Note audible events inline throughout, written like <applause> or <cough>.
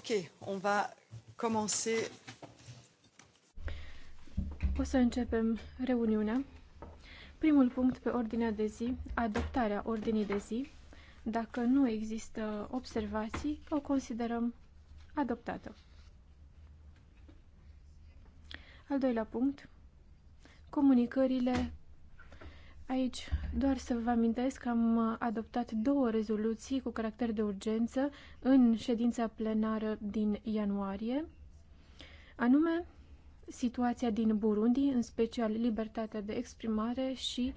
Ok, on va commencer. O să începem reuniunea. Primul punct pe ordinea de zi, adoptarea ordinii de zi. Dacă nu există observații, o considerăm adoptată. Al doilea punct, comunicările Aici doar să vă amintesc că am adoptat două rezoluții cu caracter de urgență în ședința plenară din ianuarie, anume situația din Burundi, în special libertatea de exprimare și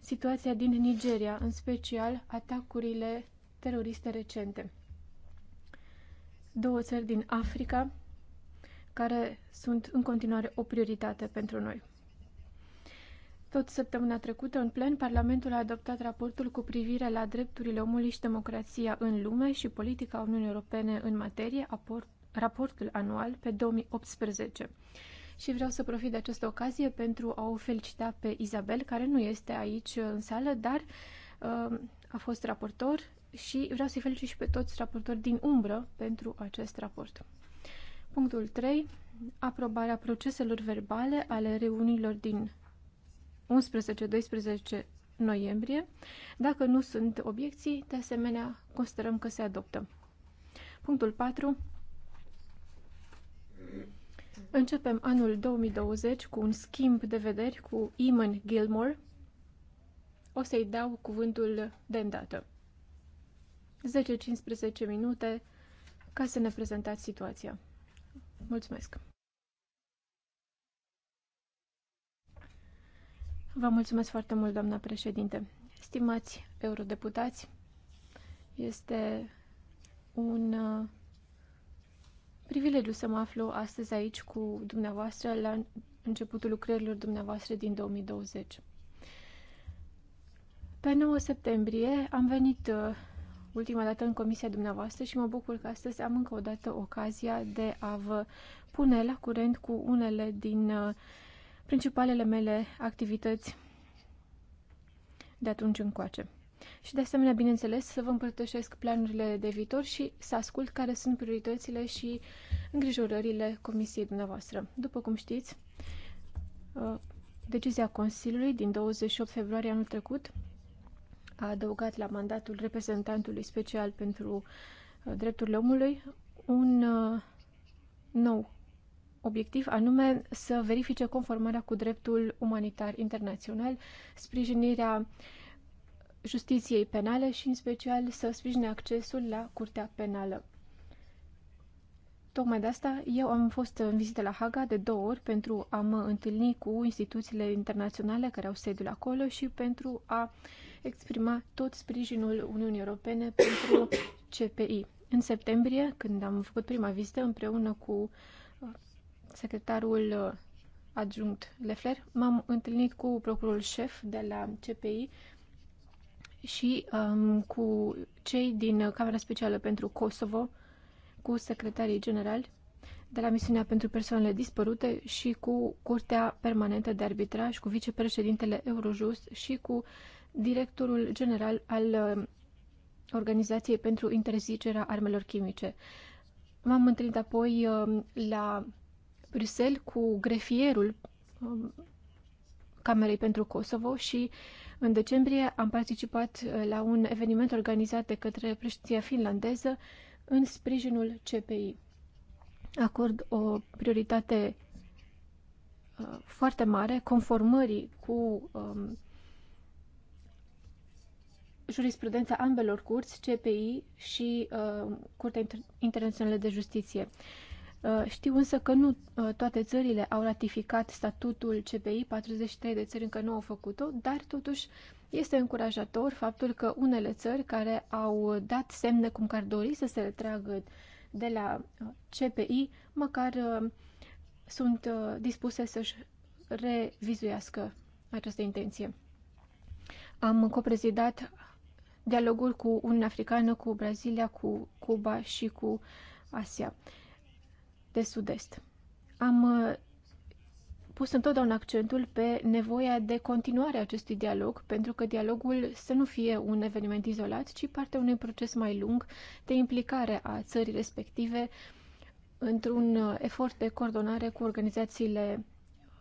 situația din Nigeria, în special atacurile teroriste recente. Două țări din Africa care sunt în continuare o prioritate pentru noi. Tot săptămâna trecută, în plen, Parlamentul a adoptat raportul cu privire la drepturile omului și democrația în lume și politica Uniunii Europene în materie, raportul anual pe 2018. Și vreau să profit de această ocazie pentru a o felicita pe Isabel, care nu este aici uh, în sală, dar uh, a fost raportor și vreau să-i felicit și pe toți raportori din umbră pentru acest raport. Punctul 3. Aprobarea proceselor verbale ale reuniilor din 11-12 noiembrie. Dacă nu sunt obiecții, de asemenea, considerăm că se adoptă. Punctul 4. Începem anul 2020 cu un schimb de vederi cu Eamon Gilmore. O să-i dau cuvântul de îndată. 10-15 minute ca să ne prezentați situația. Mulțumesc! Vă mulțumesc foarte mult, doamna președinte. Stimați eurodeputați, este un uh, privilegiu să mă aflu astăzi aici cu dumneavoastră la începutul lucrărilor dumneavoastră din 2020. Pe 9 septembrie am venit uh, ultima dată în comisia dumneavoastră și mă bucur că astăzi am încă o dată ocazia de a vă pune la curent cu unele din uh, principalele mele activități de atunci încoace. Și de asemenea, bineînțeles, să vă împărtășesc planurile de viitor și să ascult care sunt prioritățile și îngrijorările comisiei dumneavoastră. După cum știți, ă, decizia Consiliului din 28 februarie anul trecut a adăugat la mandatul reprezentantului special pentru ă, drepturile omului un ă, nou obiectiv, anume să verifice conformarea cu dreptul umanitar internațional, sprijinirea justiției penale și, în special, să sprijine accesul la Curtea Penală. Tocmai de asta eu am fost în vizită la Haga de două ori pentru a mă întâlni cu instituțiile internaționale care au sediul acolo și pentru a exprima tot sprijinul Uniunii Europene pentru CPI. În septembrie, când am făcut prima vizită împreună cu secretarul uh, adjunct Lefler, m-am întâlnit cu procurorul șef de la CPI și um, cu cei din Camera Specială pentru Kosovo, cu secretarii generali de la Misiunea pentru Persoanele Dispărute și cu Curtea Permanentă de Arbitraj, cu vicepreședintele Eurojust și cu directorul general al uh, Organizației pentru Interzicerea Armelor Chimice. M-am întâlnit apoi uh, la Bruxelles cu grefierul um, Camerei pentru Kosovo și în decembrie am participat uh, la un eveniment organizat de către președinția finlandeză în sprijinul CPI. Acord o prioritate uh, foarte mare conformării cu um, jurisprudența ambelor curți, CPI și uh, Curtea Inter Internațională de Justiție. Uh, Uh, știu însă că nu uh, toate țările au ratificat statutul CPI, 43 de țări încă nu au făcut-o, dar totuși este încurajator faptul că unele țări care au dat semne cum că ar dori să se retragă de la uh, CPI, măcar sunt dispuse să-și revizuiască această intenție. Am coprezidat dialogul cu Uniunea Africană, cu Brazilia, cu Cuba și cu Asia de sud-est. Am uh, pus întotdeauna accentul pe nevoia de continuare a acestui dialog, pentru că dialogul să nu fie un eveniment izolat, ci partea unui proces mai lung de implicare a țării respective într-un uh, efort de coordonare cu organizațiile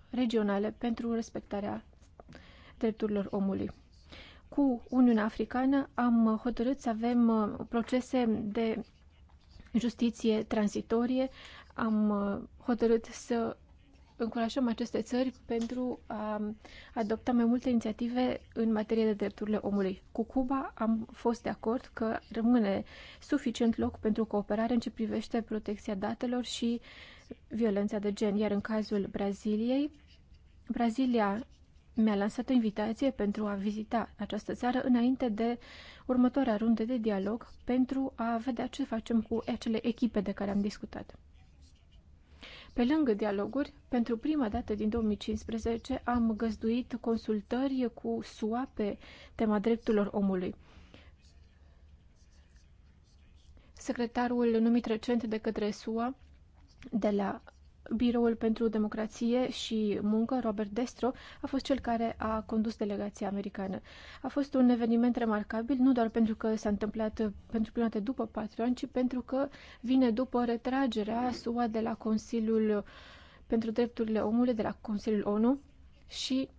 regionale pentru respectarea drepturilor omului. Cu Uniunea Africană am uh, hotărât să avem procese de justiție tranzitorie, am uh, hotărât să încurajăm aceste țări pentru a adopta mai multe inițiative în materie de drepturile omului. Cu Cuba am fost de acord că rămâne suficient loc pentru cooperare în ce privește protecția datelor și violența de gen, iar în cazul Braziliei, Brazilia mi-a lansat o invitație pentru a vizita această țară înainte de următoarea rundă de dialog pentru a vedea ce facem cu acele echipe de care am discutat. Pe lângă dialoguri, pentru prima dată din 2015 am găzduit consultări cu SUA pe tema drepturilor omului. Secretarul numit recent de către SUA de la Biroul pentru Democrație și Muncă, Robert Destro, a fost cel care a condus delegația americană. A fost un eveniment remarcabil, nu doar pentru că s-a întâmplat pentru prima dată după patru ani, ci pentru că vine după retragerea SUA de la Consiliul pentru Drepturile Omului, de la Consiliul ONU și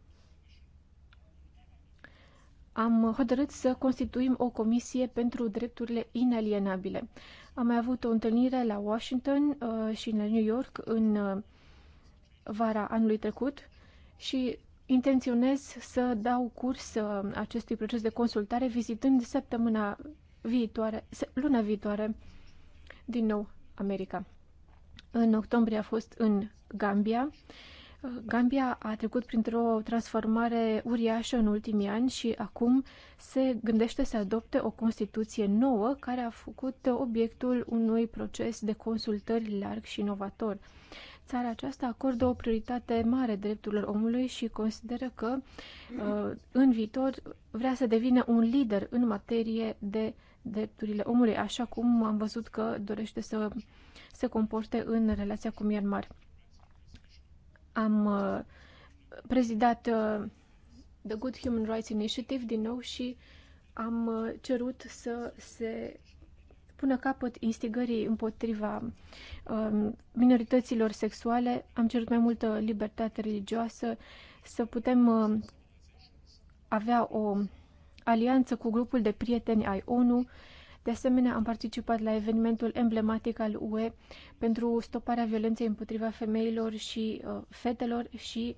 am hotărât să constituim o comisie pentru drepturile inalienabile. Am mai avut o întâlnire la Washington uh, și la New York în uh, vara anului trecut și intenționez să dau curs uh, acestui proces de consultare vizitând săptămâna viitoare, luna viitoare din nou America. În octombrie a fost în Gambia Gambia a trecut printr-o transformare uriașă în ultimii ani și acum se gândește să adopte o Constituție nouă care a făcut obiectul unui proces de consultări larg și inovator. Țara aceasta acordă o prioritate mare drepturilor omului și consideră că uh, în viitor vrea să devină un lider în materie de drepturile omului, așa cum am văzut că dorește să se comporte în relația cu Myanmar am uh, prezidat uh, The Good Human Rights Initiative din nou și am uh, cerut să se pună capăt instigării împotriva um, minorităților sexuale, am cerut mai multă libertate religioasă, să putem avea o alianță cu grupul de prieteni ai ONU de asemenea, am participat la evenimentul emblematic al UE pentru stoparea violenței împotriva femeilor și uh, fetelor și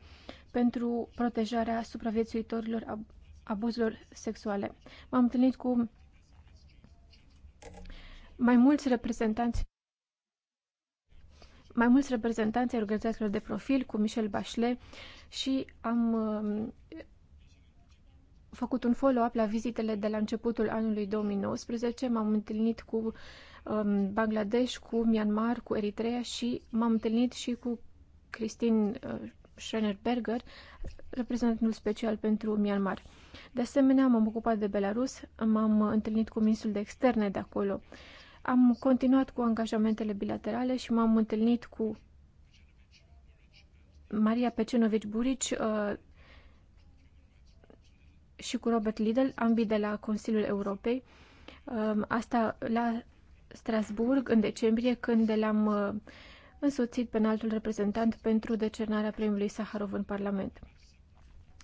pentru protejarea supraviețuitorilor ab abuzurilor sexuale. M-am întâlnit cu mai mulți reprezentanți mai mulți reprezentanți ai organizațiilor de profil, cu Michel Bachelet, și am uh, făcut un follow-up la vizitele de la începutul anului 2019. M-am întâlnit cu um, Bangladesh, cu Myanmar, cu Eritrea și m-am întâlnit și cu Christine uh, Schrenerberger, reprezentantul special pentru Myanmar. De asemenea, m-am ocupat de Belarus, m-am întâlnit cu ministrul de externe de acolo. Am continuat cu angajamentele bilaterale și m-am întâlnit cu Maria Pecenovici Burici, uh, și cu Robert Lidl, ambii de la Consiliul Europei. Um, asta la Strasburg în decembrie, când l-am uh, însoțit pe înaltul reprezentant pentru decernarea premiului Saharov în Parlament.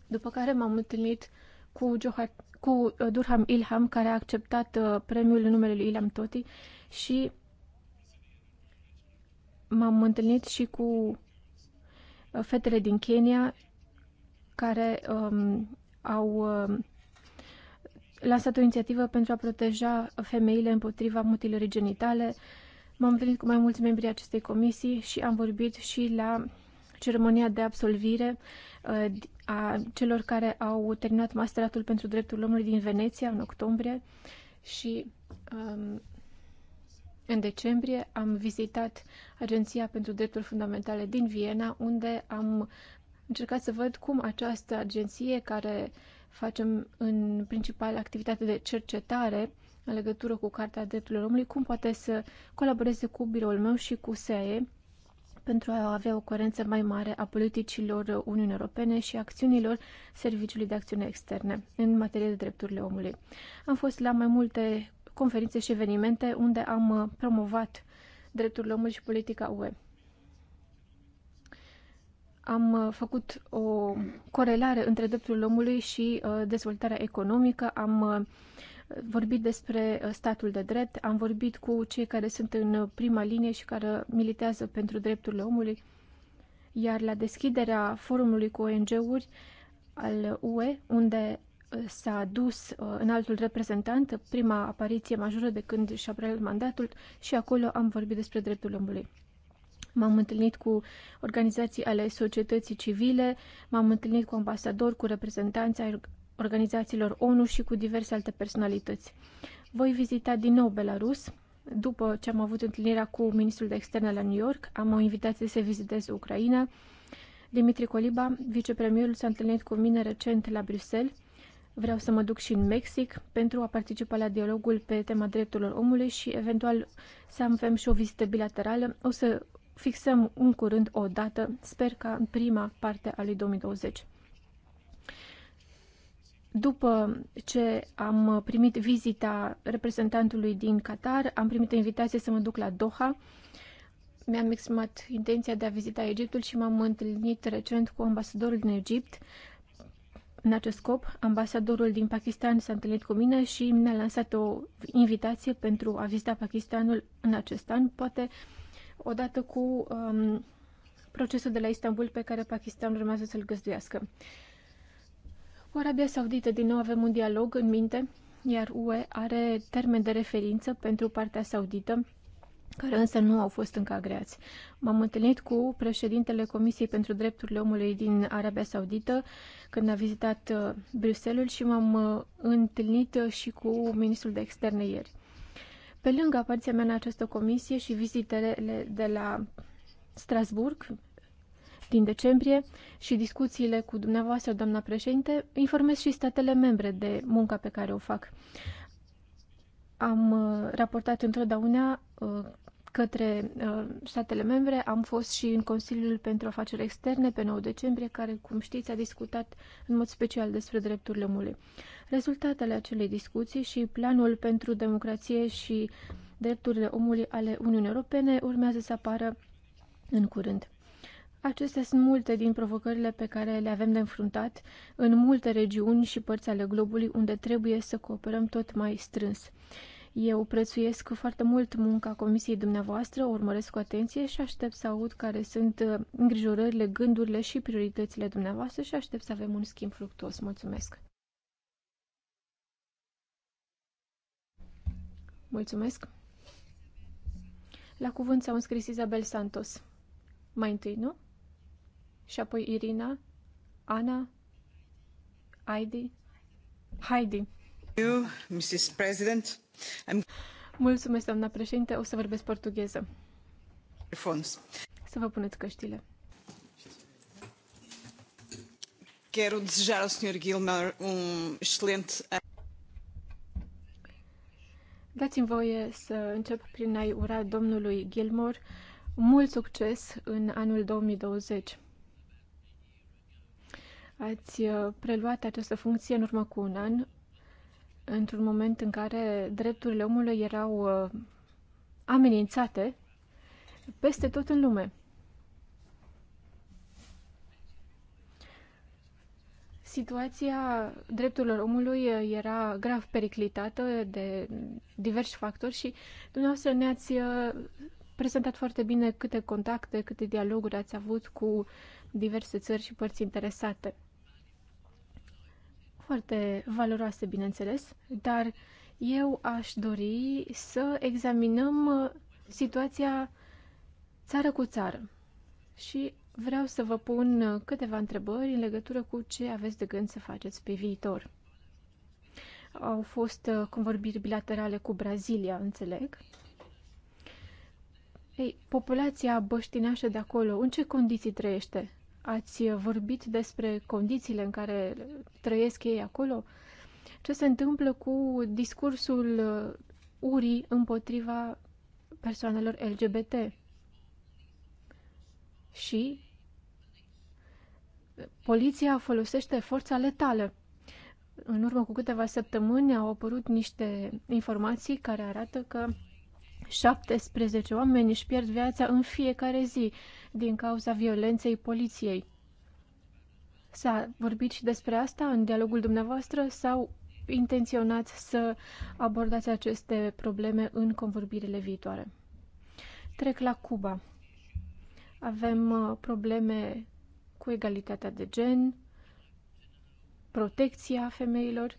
După care m-am întâlnit cu, Johar, cu uh, Durham Ilham, care a acceptat uh, premiul în numele lui Ilham Toti și m-am întâlnit și cu fetele din Kenya care um, au uh, lansat o inițiativă pentru a proteja femeile împotriva mutilării genitale. M-am întâlnit cu mai mulți membri acestei comisii și am vorbit și la ceremonia de absolvire uh, a celor care au terminat masteratul pentru dreptul omului din Veneția în octombrie și um, în decembrie am vizitat Agenția pentru Drepturi Fundamentale din Viena, unde am încercat să văd cum această agenție, care facem în principal activitate de cercetare în legătură cu cartea Drepturilor Omului, cum poate să colaboreze cu biroul meu și cu SEE pentru a avea o coerență mai mare a politicilor Uniunii Europene și acțiunilor Serviciului de Acțiune Externe în materie de drepturile omului. Am fost la mai multe conferințe și evenimente unde am promovat drepturile omului și politica UE am uh, făcut o corelare între dreptul omului și uh, dezvoltarea economică, am uh, vorbit despre statul de drept, am vorbit cu cei care sunt în prima linie și care militează pentru drepturile omului, iar la deschiderea forumului cu ONG-uri al UE, unde s-a dus în altul reprezentant, prima apariție majoră de când și-a preluat mandatul și acolo am vorbit despre dreptul omului. M-am întâlnit cu organizații ale societății civile, m-am întâlnit cu ambasadori, cu reprezentanți ai organizațiilor ONU și cu diverse alte personalități. Voi vizita din nou Belarus. După ce am avut întâlnirea cu ministrul de externe la New York, am o invitație să vizitez Ucraina. Dimitri Coliba, vicepremierul, s-a întâlnit cu mine recent la Bruxelles. Vreau să mă duc și în Mexic pentru a participa la dialogul pe tema drepturilor omului și eventual să avem și o vizită bilaterală. O să fixăm un curând o dată, sper ca în prima parte a lui 2020. După ce am primit vizita reprezentantului din Qatar, am primit o invitație să mă duc la Doha. Mi-am exprimat intenția de a vizita Egiptul și m-am întâlnit recent cu ambasadorul din Egipt. În acest scop, ambasadorul din Pakistan s-a întâlnit cu mine și mi-a lansat o invitație pentru a vizita Pakistanul în acest an. Poate uh, odată cu um, procesul de la Istanbul pe care Pakistanul urmează să-l găzduiască. Cu Arabia Saudită din nou avem un dialog în minte, iar UE are termen de referință pentru partea saudită, care însă nu au fost încă agreați. M-am întâlnit cu președintele Comisiei pentru Drepturile Omului din Arabia Saudită când a vizitat uh, Bruxelles și m-am uh, întâlnit uh, și cu ministrul de externe ieri. Pe lângă apariția mea în această comisie și vizitele de la Strasburg din decembrie și discuțiile cu dumneavoastră, doamna președinte, informez și statele membre de munca pe care o fac. Am uh, raportat întotdeauna uh, către uh, statele membre. Am fost și în Consiliul pentru Afaceri Externe pe 9 decembrie, care, cum știți, a discutat în mod special despre drepturile omului. Rezultatele acelei discuții și planul pentru democrație și drepturile omului ale Uniunii Europene urmează să apară în curând. Acestea sunt multe din provocările pe care le avem de înfruntat în multe regiuni și părți ale globului unde trebuie să cooperăm tot mai strâns. Eu prețuiesc foarte mult munca comisiei dumneavoastră, o urmăresc cu atenție și aștept să aud care sunt uh, îngrijorările, gândurile și prioritățile dumneavoastră și aștept să avem un schimb fructuos. Mulțumesc! Mulțumesc! La cuvânt s-au înscris Isabel Santos. Mai întâi, nu? Și apoi Irina, Ana, Heidi, Heidi. Mulțumesc, doamna președinte. O să vorbesc portugheză. Să vă puneți căștile. Quero desejar ao Sr. Gilmer um excelente Dați-mi voie să încep prin a-i ura domnului Gilmore mult succes în anul 2020. Ați uh, preluat această funcție în urmă cu un an, într-un moment în care drepturile omului erau uh, amenințate peste tot în lume. Situația drepturilor omului uh, era grav periclitată de diversi factori și dumneavoastră ne-ați uh, prezentat foarte bine câte contacte, câte dialoguri ați avut cu diverse țări și părți interesate foarte valoroase, bineînțeles, dar eu aș dori să examinăm uh, situația țară cu țară. Și vreau să vă pun uh, câteva întrebări în legătură cu ce aveți de gând să faceți pe viitor. Au fost uh, convorbiri bilaterale cu Brazilia, înțeleg. Ei, populația băștinașă de acolo, în ce condiții trăiește? Ați vorbit despre condițiile în care trăiesc ei acolo? Ce se întâmplă cu discursul urii împotriva persoanelor LGBT? Și poliția folosește forța letală. În urmă cu câteva săptămâni au apărut niște informații care arată că 17 oameni își pierd viața în fiecare zi din cauza violenței poliției. S-a vorbit și despre asta în dialogul dumneavoastră sau intenționați să abordați aceste probleme în convorbirile viitoare? Trec la Cuba. Avem uh, probleme cu egalitatea de gen, protecția femeilor.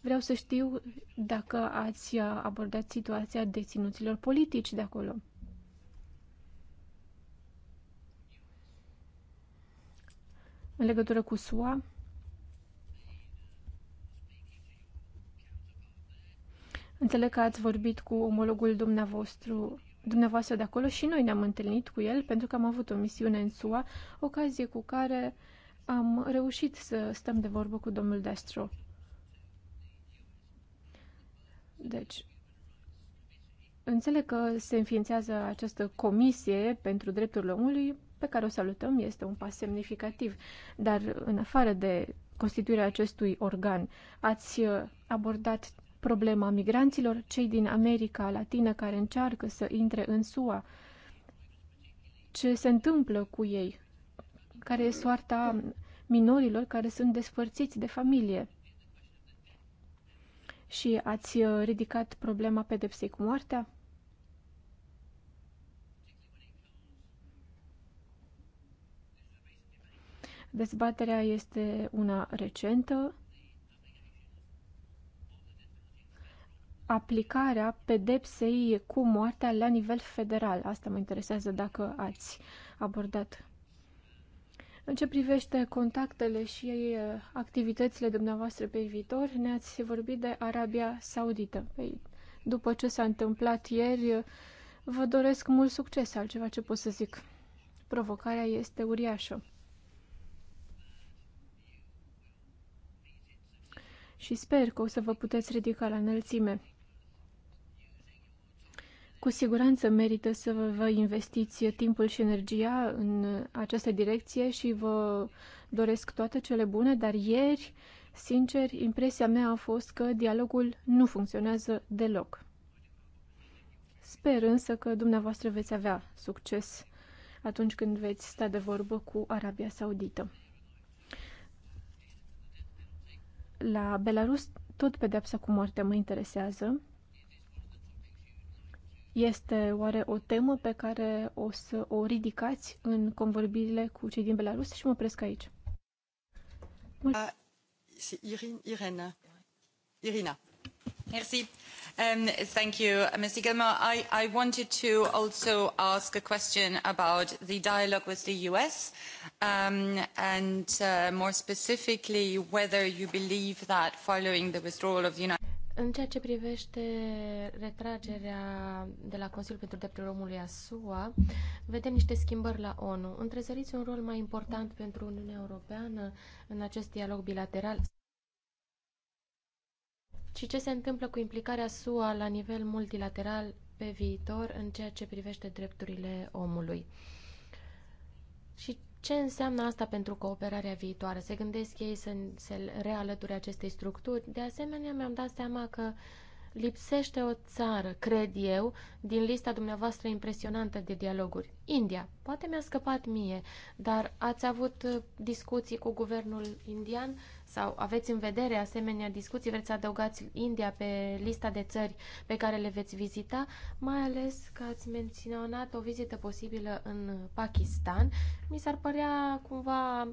Vreau să știu dacă ați abordat situația deținuților politici de acolo. În legătură cu SUA, Înțeleg că ați vorbit cu omologul dumneavoastră, dumneavoastră de acolo și noi ne-am întâlnit cu el pentru că am avut o misiune în SUA, ocazie cu care am reușit să stăm de vorbă cu domnul Destro. Deci, înțeleg că se înființează această comisie pentru drepturile omului, pe care o salutăm, este un pas semnificativ, dar în afară de constituirea acestui organ, ați uh, abordat problema migranților, cei din America Latină care încearcă să intre în SUA. Ce se întâmplă cu ei? Care e soarta minorilor care sunt despărțiți de familie? Și ați uh, ridicat problema pedepsei cu moartea? Dezbaterea este una recentă. Aplicarea pedepsei cu moartea la nivel federal. Asta mă interesează dacă ați abordat în ce privește contactele și eh, activitățile dumneavoastră pe viitor, ne-ați vorbit de Arabia Saudită. Păi, după ce s-a întâmplat ieri, eh, vă doresc mult succes, altceva ce pot să zic. Provocarea este uriașă. Și sper că o să vă puteți ridica la înălțime. Cu siguranță merită să vă investiți timpul și energia în această direcție și vă doresc toate cele bune, dar ieri, sincer, impresia mea a fost că dialogul nu funcționează deloc. Sper însă că dumneavoastră veți avea succes atunci când veți sta de vorbă cu Arabia Saudită. La Belarus tot pedepsa cu moartea mă interesează. Este oare o temă pe care o să o ridicați în convorbirile cu cei din Belarus? Și mă opresc aici. Ah, Irina. Irin, Irina. Merci. Um, thank you, Mr. Gilmore. I, I wanted to also ask a question about the dialogue with the US um, and uh, more specifically whether you believe that following the withdrawal of the United în ceea ce privește retragerea de la Consiliul pentru Drepturile Omului a SUA, vedem niște schimbări la ONU. Întrezăriți un rol mai important pentru Uniunea Europeană în acest dialog bilateral? Și ce se întâmplă cu implicarea SUA la nivel multilateral pe viitor în ceea ce privește drepturile omului? Și ce înseamnă asta pentru cooperarea viitoare? Se gândesc ei să se realăture acestei structuri? De asemenea, mi-am dat seama că lipsește o țară, cred eu, din lista dumneavoastră impresionantă de dialoguri. India. Poate mi-a scăpat mie, dar ați avut discuții cu guvernul indian sau aveți în vedere asemenea discuții, vreți să adăugați India pe lista de țări pe care le veți vizita, mai ales că ați menționat o vizită posibilă în Pakistan. Mi s-ar părea cumva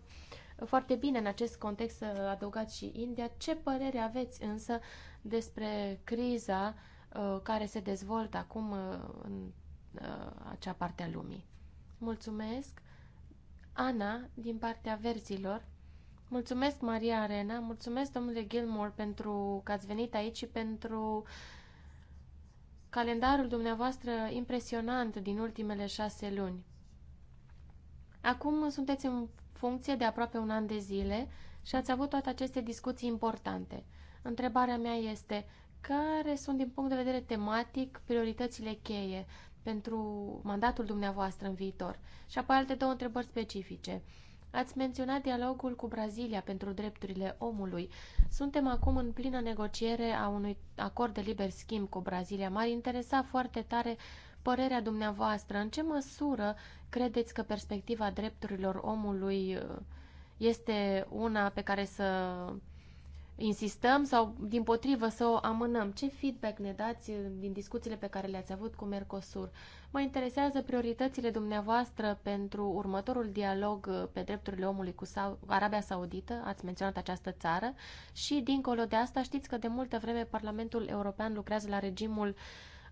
foarte bine în acest context să adăugați și India. Ce părere aveți însă despre criza uh, care se dezvoltă acum uh, în uh, acea parte a lumii? Mulțumesc! Ana, din partea verzilor, Mulțumesc, Maria Arena, mulțumesc, domnule Gilmore, pentru că ați venit aici și pentru calendarul dumneavoastră impresionant din ultimele șase luni. Acum sunteți în funcție de aproape un an de zile și ați avut toate aceste discuții importante. Întrebarea mea este, care sunt din punct de vedere tematic prioritățile cheie pentru mandatul dumneavoastră în viitor? Și apoi alte două întrebări specifice. Ați menționat dialogul cu Brazilia pentru drepturile omului. Suntem acum în plină negociere a unui acord de liber schimb cu Brazilia. M-ar interesa foarte tare părerea dumneavoastră. În ce măsură credeți că perspectiva drepturilor omului uh, este una pe care să insistăm sau, din potrivă, să o amânăm? Ce feedback ne dați uh, din discuțiile pe care le-ați avut cu Mercosur? Mă interesează prioritățile dumneavoastră pentru următorul dialog uh, pe drepturile omului cu Arabia Saudită, ați menționat această țară, și, dincolo de asta, știți că de multă vreme Parlamentul European lucrează la regimul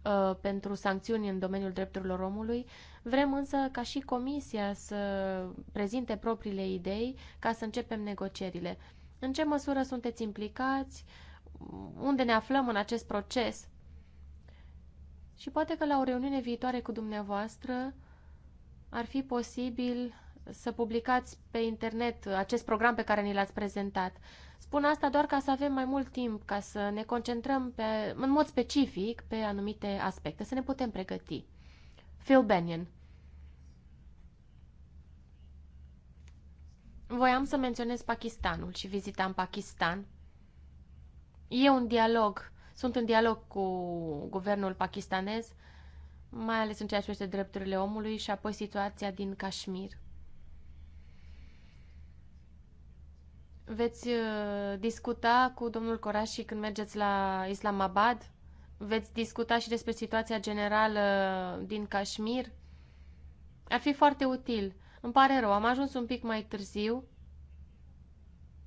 uh, pentru sancțiuni în domeniul drepturilor omului. Vrem însă ca și Comisia să prezinte propriile idei ca să începem negocierile. În ce măsură sunteți implicați? Unde ne aflăm în acest proces? Și poate că la o reuniune viitoare cu dumneavoastră ar fi posibil să publicați pe internet acest program pe care ni l-ați prezentat. Spun asta doar ca să avem mai mult timp, ca să ne concentrăm pe, în mod specific pe anumite aspecte, să ne putem pregăti. Phil Bennion Voiam să menționez Pakistanul și vizita în Pakistan. E un dialog, sunt în dialog cu guvernul pakistanez, mai ales în ceea ce este drepturile omului și apoi situația din Kashmir. Veți uh, discuta cu domnul și când mergeți la Islamabad? Veți discuta și despre situația generală uh, din Kashmir? Ar fi foarte util îmi pare rău, am ajuns un pic mai târziu.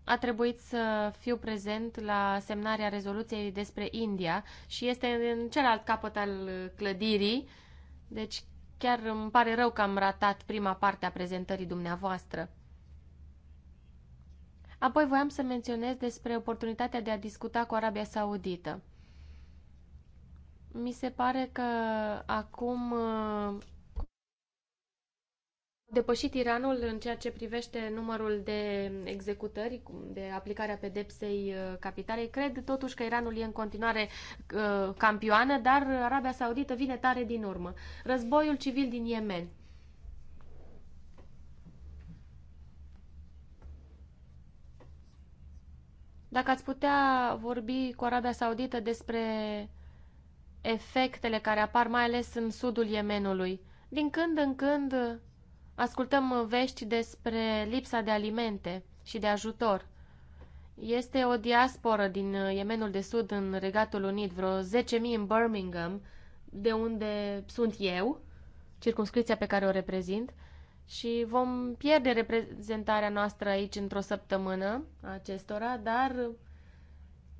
A trebuit să fiu prezent la semnarea rezoluției despre India și este în celălalt capăt al clădirii, deci chiar îmi pare rău că am ratat prima parte a prezentării dumneavoastră. Apoi voiam să menționez despre oportunitatea de a discuta cu Arabia Saudită. Mi se pare că acum depășit Iranul în ceea ce privește numărul de executări, de aplicarea pedepsei uh, capitalei. Cred totuși că Iranul e în continuare uh, campioană, dar Arabia Saudită vine tare din urmă. Războiul civil din Yemen. Dacă ați putea vorbi cu Arabia Saudită despre efectele care apar mai ales în sudul Yemenului. Din când în când Ascultăm uh, vești despre lipsa de alimente și de ajutor. Este o diasporă din uh, Yemenul de Sud în Regatul Unit, vreo 10.000 în Birmingham, de unde sunt eu, circunscripția pe care o reprezint, și vom pierde reprezentarea noastră aici într-o săptămână acestora, dar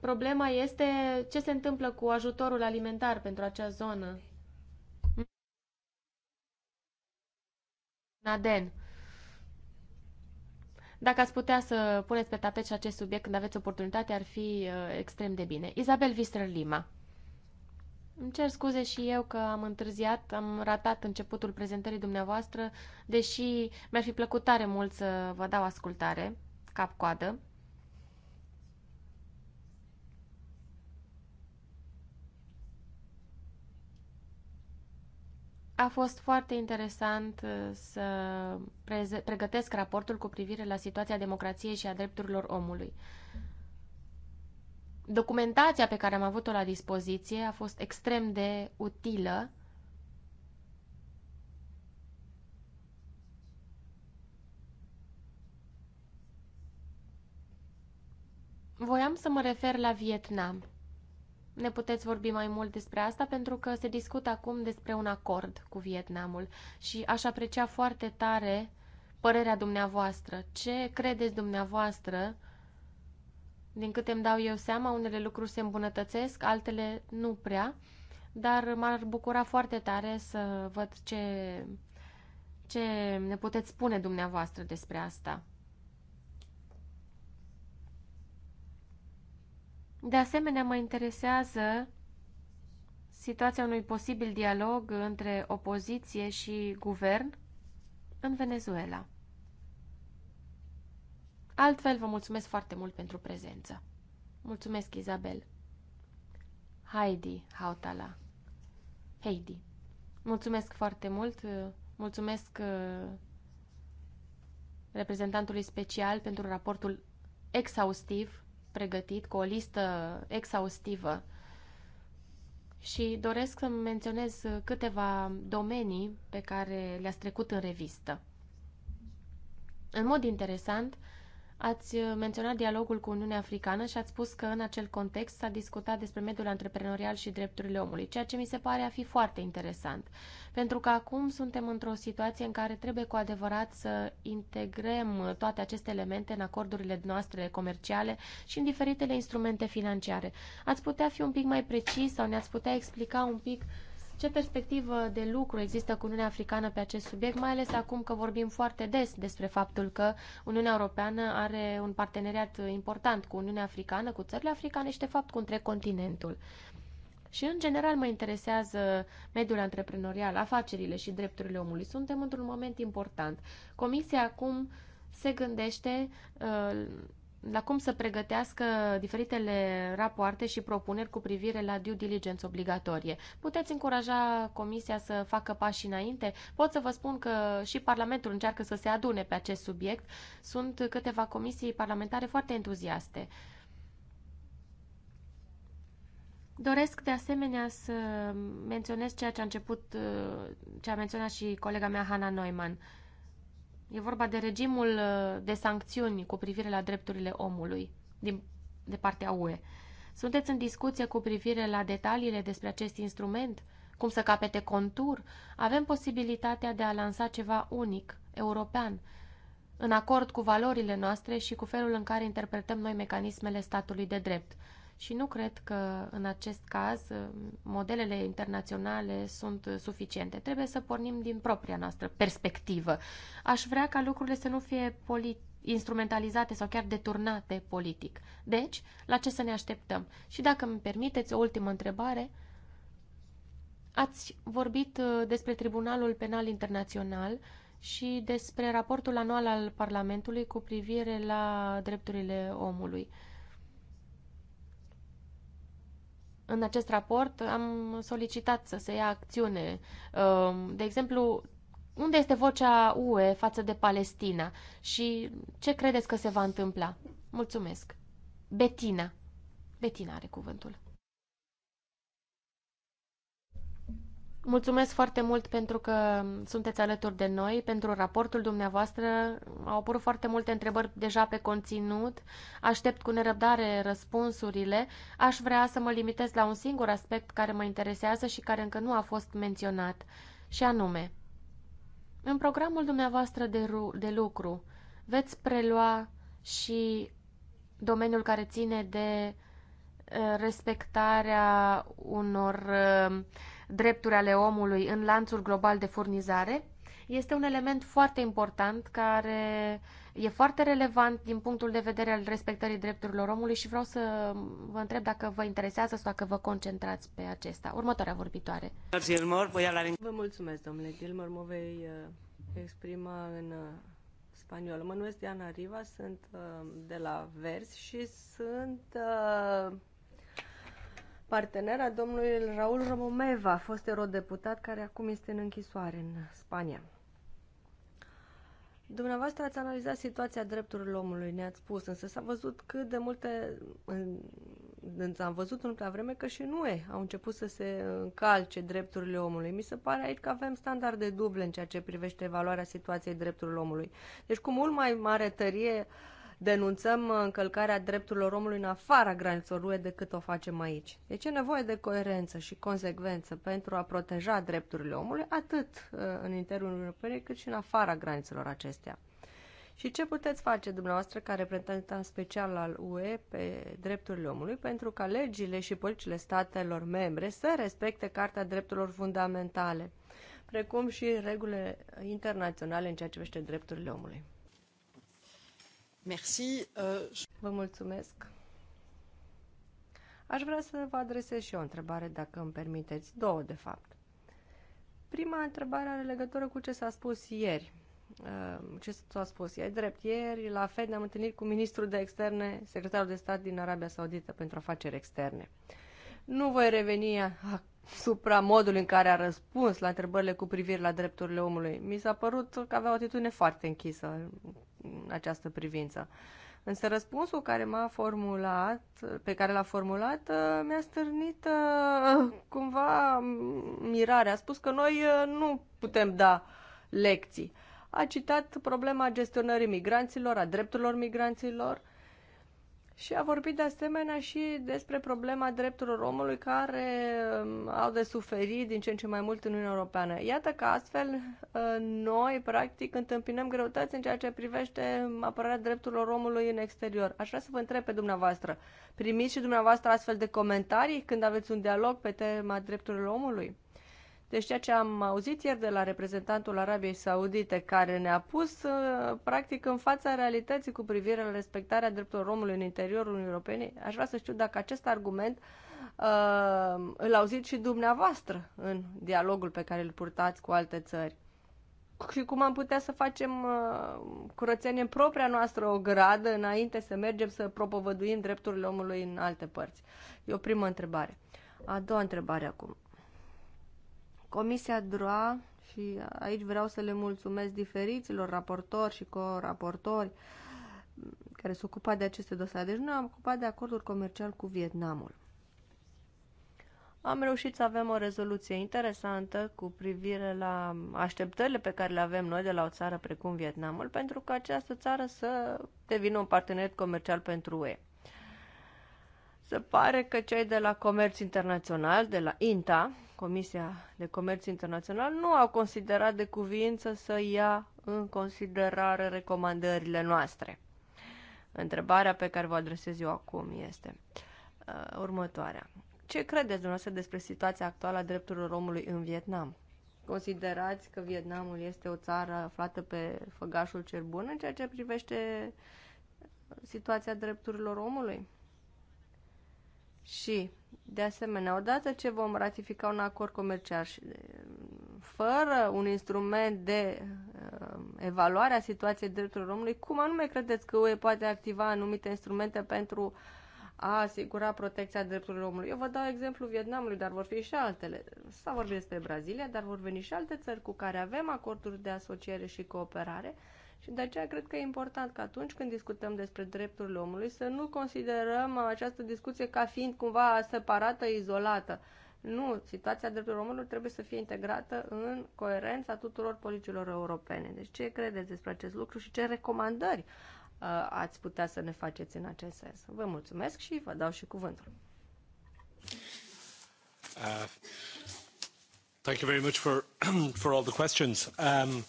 problema este ce se întâmplă cu ajutorul alimentar pentru acea zonă Naden. dacă ați putea să puneți pe tapet și acest subiect când aveți oportunitate, ar fi uh, extrem de bine. Isabel Vistrer Lima. Îmi cer scuze și eu că am întârziat, am ratat începutul prezentării dumneavoastră, deși mi-ar fi plăcut tare mult să vă dau ascultare, cap-coadă. A fost foarte interesant uh, să pregătesc raportul cu privire la situația democrației și a drepturilor omului. Documentația pe care am avut-o la dispoziție a fost extrem de utilă Voiam să mă refer la Vietnam ne puteți vorbi mai mult despre asta, pentru că se discută acum despre un acord cu Vietnamul și aș aprecia foarte tare părerea dumneavoastră. Ce credeți dumneavoastră? Din câte îmi dau eu seama, unele lucruri se îmbunătățesc, altele nu prea, dar m-ar bucura foarte tare să văd ce, ce ne puteți spune dumneavoastră despre asta. De asemenea, mă interesează situația unui posibil dialog între opoziție și guvern în Venezuela. Altfel, vă mulțumesc foarte mult pentru prezență. Mulțumesc, Izabel. Heidi Hautala. Heidi. Mulțumesc foarte mult. Mulțumesc uh, reprezentantului special pentru raportul exhaustiv pregătit cu o listă exhaustivă și doresc să menționez câteva domenii pe care le-ați trecut în revistă. În mod interesant, Ați uh, menționat dialogul cu Uniunea Africană și ați spus că în acel context s-a discutat despre mediul antreprenorial și drepturile omului, ceea ce mi se pare a fi foarte interesant. Pentru că acum suntem într-o situație în care trebuie cu adevărat să integrăm uh, toate aceste elemente în acordurile noastre comerciale și în diferitele instrumente financiare. Ați putea fi un pic mai precis sau ne-ați putea explica un pic uh, ce perspectivă de lucru există cu Uniunea Africană pe acest subiect, mai ales acum că vorbim foarte des despre faptul că Uniunea Europeană are un parteneriat important cu Uniunea Africană, cu țările africane și, de fapt, cu întreg continentul. Și, în general, mă interesează mediul antreprenorial, afacerile și drepturile omului. Suntem într-un moment important. Comisia acum se gândește uh, la cum să pregătească diferitele rapoarte și propuneri cu privire la due diligence obligatorie. Puteți încuraja Comisia să facă pași înainte? Pot să vă spun că și Parlamentul încearcă să se adune pe acest subiect. Sunt câteva comisii parlamentare foarte entuziaste. Doresc de asemenea să menționez ceea ce a început, ce a menționat și colega mea Hanna Neumann E vorba de regimul uh, de sancțiuni cu privire la drepturile omului din, de partea UE. Sunteți în discuție cu privire la detaliile despre acest instrument? Cum să capete contur? Avem posibilitatea de a lansa ceva unic, european, în acord cu valorile noastre și cu felul în care interpretăm noi mecanismele statului de drept și nu cred că în acest caz modelele internaționale sunt suficiente. Trebuie să pornim din propria noastră perspectivă. Aș vrea ca lucrurile să nu fie politice instrumentalizate sau chiar deturnate politic. Deci, la ce să ne așteptăm? Și dacă îmi permiteți o ultimă întrebare, ați vorbit uh, despre Tribunalul Penal Internațional și despre raportul anual al Parlamentului cu privire la drepturile omului. Uh, în acest raport am solicitat să se ia acțiune. Um, de exemplu, unde este vocea UE față de Palestina și ce credeți că se va întâmpla? Mulțumesc. Betina. Betina are cuvântul. Mulțumesc foarte mult pentru că sunteți alături de noi, pentru raportul dumneavoastră. Au apărut foarte multe întrebări deja pe conținut. Aștept cu nerăbdare răspunsurile. Aș vrea să mă limitez la un singur aspect care mă interesează și care încă nu a fost menționat, și anume, în programul dumneavoastră de, de lucru veți prelua și domeniul care ține de uh, respectarea unor uh, drepturi ale omului în lanțul global de furnizare, este un element foarte important care e foarte relevant din punctul de vedere al respectării drepturilor omului și vreau să vă întreb dacă vă interesează sau dacă vă concentrați pe acesta. Următoarea vorbitoare. Vă mulțumesc, domnule Gilmore. Mă vei uh, exprima în uh, spaniolă. Mă numesc Diana Riva, sunt uh, de la Vers și sunt partener a domnului Raul Romomeva, a fost eurodeputat care acum este în închisoare în Spania. Dumneavoastră ați analizat situația drepturilor omului, ne-ați spus, însă s-a văzut cât de multe, însă am văzut în prea vreme că și nu e, au început să se încalce drepturile omului. Mi se pare aici că avem standarde duble în ceea ce privește evaluarea situației drepturilor omului. Deci cu mult mai mare tărie uh, denunțăm uh, încălcarea drepturilor omului în afara granițelor UE decât o facem aici. Deci e nevoie de coerență și consecvență pentru a proteja drepturile omului atât uh, în interiorul Uniunii Europene cât și în afara granițelor acestea. Și ce puteți face dumneavoastră ca reprezentant special al UE pe drepturile omului pentru ca legile și politicile statelor membre să respecte Carta Drepturilor Fundamentale, precum și regulile internaționale în ceea ce privește drepturile omului? Euh, vă mulțumesc. Aș vrea să vă adresez și o întrebare, dacă îmi permiteți. Două, de fapt. Prima întrebare are legătură cu ce s-a spus ieri. Uh, ce s-a spus? ieri? drept. Ieri, la Fed, ne-am întâlnit cu ministrul de externe, secretarul de stat din Arabia Saudită pentru afaceri externe. Nu voi reveni asupra modului în care a răspuns la întrebările cu privire la drepturile omului. Mi s-a părut că avea o atitudine foarte închisă, în această privință. Însă răspunsul care m-a formulat, pe care l-a formulat, uh, mi-a stârnit uh, cumva mirare. A spus că noi uh, nu putem da lecții. A citat problema gestionării migranților, a drepturilor migranților, și a vorbit de asemenea și despre problema drepturilor omului care um, au de suferit din ce în ce mai mult în Uniunea Europeană. Iată că astfel uh, noi, practic, întâmpinăm greutăți în ceea ce privește apărarea drepturilor omului în exterior. Aș vrea să vă întreb pe dumneavoastră, primiți și dumneavoastră astfel de comentarii când aveți un dialog pe tema drepturilor omului? Deci ceea ce am auzit ieri de la reprezentantul Arabiei Saudite, care ne-a pus uh, practic în fața realității cu privire la respectarea drepturilor omului în interiorul Uniunii Europene, aș vrea să știu dacă acest argument uh, îl auziți și dumneavoastră în dialogul pe care îl purtați cu alte țări. Și cum am putea să facem uh, curățenie în propria noastră o gradă înainte să mergem să propovăduim drepturile omului în alte părți? E o primă întrebare. A doua întrebare acum. Comisia DROA, și aici vreau să le mulțumesc diferiților raportori și co-raportori care se ocupa de aceste dosare. Deci noi am ocupat de acordul comercial cu Vietnamul. Am reușit să avem o rezoluție interesantă cu privire la așteptările pe care le avem noi de la o țară precum Vietnamul pentru că această țară să devină un partener comercial pentru UE. Se pare că cei de la Comerț Internațional, de la INTA, Comisia de Comerț Internațional nu au considerat de cuvință să ia în considerare recomandările noastre. Întrebarea pe care vă adresez eu acum este uh, următoarea. Ce credeți dumneavoastră despre situația actuală a drepturilor omului în Vietnam? Considerați că Vietnamul este o țară aflată pe făgașul cel bun în ceea ce privește uh, situația drepturilor omului? Și de asemenea, odată ce vom ratifica un acord comercial și eh, fără un instrument de uh, evaluare a situației drepturilor omului, cum anume credeți că UE poate activa anumite instrumente pentru a asigura protecția drepturilor omului? Eu vă dau exemplu Vietnamului, dar vor fi și altele. S-a vorbit despre Brazilia, dar vor veni și alte țări cu care avem acorduri de asociere și cooperare. Uh, și de aceea cred că e important că atunci când discutăm despre drepturile omului să nu considerăm această discuție ca fiind cumva separată, izolată. Nu, situația drepturilor omului trebuie să fie integrată în coerența tuturor politicilor europene. Deci ce credeți despre acest lucru și ce recomandări uh, ați putea să ne faceți în acest sens? Vă mulțumesc și vă dau și cuvântul. Uh, thank you very much for, <clears throat> for all the questions. Um,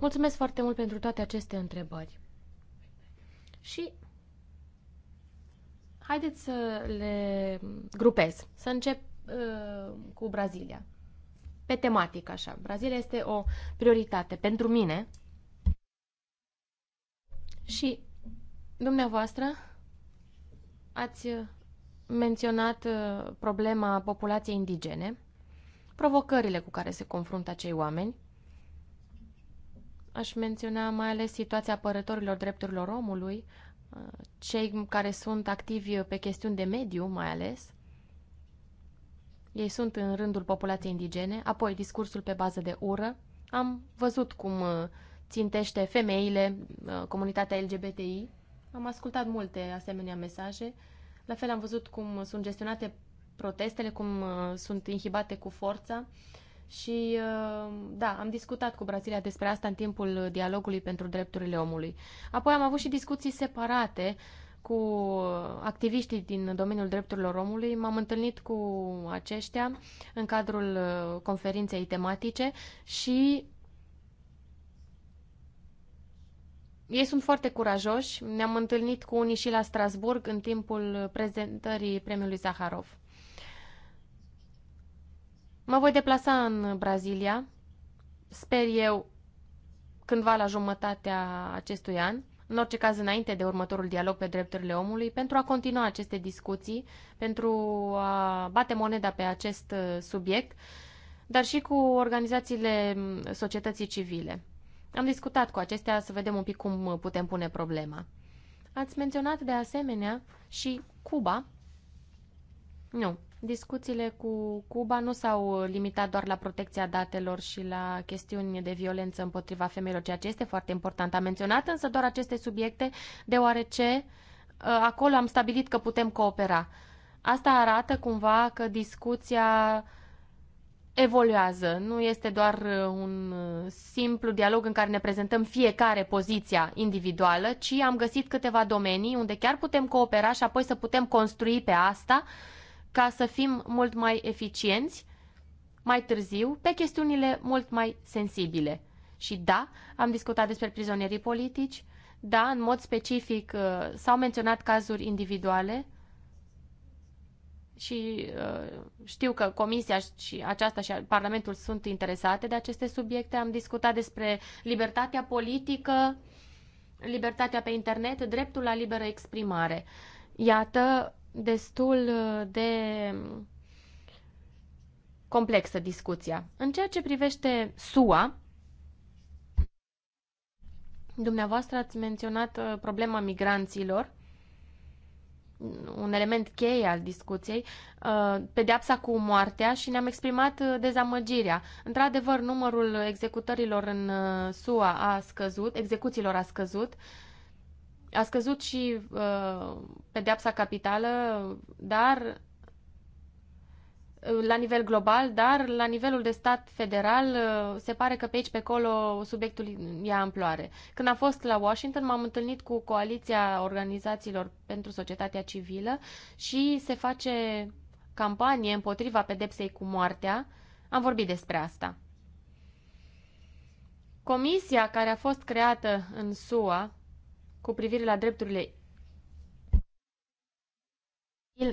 Mulțumesc foarte mult pentru toate aceste întrebări. Și haideți să le grupez. Să încep uh, cu Brazilia. Pe tematic, așa. Brazilia este o prioritate pentru mine și dumneavoastră ați menționat uh, problema populației indigene, provocările cu care se confruntă acei oameni Aș menționa mai ales situația apărătorilor drepturilor omului, cei care sunt activi pe chestiuni de mediu, mai ales. Ei sunt în rândul populației indigene, apoi discursul pe bază de ură. Am văzut cum uh, țintește femeile, uh, comunitatea LGBTI. Am ascultat multe asemenea mesaje. La fel am văzut cum sunt gestionate protestele, cum uh, sunt inhibate cu forța. Uh, și uh, da, am discutat cu Brazilia despre asta în timpul dialogului pentru drepturile omului. Apoi am avut și discuții separate cu activiștii din domeniul drepturilor omului. M-am întâlnit cu aceștia în cadrul uh, conferinței tematice și ei sunt foarte curajoși. Ne-am întâlnit cu unii și la Strasburg în timpul prezentării premiului Zaharov. Mă voi deplasa în Brazilia, sper eu, cândva la jumătatea acestui an, în orice caz înainte de următorul dialog pe drepturile omului, pentru a continua aceste discuții, pentru a bate moneda pe acest uh, subiect, dar și cu organizațiile societății civile. Am discutat cu acestea să vedem un pic cum uh, putem pune problema. Ați menționat de asemenea și Cuba. Nu, Discuțiile cu Cuba nu s-au limitat doar la protecția datelor și la chestiuni de violență împotriva femeilor, ceea ce este foarte important. Am menționat însă doar aceste subiecte, deoarece uh, acolo am stabilit că putem coopera. Asta arată cumva că discuția evoluează, nu este doar uh, un uh, simplu dialog în care ne prezentăm fiecare poziția individuală, ci am găsit câteva domenii unde chiar putem coopera și apoi să putem construi pe asta uh, ca să fim mult mai eficienți mai târziu pe chestiunile mult mai sensibile. Și da, am discutat despre prizonierii politici, da, în mod specific uh, s-au menționat cazuri individuale și uh, știu că Comisia și aceasta și Parlamentul sunt interesate de aceste subiecte. Am discutat despre libertatea politică, libertatea pe internet, dreptul la liberă exprimare. Iată destul uh, de um, complexă discuția. În ceea ce privește SUA, dumneavoastră ați menționat uh, problema migranților, un element cheie al discuției, uh, pedeapsa cu moartea și ne-am exprimat dezamăgirea. Într-adevăr, numărul executărilor în SUA a scăzut, execuțiilor a scăzut, a scăzut și uh, pedeapsa capitală, dar uh, la nivel global, dar la nivelul de stat federal uh, se pare că pe aici, pe acolo, subiectul ia amploare. Când am fost la Washington, m-am întâlnit cu Coaliția Organizațiilor pentru Societatea Civilă și se face campanie împotriva pedepsei cu moartea. Am vorbit despre asta. Comisia care a fost creată în SUA cu privire la drepturile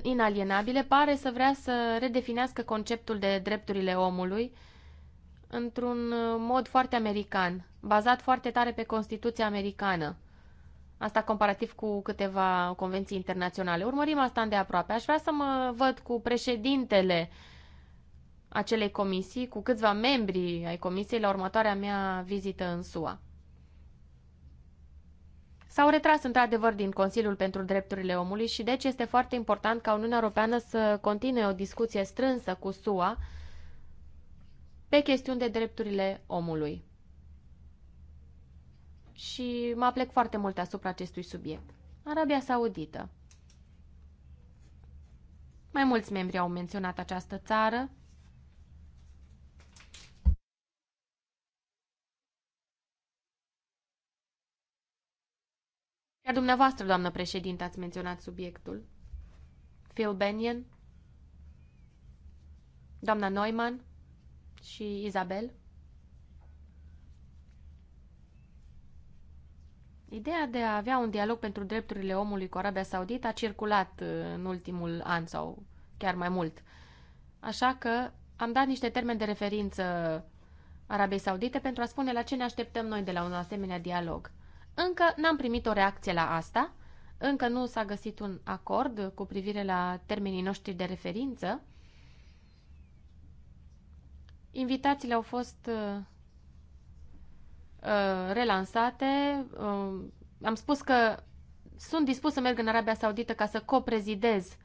inalienabile pare să vrea să redefinească conceptul de drepturile omului într-un uh, mod foarte american, bazat foarte tare pe Constituția americană. Asta comparativ cu câteva convenții internaționale. Urmărim asta de aproape. Aș vrea să mă văd cu președintele acelei comisii, cu câțiva membri ai comisiei la următoarea mea vizită în SUA s-au retras într-adevăr din Consiliul pentru Drepturile Omului și deci este foarte important ca Uniunea Europeană să continue o discuție strânsă cu SUA pe chestiuni de drepturile omului. Și mă aplec foarte mult asupra acestui subiect. Arabia Saudită. Mai mulți membri au menționat această țară, Iar dumneavoastră, doamnă președinte, ați menționat subiectul. Phil Benyon, doamna Neumann și Isabel. Ideea de a avea un dialog pentru drepturile omului cu Arabia Saudită a circulat uh, în ultimul an sau chiar mai mult. Așa că am dat niște termeni de referință Arabiei Saudite pentru a spune la ce ne așteptăm noi de la un asemenea dialog. Încă n-am primit o reacție la asta, încă nu s-a găsit un acord cu privire la termenii noștri de referință. Invitațiile au fost uh, uh, relansate. Uh, am spus că sunt dispus să merg în Arabia Saudită ca să coprezidez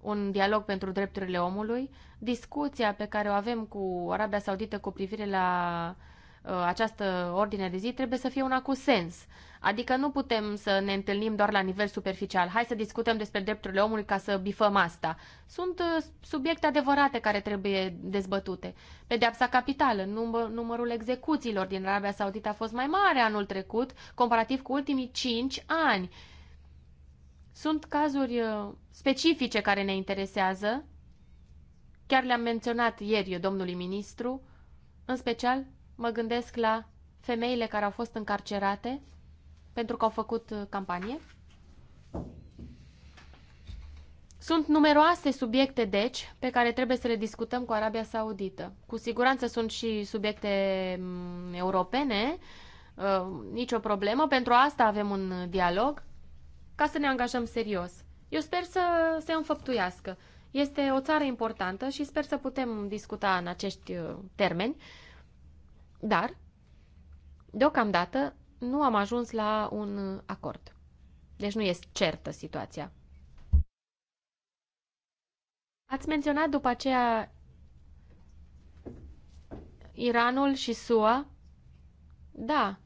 un dialog pentru drepturile omului. Discuția pe care o avem cu Arabia Saudită cu privire la uh, Uh, această ordine de zi trebuie să fie una cu sens. Adică nu putem să ne întâlnim doar la nivel superficial. Hai să discutăm despre drepturile omului ca să bifăm asta. Sunt uh, subiecte adevărate care trebuie dezbătute. Pedeapsa capitală, număr, numărul execuțiilor din Arabia Saudită a fost mai mare anul trecut, comparativ cu ultimii 5 ani. Sunt cazuri uh, specifice care ne interesează. Chiar le-am menționat ieri eu domnului ministru, în special Mă gândesc la femeile care au fost încarcerate pentru că au făcut uh, campanie. Sunt numeroase subiecte, deci, pe care trebuie să le discutăm cu Arabia Saudită. Cu siguranță sunt și subiecte mm, europene, uh, nicio problemă. Pentru asta avem un dialog, ca să ne angajăm serios. Eu sper să se înfăptuiască. Este o țară importantă și sper să putem discuta în acești uh, termeni. Dar, deocamdată, nu am ajuns la un acord. Deci nu este certă situația. Ați menționat după aceea Iranul și SUA? Da.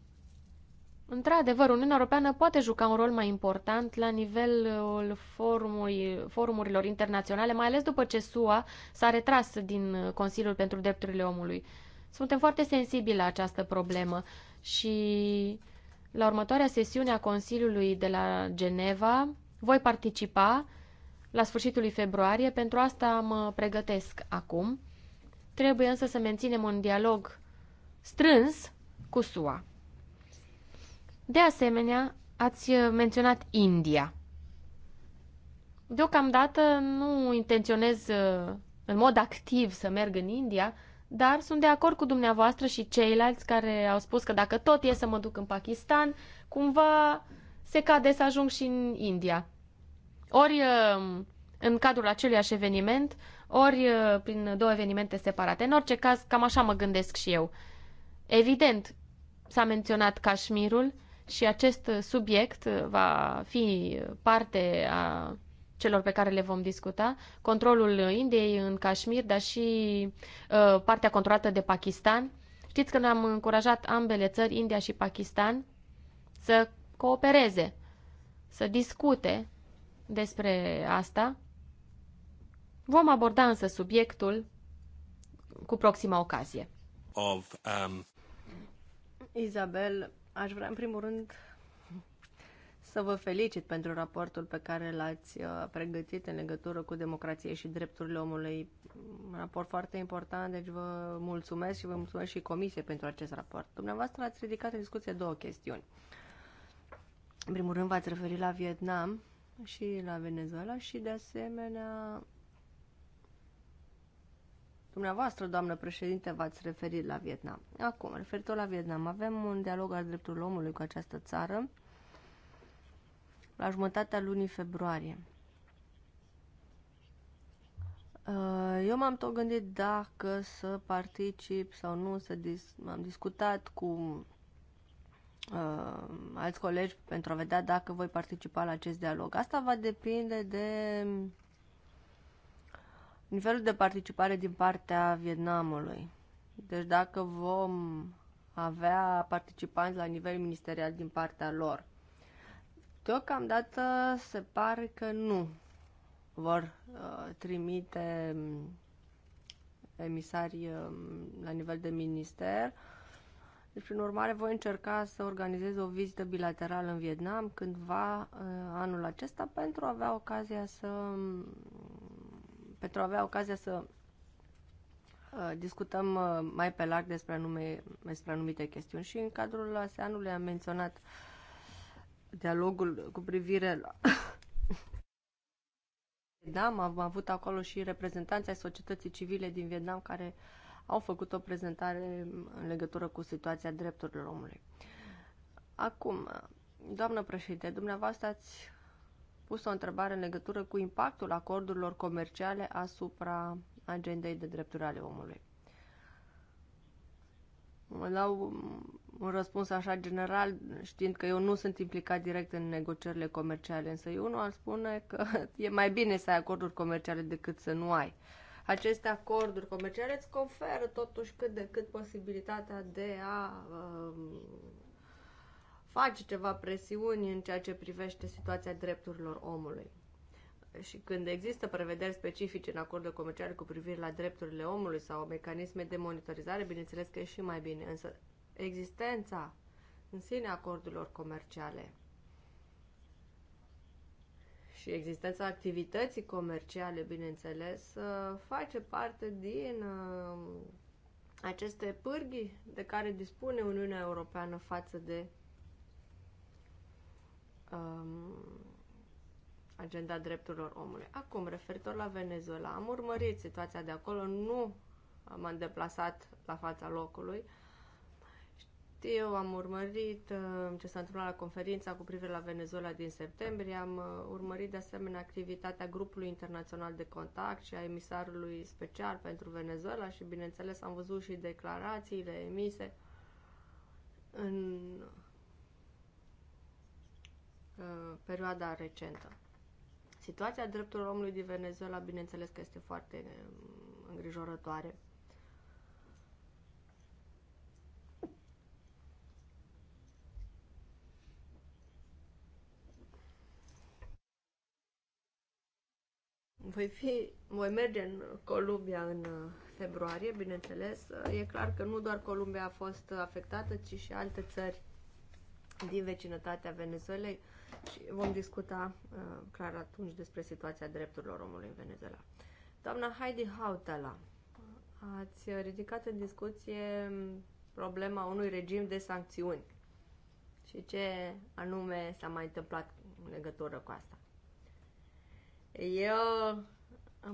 Într-adevăr, Uniunea Europeană poate juca un rol mai important la nivelul forumului, forumurilor internaționale, mai ales după ce SUA s-a retras din Consiliul pentru Drepturile Omului. Suntem foarte sensibili la această problemă și la următoarea sesiune a Consiliului de la Geneva voi participa la sfârșitul lui februarie, pentru asta mă pregătesc acum. Trebuie însă să menținem un dialog strâns cu SUA. De asemenea, ați menționat India. Deocamdată nu intenționez în mod activ să merg în India, dar sunt de acord cu dumneavoastră și ceilalți care au spus că dacă tot e să mă duc în Pakistan, cumva se cade să ajung și în India. Ori um, în cadrul aceluiași eveniment, ori uh, prin două evenimente separate. În orice caz, cam așa mă gândesc și eu. Evident, s-a menționat Cașmirul și acest subiect uh, va fi parte a celor pe care le vom discuta, controlul Indiei în Kashmir, dar și uh, partea controlată de Pakistan. Știți că ne-am încurajat ambele țări, India și Pakistan, să coopereze, să discute despre asta. Vom aborda însă subiectul cu proxima ocazie. Of, um... Isabel, aș vrea în primul rând să vă felicit pentru raportul pe care l-ați uh, pregătit în legătură cu democrație și drepturile omului. Un raport foarte important, deci vă mulțumesc și vă mulțumesc și comisie pentru acest raport. Dumneavoastră ați ridicat în discuție două chestiuni. În primul rând v-ați referit la Vietnam și la Venezuela și de asemenea Dumneavoastră, doamnă președinte, v-ați referit la Vietnam. Acum, referitor la Vietnam, avem un dialog al drepturilor omului cu această țară la jumătatea lunii februarie. Uh, eu m-am tot gândit dacă să particip sau nu, să dis- am discutat cu uh, alți colegi pentru a vedea dacă voi participa la acest dialog. Asta va depinde de nivelul de participare din partea Vietnamului. Deci dacă vom avea participanți la nivel ministerial din partea lor. Deocamdată se pare că nu vor uh, trimite um, emisari uh, la nivel de minister. Deci, prin urmare, voi încerca să organizez o vizită bilaterală în Vietnam cândva uh, anul acesta pentru a avea ocazia să um, pentru a avea ocazia să uh, discutăm uh, mai pe larg despre, anume, despre anumite chestiuni și în cadrul ASEAN-ului am menționat uh, dialogul cu privire la... <laughs> Vietnam, am avut acolo și reprezentanți ai societății civile din Vietnam care au făcut o prezentare în legătură cu situația drepturilor omului. Acum, doamnă președinte, dumneavoastră ați pus o întrebare în legătură cu impactul acordurilor comerciale asupra agendei de drepturi ale omului. La un răspuns așa general, știind că eu nu sunt implicat direct în negocierile comerciale, însă eu nu ar spune că <laughs> e mai bine să ai acorduri comerciale decât să nu ai. Aceste acorduri comerciale îți conferă totuși cât de cât posibilitatea de a um, face ceva presiuni în ceea ce privește situația drepturilor omului. Și când există prevederi specifice în acordul comercial cu privire la drepturile omului sau mecanisme de monitorizare, bineînțeles că e și mai bine. Însă existența în sine acordurilor comerciale și existența activității comerciale, bineînțeles, ă, face parte din ă, aceste pârghii de care dispune Uniunea Europeană față de um, agenda drepturilor omului. Acum, referitor la Venezuela, am urmărit situația de acolo, nu m-am deplasat la fața locului, știu, am urmărit uh, ce s-a întâmplat la conferința cu privire la Venezuela din septembrie, am uh, urmărit de asemenea activitatea grupului internațional de contact și a emisarului special pentru Venezuela și, bineînțeles, am văzut și declarațiile emise în uh, perioada recentă. Situația drepturilor omului din Venezuela, bineînțeles că este foarte îngrijorătoare. Voi, fi, voi merge în Columbia în uh, februarie, bineînțeles. Uh, e clar că nu doar Columbia a fost afectată, ci și alte țări din vecinătatea Venezuelei și vom discuta uh, clar atunci despre situația drepturilor omului în Venezuela. Doamna Heidi Hautala, ați ridicat în discuție problema unui regim de sancțiuni și ce anume s-a mai întâmplat în legătură cu asta. Eu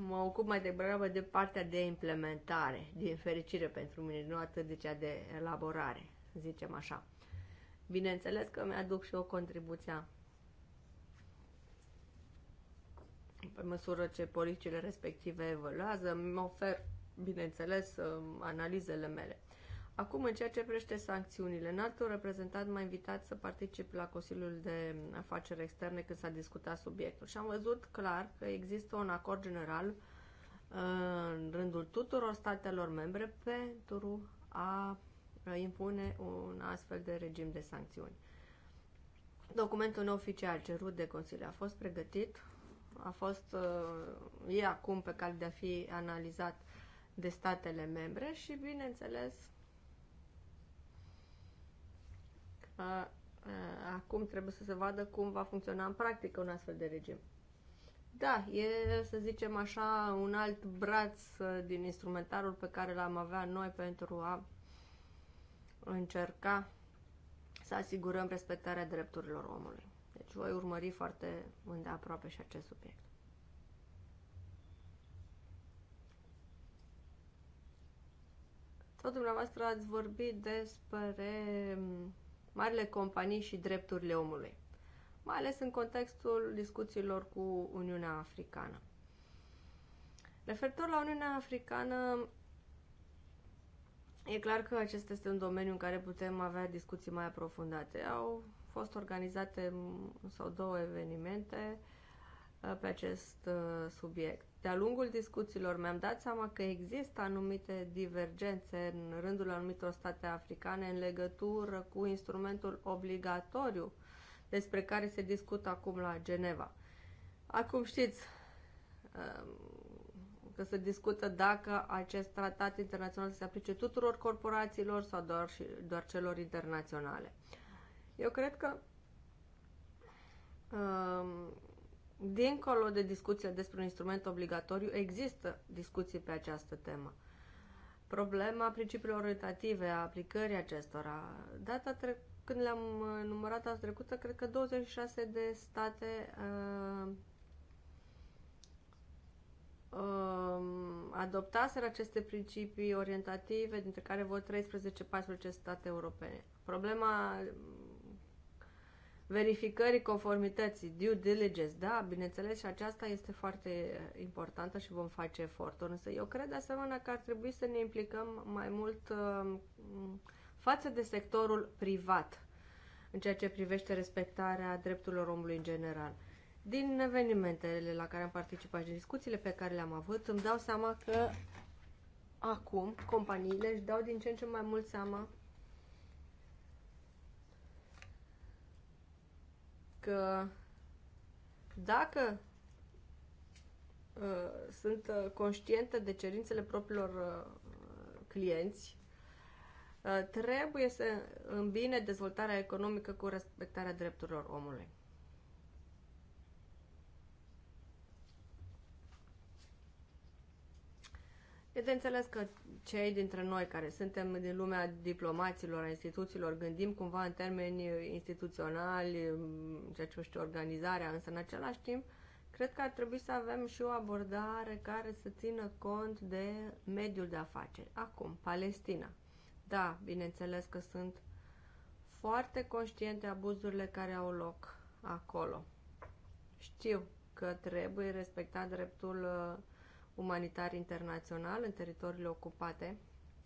mă ocup mai degrabă de partea de implementare, din fericire pentru mine, nu atât de cea de elaborare, să zicem așa. Bineînțeles că mi-aduc și o contribuția pe măsură ce politicile respective evoluează, îmi ofer, bineînțeles, analizele mele. Acum, în ceea ce privește sancțiunile, înaltul reprezentant m-a invitat să particip la Consiliul de Afaceri Externe când s-a discutat subiectul și am văzut clar că există un acord general uh, în rândul tuturor statelor membre pentru a uh, impune un astfel de regim de sancțiuni. Documentul neoficial cerut de Consiliu a fost pregătit, a fost, uh, e acum pe cale de a fi analizat de statele membre și, bineînțeles, acum trebuie să se vadă cum va funcționa în practică un astfel de regim. Da, e, să zicem așa, un alt braț uh, din instrumentarul pe care l-am avea noi pentru a încerca să asigurăm respectarea drepturilor omului. Deci voi urmări foarte îndeaproape și acest subiect. Tot dumneavoastră ați vorbit despre mm, marile companii și drepturile omului, mai ales în contextul discuțiilor cu Uniunea Africană. Referitor la Uniunea Africană, e clar că acesta este un domeniu în care putem avea discuții mai aprofundate. Au fost organizate sau două evenimente uh, pe acest uh, subiect de-a lungul discuțiilor mi-am dat seama că există anumite divergențe în rândul anumitor state africane în legătură cu instrumentul obligatoriu despre care se discută acum la Geneva. Acum știți um, că se discută dacă acest tratat internațional se aplice tuturor corporațiilor sau doar, și, doar celor internaționale. Eu cred că um, dincolo de discuția despre un instrument obligatoriu, există discuții pe această temă. Problema principiilor orientative a aplicării acestora. Data tre- când le-am numărat data trecută, cred că 26 de state uh, uh, adoptaseră aceste principii orientative, dintre care vor 13-14 state europene. Problema verificării conformității, due diligence, da, bineînțeles și aceasta este foarte eh, importantă și vom face eforturi, însă eu cred de asemenea că ar trebui să ne implicăm mai mult ehm, față de sectorul privat în ceea ce privește respectarea drepturilor omului în general. Din evenimentele la care am participat și din discuțiile pe care le-am avut, îmi dau seama că acum companiile își dau din ce în ce mai mult seama că dacă uh, sunt uh, conștientă de cerințele propriilor uh, clienți, trebuie să îmbine dezvoltarea economică cu respectarea drepturilor omului. E de înțeles că cei dintre noi care suntem din lumea diplomaților, a instituțiilor, gândim cumva în termeni instituționali, ceea ce știu, organizarea, însă în același timp cred că ar trebui să avem și o abordare care să țină cont de mediul de afaceri. Acum, Palestina. Da, bineînțeles că sunt foarte conștiente abuzurile care au loc acolo. Știu că trebuie respectat dreptul uh, umanitar internațional în teritoriile ocupate.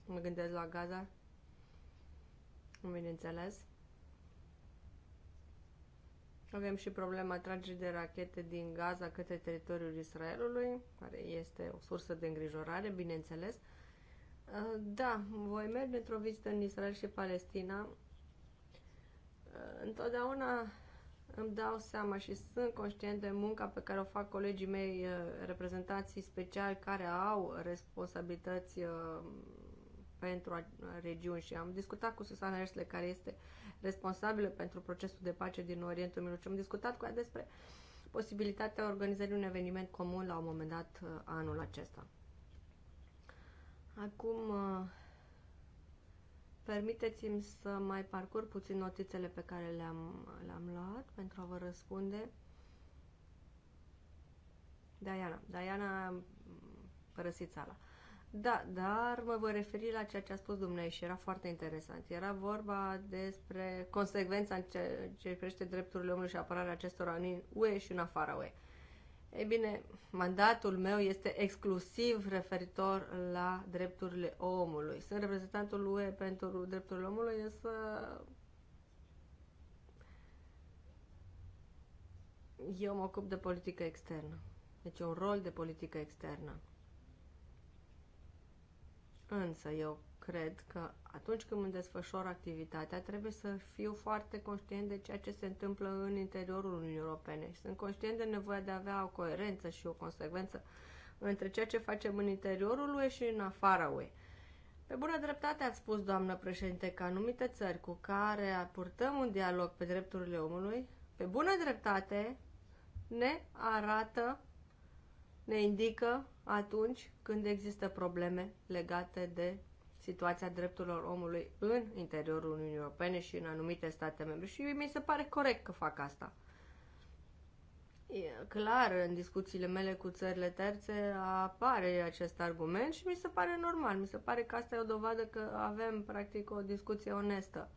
Mă gândesc la Gaza, bineînțeles. Avem și problema tragerii de rachete din Gaza către teritoriul Israelului, care este o sursă de îngrijorare, bineînțeles. Uh, da, voi merge într-o vizită în Israel și Palestina. Uh, întotdeauna îmi dau seama și sunt conștient de munca pe care o fac colegii mei, uh, reprezentații speciali care au responsabilități uh, pentru regiuni și am discutat cu Susana Hersle care este responsabilă pentru procesul de pace din Orientul Mijlociu. Am discutat cu ea despre posibilitatea organizării un eveniment comun la un moment dat uh, anul acesta. Acum Permiteți-mi să mai parcurg puțin notițele pe care le-am le luat pentru a vă răspunde. Diana. Diana părăsiți părăsit sala. Da, dar mă voi referi la ceea ce a spus dumneavoastră și era foarte interesant. Era vorba despre consecvența în ce, ce privește drepturile omului și apărarea acestora în UE și în afara UE. Ei bine, mandatul meu este exclusiv referitor la drepturile omului. Sunt reprezentantul UE pentru drepturile omului, însă eu mă ocup de politică externă. Deci un rol de politică externă. Însă eu cred că atunci când îmi desfășor activitatea, trebuie să fiu foarte conștient de ceea ce se întâmplă în interiorul Uniunii Europene și sunt conștient de nevoia de a avea o coerență și o consecvență între ceea ce facem în interiorul UE și în afara UE. Pe bună dreptate ați spus, doamnă președinte, că anumite țări cu care purtăm un dialog pe drepturile omului, pe bună dreptate ne arată, ne indică atunci când există probleme legate de situația drepturilor omului în interiorul Uniunii Europene și în anumite state membre. Și mi se pare corect că fac asta. E clar, în discuțiile mele cu țările terțe apare acest argument și mi se pare normal. Mi se pare că asta e o dovadă că avem, practic, o discuție onestă.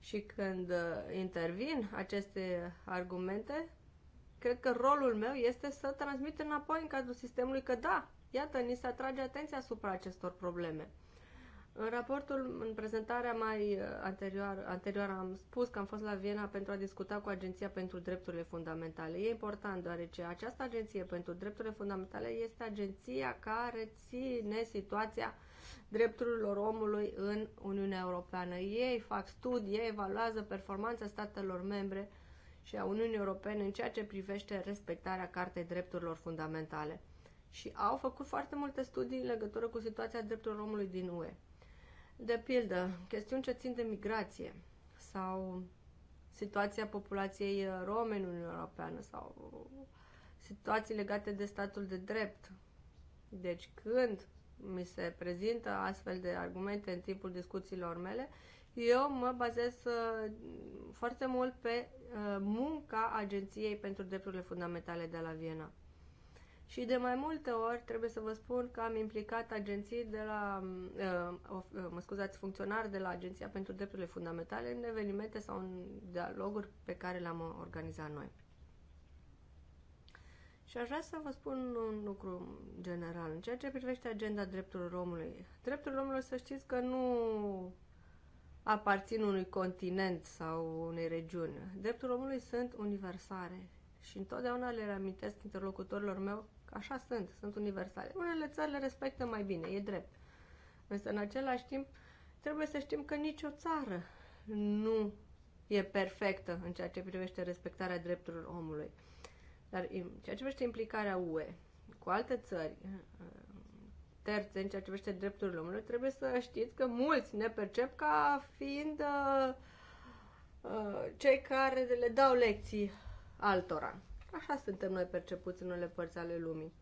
Și când uh, intervin aceste argumente, cred că rolul meu este să transmit înapoi în cadrul sistemului că da, iată, ni se atrage atenția asupra acestor probleme. În raportul, în prezentarea mai uh, anterioară, anterior am spus că am fost la Viena pentru a discuta cu Agenția pentru Drepturile Fundamentale. E important, deoarece această Agenție pentru Drepturile Fundamentale este agenția care ține situația drepturilor omului în Uniunea Europeană. Ei fac studii, ei evaluează performanța statelor membre și a Uniunii Europene în ceea ce privește respectarea Cartei Drepturilor Fundamentale. Și au făcut foarte multe studii în legătură cu situația drepturilor omului din UE. De pildă, chestiuni ce țin de migrație sau situația populației uh, rome în Uniunea Europeană sau situații legate de statul de drept. Deci când mi se prezintă astfel de argumente în timpul discuțiilor mele, eu mă bazez uh, foarte mult pe uh, munca Agenției pentru Drepturile Fundamentale de la Viena. Și de mai multe ori trebuie să vă spun că am implicat agenții de la, uh, uh, mă scuzați, funcționari de la Agenția pentru Drepturile Fundamentale în evenimente sau în dialoguri pe care le-am organizat noi. Și aș vrea să vă spun un lucru general. În ceea ce privește agenda drepturilor omului, drepturile omului să știți că nu aparțin unui continent sau unei regiuni. Drepturile omului sunt universare și întotdeauna le reamintesc interlocutorilor meu, Așa sunt, sunt universale. Unele țări le respectă mai bine, e drept. Însă, în același timp, trebuie să știm că nicio țară nu e perfectă în ceea ce privește respectarea drepturilor omului. Dar în ceea ce privește implicarea UE cu alte țări uh, terțe în ceea ce privește drepturile omului, trebuie să știți că mulți ne percep ca fiind uh, uh, cei care le dau lecții altora. Așa suntem noi percepuți în unele părți ale lumii.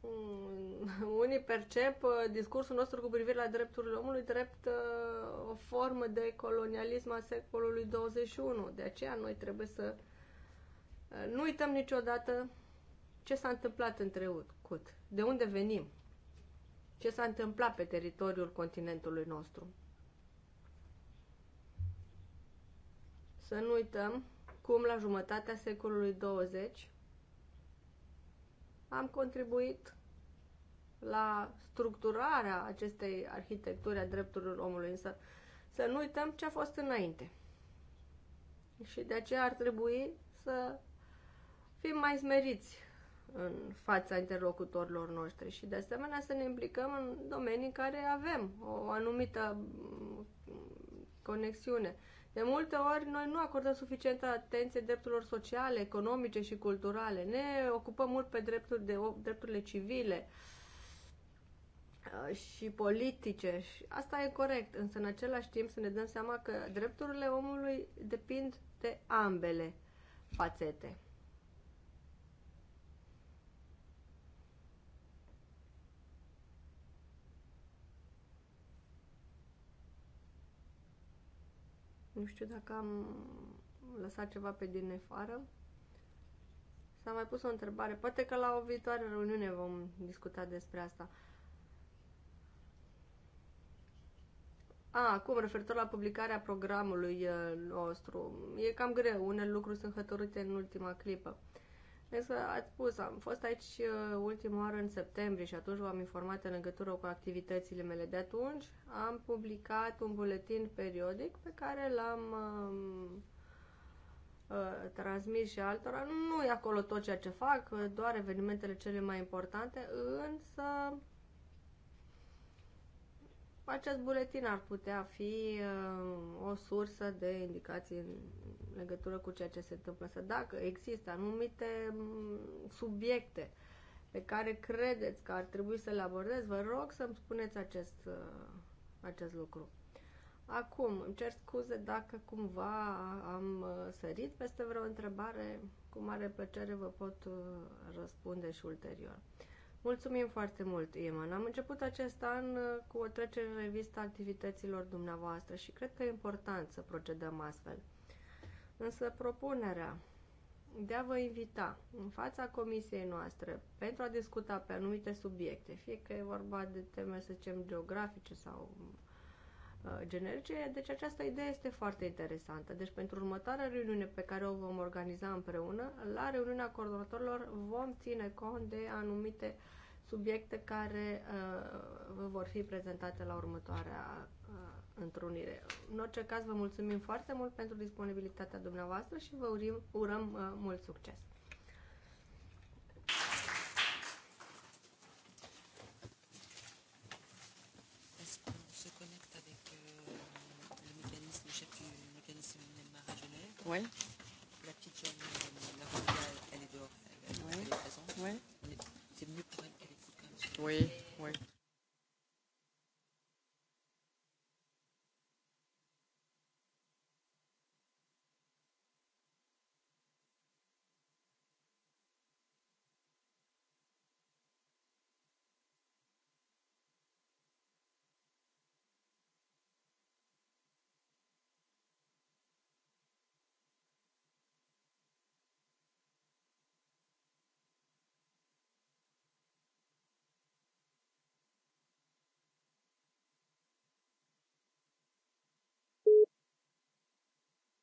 Mm, unii percep uh, discursul nostru cu privire la drepturile omului drept uh, o formă de colonialism a secolului 21. De aceea noi trebuie să uh, nu uităm niciodată ce s-a întâmplat în trecut, de unde venim, ce s-a întâmplat pe teritoriul continentului nostru. Să nu uităm cum la jumătatea secolului 20 am contribuit la structurarea acestei arhitecturi a drepturilor omului, însă să nu uităm ce a fost înainte. Și de aceea ar trebui să fim mai smeriți în fața interlocutorilor noștri și de asemenea să ne implicăm în domenii în care avem o anumită mm, conexiune. De multe ori noi nu acordăm suficientă atenție drepturilor sociale, economice și culturale. Ne ocupăm mult pe drepturi de, drepturile civile uh, și politice. Asta e corect, însă în același timp să ne dăm seama că drepturile omului depind de ambele fațete. Nu știu dacă am lăsat ceva pe din afară. S-a mai pus o întrebare. Poate că la o viitoare reuniune vom discuta despre asta. A, acum, referitor la publicarea programului eh, nostru, e cam greu. Unele lucruri sunt hătărâte în ultima clipă că ați spus, am fost aici uh, ultima oară în septembrie și atunci v-am informat în legătură cu activitățile mele. De atunci am publicat un buletin periodic pe care l-am um, uh, transmis și altora. Nu e acolo tot ceea ce fac, doar evenimentele cele mai importante, însă acest buletin ar putea fi uh, o sursă de indicații în legătură cu ceea ce se întâmplă. Să dacă există anumite mm, subiecte pe care credeți că ar trebui să le abordez, vă rog să-mi spuneți acest, uh, acest lucru. Acum, îmi cer scuze dacă cumva am uh, sărit peste vreo întrebare, cu mare plăcere vă pot răspunde și ulterior. Mulțumim foarte mult, Iman. Am început acest an uh, cu o trecere în revistă activităților dumneavoastră și cred că e important să procedăm astfel. Însă propunerea de a vă invita în fața comisiei noastre pentru a discuta pe anumite subiecte, fie că e vorba de teme, să zicem, geografice sau uh, generice, deci această idee este foarte interesantă. Deci pentru următoarea reuniune pe care o vom organiza împreună, la reuniunea coordonatorilor vom ține cont de anumite uh, subiecte care uh, vă vor fi prezentate la următoarea uh, întrunire. În orice caz, vă mulțumim foarte mult pentru disponibilitatea dumneavoastră și vă urim, urăm uh, mult succes!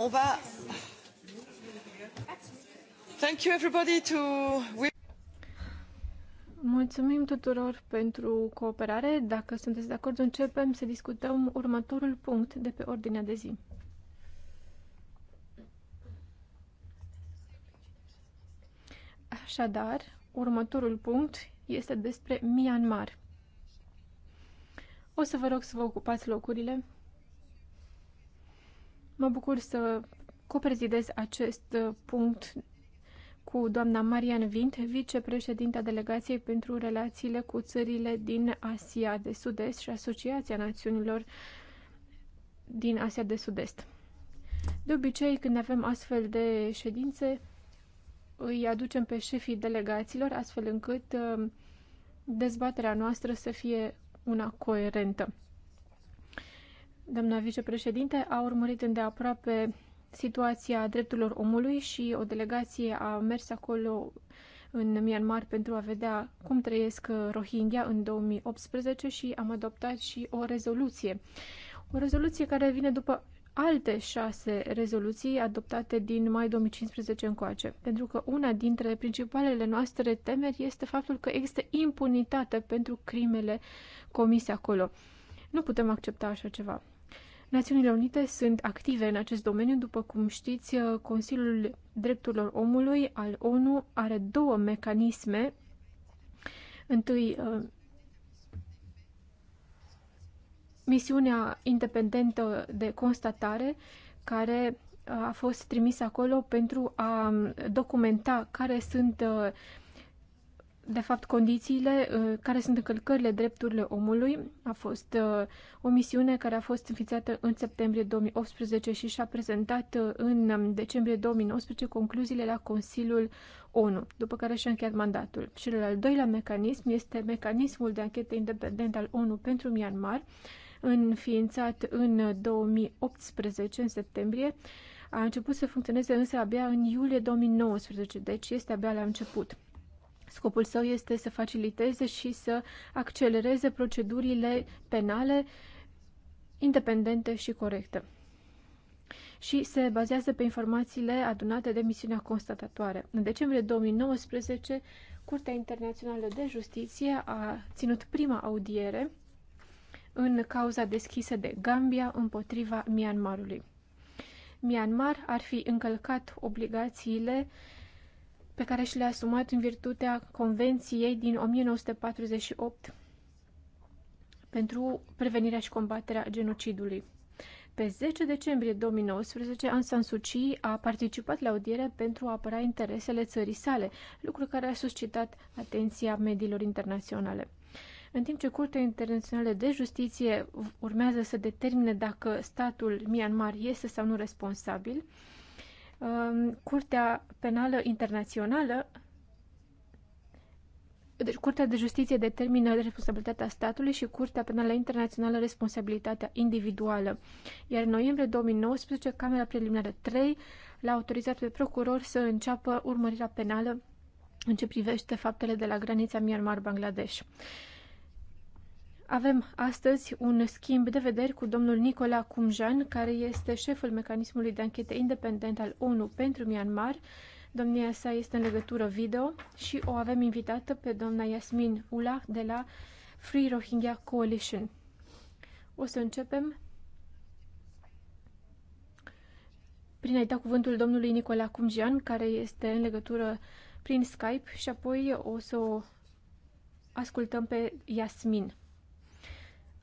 On va... Thank you everybody to... Mulțumim tuturor pentru cooperare. Dacă sunteți de acord, începem să discutăm următorul punct de pe ordinea de zi. Așadar, următorul punct este despre Myanmar. O să vă rog să vă ocupați locurile. Mă bucur să coprezidez acest uh, punct cu doamna Marian Vint, vicepreședinta delegației pentru relațiile cu țările din Asia de Sud-Est și Asociația Națiunilor din Asia de Sud-Est. De obicei, când avem astfel de ședințe, îi aducem pe șefii delegațiilor, astfel încât uh, dezbaterea noastră să fie una coerentă doamna vicepreședinte, a urmărit îndeaproape situația drepturilor omului și o delegație a mers acolo în Myanmar pentru a vedea cum trăiesc Rohingya în 2018 și am adoptat și o rezoluție. O rezoluție care vine după alte șase rezoluții adoptate din mai 2015 încoace, pentru că una dintre principalele noastre temeri este faptul că există impunitate pentru crimele comise acolo. Nu putem accepta așa ceva. Națiunile Unite sunt active în acest domeniu. După cum știți, Consiliul Drepturilor Omului al ONU are două mecanisme. Întâi, uh, misiunea independentă de constatare, care uh, a fost trimisă acolo pentru a um, documenta care sunt uh, de fapt, condițiile uh, care sunt încălcările drepturile omului. A fost uh, o misiune care a fost înființată în septembrie 2018 și și-a prezentat uh, în um, decembrie 2019 concluziile la Consiliul ONU, după care și-a încheiat mandatul. Și al doilea mecanism este mecanismul de anchetă independent al ONU pentru Myanmar, înființat în 2018, în septembrie. A început să funcționeze însă abia în iulie 2019, deci este abia la început. Scopul său este să faciliteze și să accelereze procedurile penale independente și corecte și se bazează pe informațiile adunate de misiunea constatatoare. În decembrie 2019, Curtea Internațională de Justiție a ținut prima audiere în cauza deschisă de Gambia împotriva Myanmarului. Myanmar ar fi încălcat obligațiile uh, pe care și le-a asumat în virtutea Convenției din 1948 pentru prevenirea și combaterea genocidului. Pe 10 decembrie 2019, Aung San Suu Kyi a participat la audiere pentru a apăra interesele țării sale, lucru care a suscitat atenția mediilor internaționale. În timp ce Curtea Internațională de Justiție urmează să determine dacă statul Myanmar este sau nu responsabil, Ehm, Curtea Penală Internațională deci Curtea de Justiție determină responsabilitatea statului și Curtea Penală Internațională responsabilitatea individuală. Iar în noiembrie 2019, Camera Preliminară 3 l-a autorizat pe procuror să înceapă urmărirea penală în ce privește faptele de la granița Myanmar-Bangladesh. Avem astăzi un schimb de vederi cu domnul Nicola Cumjan, care este șeful mecanismului de anchetă independent al ONU pentru Myanmar. Domnia sa este în legătură video și o avem invitată pe doamna Yasmin Ulah de la Free Rohingya Coalition. O să începem prin a-i da cuvântul domnului Nicola Cumjan, care este în legătură prin Skype și apoi o să o ascultăm pe Yasmin.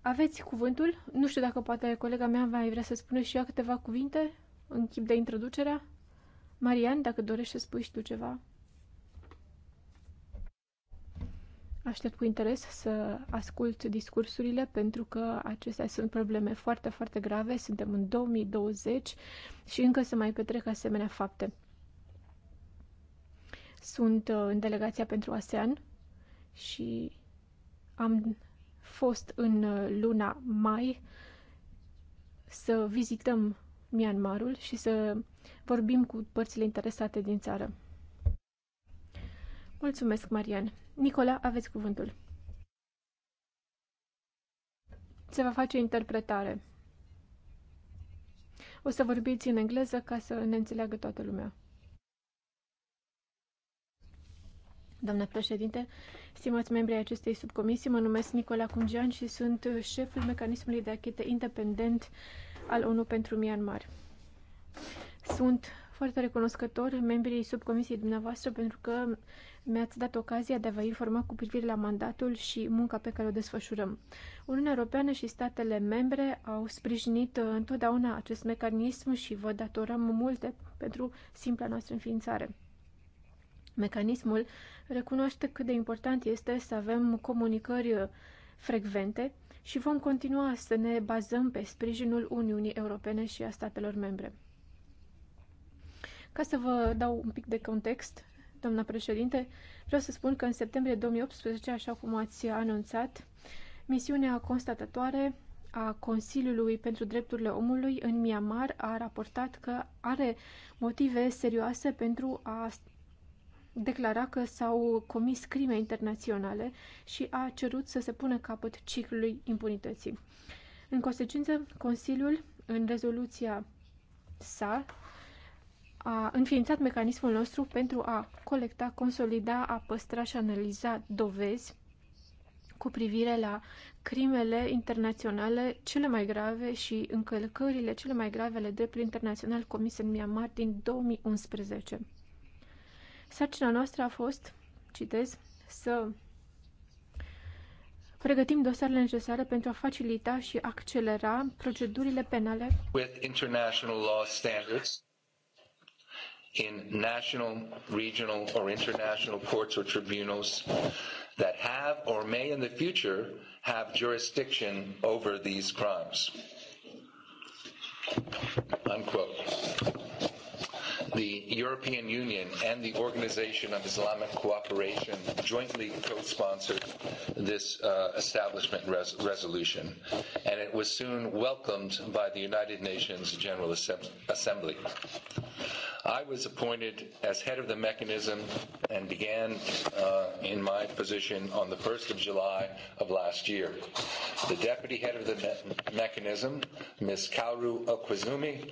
Aveți cuvântul? Nu știu dacă poate colega mea mai vrea să spună și ea câteva cuvinte în chip de introducere. Marian, dacă dorești să spui și tu ceva. Aștept cu interes să ascult discursurile pentru că acestea sunt probleme foarte, foarte grave. Suntem în 2020 și încă se mai petrec asemenea fapte. Sunt uh, în delegația pentru ASEAN și am fost în uh, luna mai să vizităm Myanmarul și să vorbim cu părțile interesate din țară. Mulțumesc, Marian. Nicola, aveți cuvântul. Se va face interpretare. O să vorbiți în engleză ca să ne înțeleagă toată lumea. Doamna președinte, Stimați membrii acestei subcomisii, mă numesc Nicola Cungean și sunt șeful mecanismului de achete independent al ONU pentru Myanmar. Sunt foarte recunoscător membrii subcomisiei dumneavoastră pentru că mi-ați dat ocazia de a vă informa cu privire la mandatul și munca pe care o desfășurăm. Uniunea Europeană și statele membre au sprijinit întotdeauna acest mecanism și vă datorăm multe pentru simpla noastră înființare. Mecanismul recunoaște cât de important este să avem comunicări frecvente și vom continua să ne bazăm pe sprijinul Uniunii Europene și a statelor membre. Ca să vă dau un pic de context, doamna președinte, vreau să spun că în septembrie 2018, așa cum ați anunțat, misiunea constatatoare a Consiliului pentru Drepturile Omului în Myanmar a raportat că are motive serioase pentru a declara că s-au comis crime internaționale și a cerut să se pună capăt ciclului impunității. În consecință, Consiliul, în rezoluția sa, a înființat mecanismul nostru pentru a colecta, consolida, a păstra și analiza dovezi cu privire la crimele internaționale cele mai grave și încălcările cele mai grave ale dreptului internațional comise în Myanmar din 2011. Sarcina noastră a fost, citez, să pregătim dosarele necesare pentru a facilita și accelera procedurile penale with international law standards in national, regional or international courts or tribunals that have or may in the future have jurisdiction over these crimes. Unquote the European Union and the Organization of Islamic Cooperation jointly co-sponsored this uh, establishment res- resolution, and it was soon welcomed by the United Nations General Assemb- Assembly. I was appointed as head of the mechanism and began uh, in my position on the 1st of July of last year. The deputy head of the me- mechanism, Ms. Kauru Okwazumi,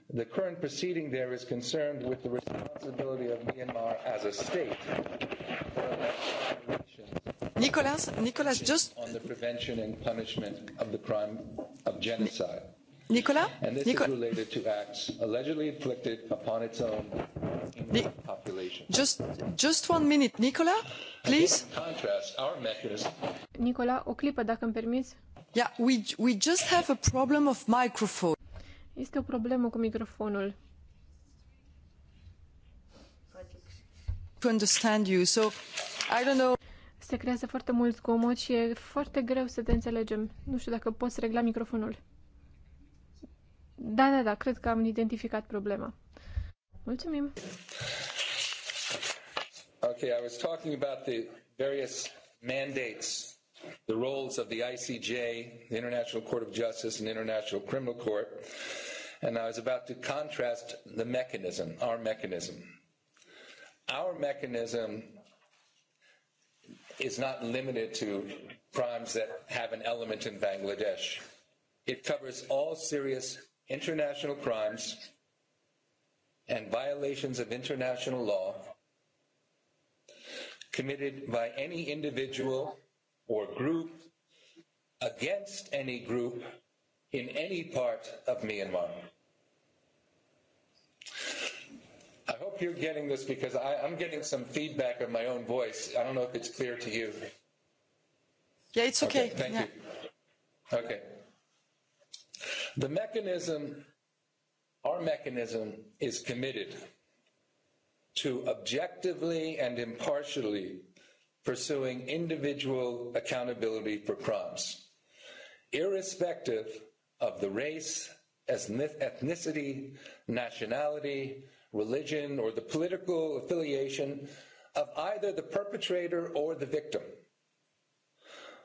The current proceeding there is concerned with the responsibility of Myanmar as a state Nicolas, Nicolas, just on the prevention and punishment of the crime of genocide. Nicolas, and this Nicolas, is related to acts allegedly inflicted upon its own Ni- population. Just, just one minute, Nicolas, please. In contrast, our mechanism. Nicolas, o clipă, dacă mi permiți. Yeah, we we just have a problem of microphone. Este o problemă cu microfonul. To understand you, so I don't know. Se creează foarte mult zgomot și e foarte greu să te înțelegem. Nu știu dacă poți regla microfonul. Da, da, da, cred că am identificat problema. Mulțumim. Okay, I was talking about the various mandates the roles of the ICJ, the International Court of Justice, and International Criminal Court. And I was about to contrast the mechanism, our mechanism. Our mechanism is not limited to crimes that have an element in Bangladesh. It covers all serious international crimes and violations of international law committed by any individual or group against any group in any part of Myanmar. I hope you're getting this because I, I'm getting some feedback of my own voice. I don't know if it's clear to you. Yeah, it's okay. okay thank yeah. you. Okay. The mechanism, our mechanism, is committed to objectively and impartially pursuing individual accountability for crimes, irrespective of the race, ethnicity, nationality, religion, or the political affiliation of either the perpetrator or the victim.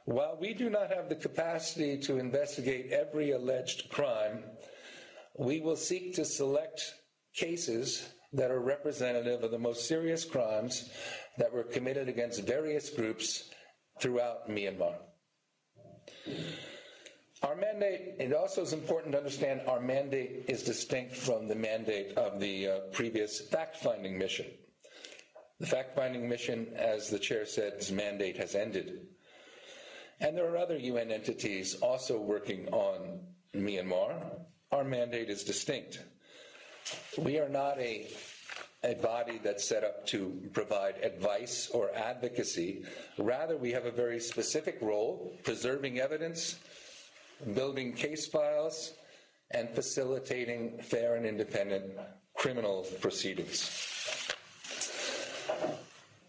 While we do not have the capacity to investigate every alleged crime, we will seek to select cases that are representative of the most serious crimes that were committed against various groups throughout Myanmar. Our mandate, it also is important to understand our mandate is distinct from the mandate of the uh, previous fact finding mission. The fact finding mission, as the chair said, its mandate has ended. And there are other UN entities also working on Myanmar. Our mandate is distinct we are not a a body that's set up to provide advice or advocacy. Rather, we have a very specific role preserving evidence, building case files, and facilitating fair and independent criminal proceedings.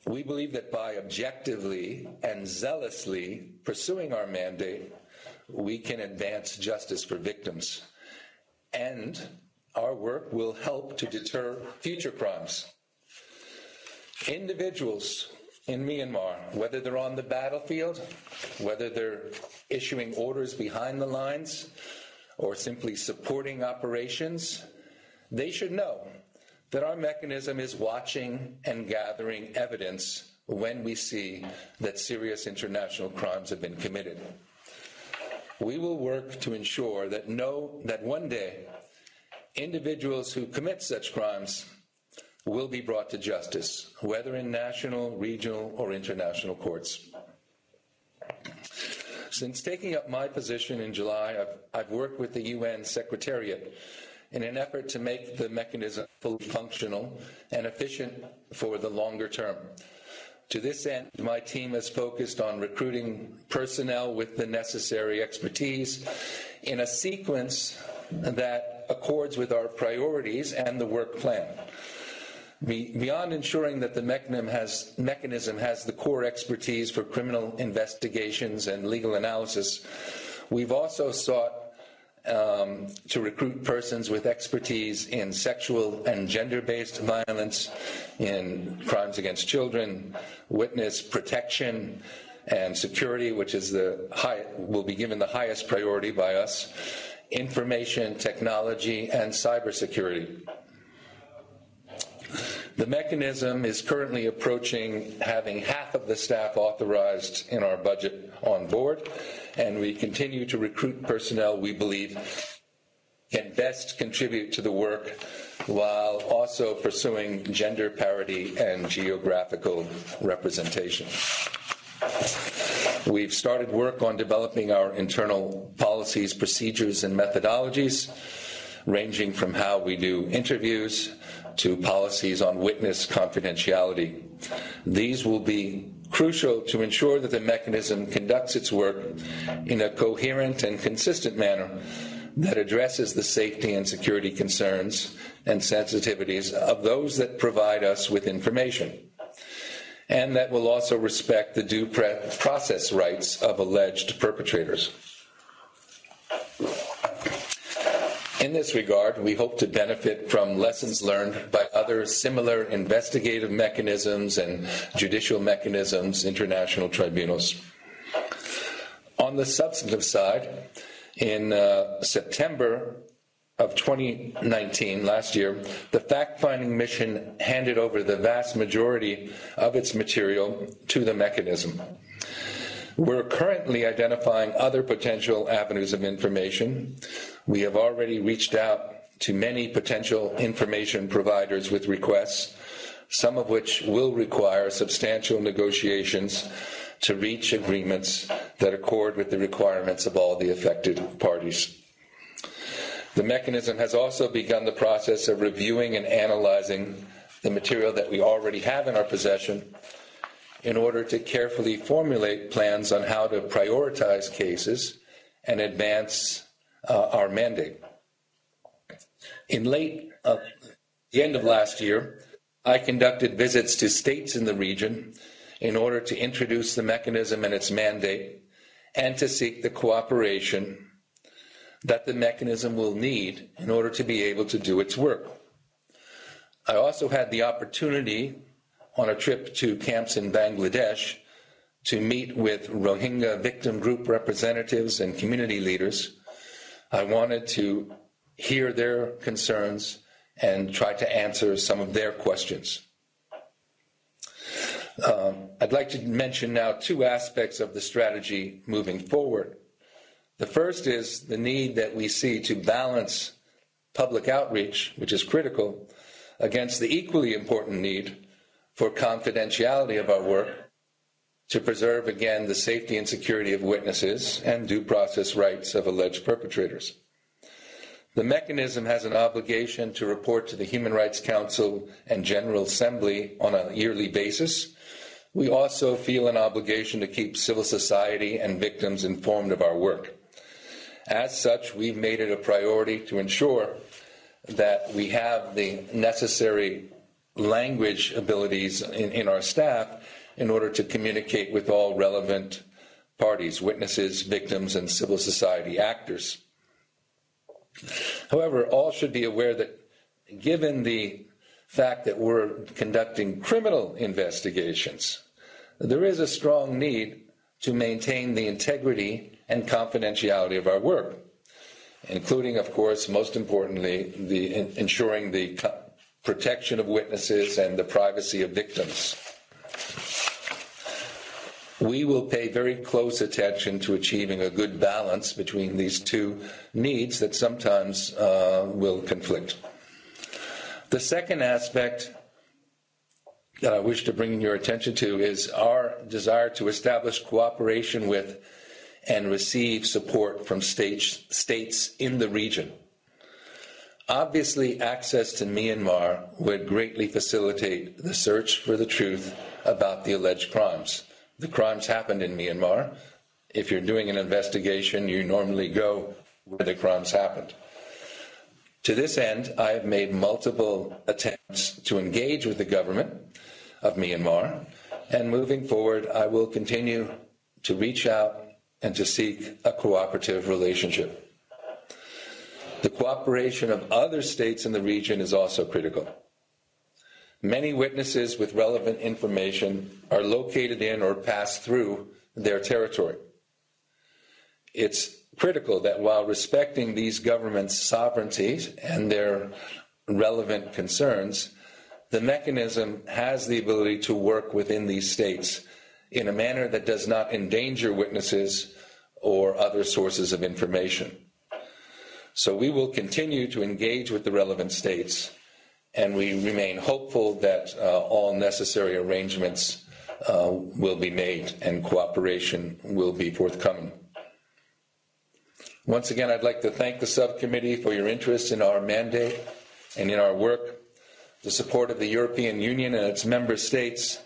We believe that by objectively and zealously pursuing our mandate, we can advance justice for victims and our work will help to deter future crimes. Individuals in Myanmar, whether they're on the battlefield, whether they're issuing orders behind the lines, or simply supporting operations, they should know that our mechanism is watching and gathering evidence when we see that serious international crimes have been committed. We will work to ensure that no that one day individuals who commit such crimes will be brought to justice, whether in national, regional, or international courts. Since taking up my position in July, I've, I've worked with the UN Secretariat in an effort to make the mechanism fully functional and efficient for the longer term. To this end, my team has focused on recruiting personnel with the necessary expertise in a sequence that accords with our priorities and the work plan. Beyond ensuring that the mechanism has, the core expertise for criminal investigations and legal analysis, we've also sought um, to recruit persons with expertise in sexual and gender-based violence, in crimes against children, witness protection, and security, which is the high, will be given the highest priority by us information technology, and cybersecurity. The mechanism is currently approaching having half of the staff authorized in our budget on board, and we continue to recruit personnel we believe can best contribute to the work while also pursuing gender parity and geographical representation. We've started work on developing our internal policies, procedures, and methodologies, ranging from how we do interviews to policies on witness confidentiality. These will be crucial to ensure that the mechanism conducts its work in a coherent and consistent manner that addresses the safety and security concerns and sensitivities of those that provide us with information and that will also respect the due process rights of alleged perpetrators. In this regard, we hope to benefit from lessons learned by other similar investigative mechanisms and judicial mechanisms, international tribunals. On the substantive side, in uh, September of 2019, last year, the fact-finding mission handed over the vast majority of its material to the mechanism. We're currently identifying other potential avenues of information. We have already reached out to many potential information providers with requests, some of which will require substantial negotiations to reach agreements that accord with the requirements of all the affected parties. The mechanism has also begun the process of reviewing and analyzing the material that we already have in our possession in order to carefully formulate plans on how to prioritize cases and advance uh, our mandate. In late, uh, the end of last year, I conducted visits to states in the region in order to introduce the mechanism and its mandate and to seek the cooperation that the mechanism will need in order to be able to do its work. I also had the opportunity on a trip to camps in Bangladesh to meet with Rohingya victim group representatives and community leaders. I wanted to hear their concerns and try to answer some of their questions. Um, I'd like to mention now two aspects of the strategy moving forward. The first is the need that we see to balance public outreach, which is critical, against the equally important need for confidentiality of our work to preserve again the safety and security of witnesses and due process rights of alleged perpetrators. The mechanism has an obligation to report to the Human Rights Council and General Assembly on a yearly basis. We also feel an obligation to keep civil society and victims informed of our work. As such, we've made it a priority to ensure that we have the necessary language abilities in, in our staff in order to communicate with all relevant parties, witnesses, victims, and civil society actors. However, all should be aware that given the fact that we're conducting criminal investigations, there is a strong need to maintain the integrity and confidentiality of our work, including, of course, most importantly, the in, ensuring the co- protection of witnesses and the privacy of victims. We will pay very close attention to achieving a good balance between these two needs that sometimes uh, will conflict. The second aspect that I wish to bring your attention to is our desire to establish cooperation with and receive support from states states in the region. Obviously, access to Myanmar would greatly facilitate the search for the truth about the alleged crimes. The crimes happened in Myanmar. If you're doing an investigation, you normally go where the crimes happened. To this end, I have made multiple attempts to engage with the government of Myanmar, and moving forward, I will continue to reach out and to seek a cooperative relationship. The cooperation of other states in the region is also critical. Many witnesses with relevant information are located in or pass through their territory. It's critical that while respecting these governments' sovereignties and their relevant concerns, the mechanism has the ability to work within these states in a manner that does not endanger witnesses or other sources of information. So we will continue to engage with the relevant states, and we remain hopeful that uh, all necessary arrangements uh, will be made and cooperation will be forthcoming. Once again, I'd like to thank the subcommittee for your interest in our mandate and in our work, the support of the European Union and its member states,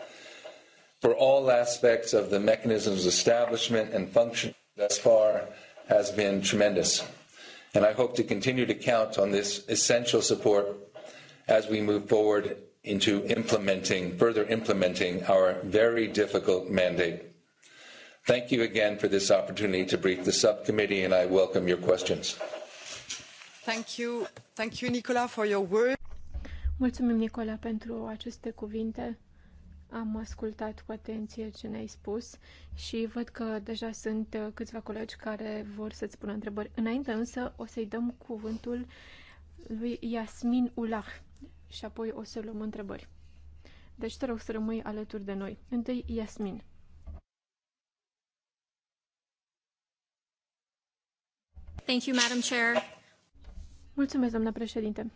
for all aspects of the mechanism's establishment and function thus far has been tremendous. And I hope to continue to count on this essential support as we move forward into implementing, further implementing our very difficult mandate. Thank you again for this opportunity to brief the subcommittee, and I welcome your questions. Thank you. Thank you, Nicola, for your words. Mulțumim, Nicola, pentru aceste cuvinte. Am ascultat cu atenție ce ne-ai spus și văd că deja sunt uh, câțiva colegi care vor să-ți pună întrebări. Înainte însă o să-i dăm cuvântul lui Yasmin Ulah și apoi o să luăm întrebări. Deci te rog să rămâi alături de noi. Întâi Yasmin. Thank you, Madam Chair. Mulțumesc, doamna președinte.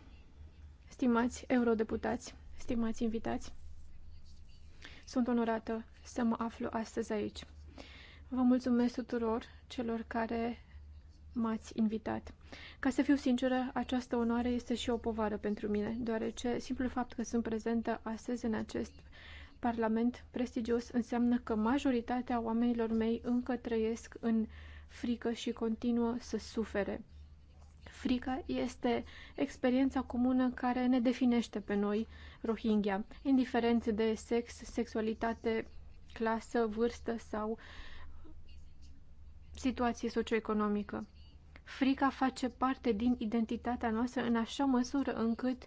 Stimați eurodeputați, stimați invitați, sunt onorată să mă aflu astăzi aici. Vă mulțumesc tuturor celor care m-ați invitat. Ca să fiu sinceră, această onoare este și o povară pentru mine, deoarece simplul fapt că sunt prezentă astăzi în acest parlament prestigios înseamnă că majoritatea oamenilor mei încă trăiesc în frică și continuă să sufere. Frica este experiența comună care ne definește pe noi, Rohingya, indiferent de sex, sexualitate, clasă, vârstă sau situație socioeconomică. Frica face parte din identitatea noastră în așa măsură încât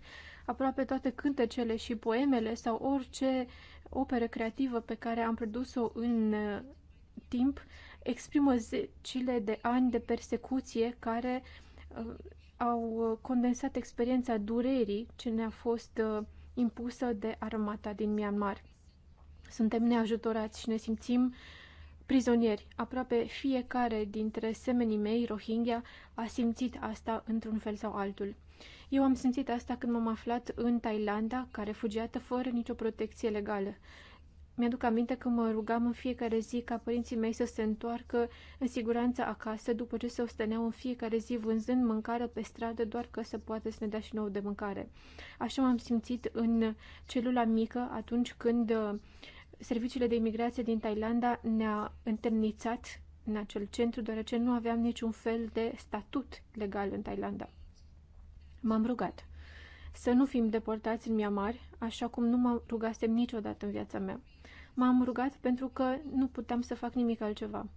aproape toate cântecele și poemele sau orice operă creativă pe care am produs-o în uh, timp exprimă zecile de ani de persecuție care uh, Uh, au uh, condensat experiența durerii ce ne-a fost uh, impusă de armata din Myanmar. Suntem neajutorați și ne simțim prizonieri. Aproape fiecare dintre semenii mei, Rohingya, a simțit asta într-un fel sau altul. Eu am simțit asta când m-am aflat în Thailanda, care fugiată fără nicio protecție legală. Mi-aduc aminte că mă rugam în fiecare zi ca părinții mei să se întoarcă în siguranță acasă după ce se osteneau în fiecare zi vânzând mâncare pe stradă doar că să poată să ne dea și nouă de mâncare. Așa m-am simțit în celula mică atunci când uh, serviciile de imigrație din Thailanda ne-a întemnițat în acel centru, deoarece nu aveam niciun fel de statut legal în Thailanda. M-am rugat să nu fim deportați în Myanmar, așa cum nu mă rugasem niciodată în viața mea m-am rugat pentru că nu puteam să fac nimic altceva.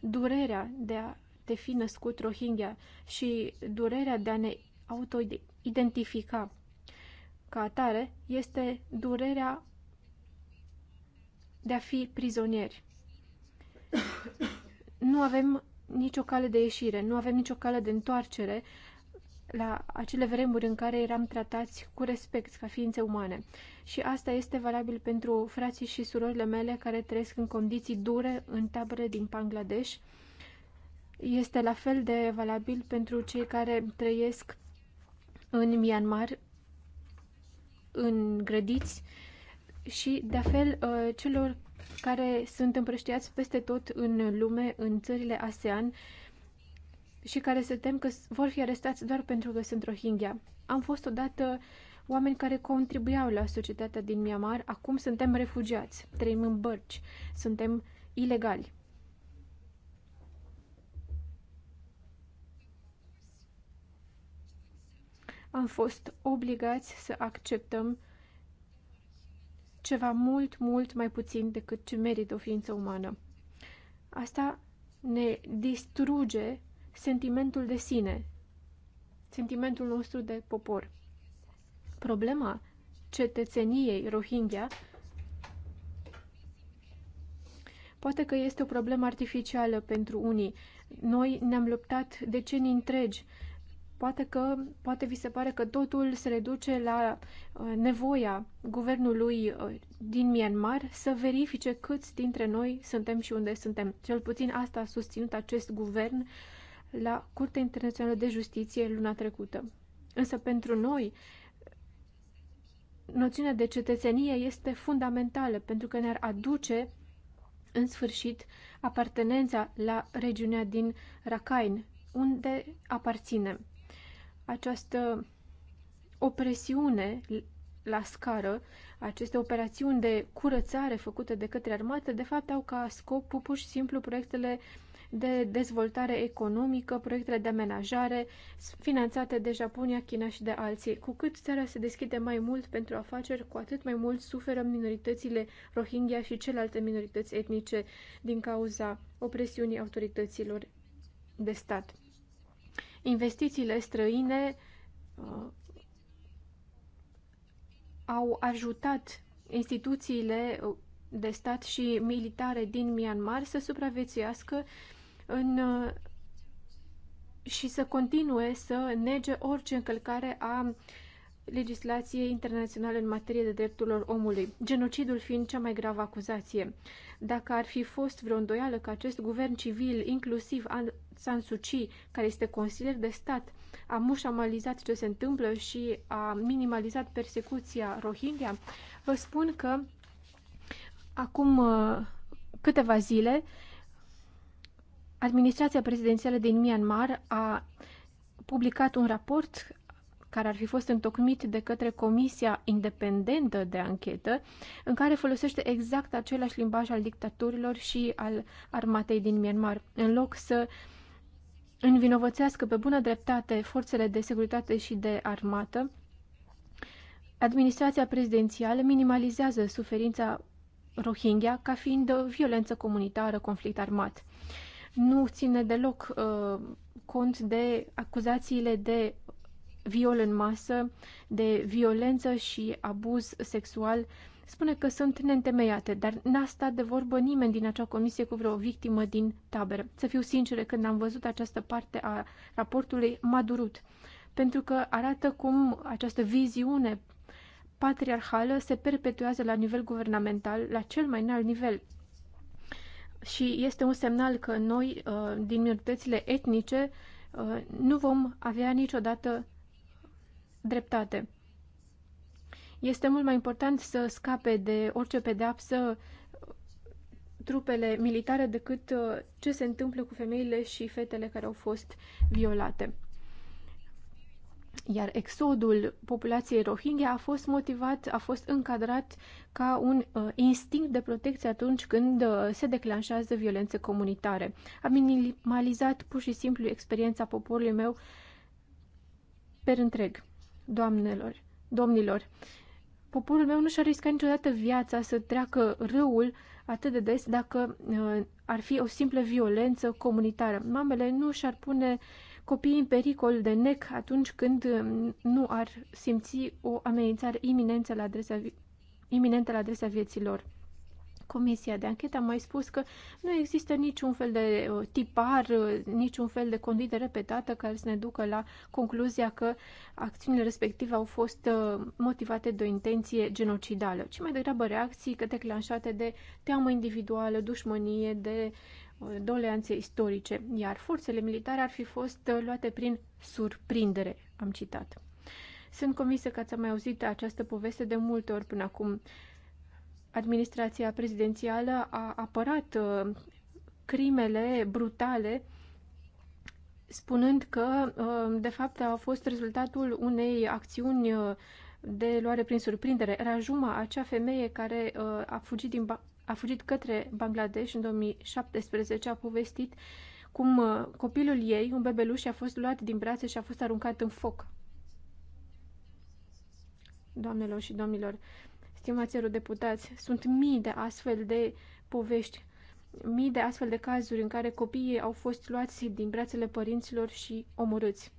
Durerea de a te fi născut Rohingya și durerea de a ne autoidentifica ca atare este durerea de a fi prizonieri. Nu avem nicio cale de ieșire, nu avem nicio cale de întoarcere la acele vremuri în care eram tratați cu respect ca ființe umane. Și asta este valabil pentru frații și surorile mele care trăiesc în condiții dure în tabere din Bangladesh. Este la fel de valabil pentru cei care trăiesc în Myanmar, în grădiți și, de fel, uh, celor care sunt împrăștiați peste tot în lume, în țările ASEAN, și care se tem că vor fi arestați doar pentru că sunt Rohingya. Am fost odată oameni care contribuiau la societatea din Myanmar, acum suntem refugiați, trăim în bărci, suntem ilegali. Am fost obligați să acceptăm ceva mult, mult mai puțin decât ce merită o ființă umană. Asta ne distruge sentimentul de sine, sentimentul nostru de popor. Problema cetățeniei Rohingya poate că este o problemă artificială pentru unii. Noi ne-am luptat decenii întregi. Poate că, poate vi se pare că totul se reduce la uh, nevoia guvernului uh, din Myanmar să verifice câți dintre noi suntem și unde suntem. Cel puțin asta a susținut acest guvern uh, la Curtea Internațională de Justiție luna trecută. Însă pentru noi, noțiunea de cetățenie este fundamentală pentru că ne-ar aduce în sfârșit apartenența la regiunea din Rakhine, unde aparținem. Această opresiune la scară, aceste operațiuni de curățare făcute de către armată, de fapt au ca scop pur și simplu proiectele de dezvoltare economică, proiectele de amenajare finanțate de Japonia, China și de alții. Cu cât țara se deschide mai mult pentru afaceri, cu atât mai mult suferă minoritățile Rohingya și celelalte minorități etnice din cauza opresiunii autorităților de stat. Investițiile străine uh, au ajutat instituțiile uh, de stat și militare din Myanmar să supraviețuiască în, și să continue să nege orice încălcare a legislației internaționale în materie de drepturilor omului, genocidul fiind cea mai gravă acuzație. Dacă ar fi fost vreo îndoială că acest guvern civil, inclusiv San Suu Kyi, care este consilier de stat, a mușamalizat ce se întâmplă și a minimalizat persecuția Rohingya, vă spun că acum uh, câteva zile Administrația prezidențială din Myanmar a publicat un raport care ar fi fost întocmit de către Comisia Independentă de Anchetă, în care folosește exact același limbaj al dictatorilor și al armatei din Myanmar, în loc să învinovățească pe bună dreptate forțele de securitate și de armată, administrația prezidențială minimalizează suferința Rohingya ca fiind o violență comunitară, conflict armat nu ține deloc uh, cont de acuzațiile de viol în masă, de violență și abuz sexual. Spune că sunt neîntemeiate, dar n-a stat de vorbă nimeni din acea comisie cu vreo victimă din tabere. Să fiu sinceră, când am văzut această parte a raportului, m-a durut, pentru că arată cum această viziune patriarhală se perpetuează la nivel guvernamental, la cel mai înalt nivel și este un semnal că noi, uh, din minoritățile etnice, uh, nu vom avea niciodată dreptate. Este mult mai important să scape de orice pedeapsă uh, trupele militare decât ce se întâmplă cu femeile și fetele care au fost violate. Iar exodul populației Rohingya a fost motivat, a fost încadrat ca un uh, instinct de protecție atunci când uh, se declanșează violențe comunitare. A minimalizat pur și simplu experiența poporului meu per întreg, doamnelor, domnilor. Poporul meu nu și-a riscat niciodată viața să treacă râul atât de des dacă uh, ar fi o simplă violență comunitară. Mamele nu și-ar pune uh, copiii în pericol de nec atunci când um, nu ar simți o amenințare iminentă la adresa, iminentă la adresa vieților. Comisia de anchetă a mai spus că nu există niciun fel de uh, tipar, uh, niciun fel de conduită repetată care să ne ducă la concluzia că acțiunile respective au fost uh, motivate de o intenție genocidală, ci mai degrabă reacții declanșate de teamă individuală, dușmănie, de doleanțe istorice, iar forțele militare ar fi fost uh, luate prin surprindere, am citat. Sunt convinsă că ați mai auzit această poveste de multe ori până acum. Administrația prezidențială a apărat uh, crimele brutale spunând că, uh, de fapt, a fost rezultatul unei acțiuni de luare prin surprindere. Rajuma, acea femeie care a fugit din a fugit către Bangladesh în 2017, a povestit cum uh, copilul ei, un bebeluș, a fost luat din brațe și a fost aruncat în foc. Doamnelor și domnilor, stimați deputați, sunt mii de astfel de povești, mii de astfel de cazuri în care copiii au fost luați din brațele părinților și omorâți.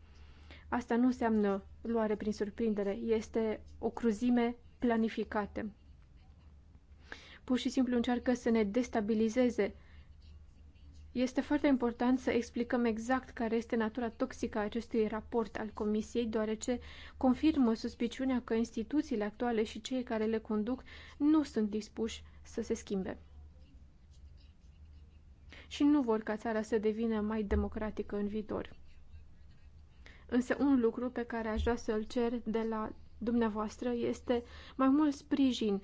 Asta nu înseamnă luare prin surprindere, este o cruzime planificată pur și simplu încearcă să ne destabilizeze. Este foarte important să explicăm exact care este natura toxică a acestui raport al Comisiei, deoarece confirmă suspiciunea că instituțiile actuale și cei care le conduc nu sunt dispuși să se schimbe. Și nu vor ca țara să devină mai democratică în viitor. Însă un lucru pe care aș vrea să-l cer de la dumneavoastră este mai mult sprijin,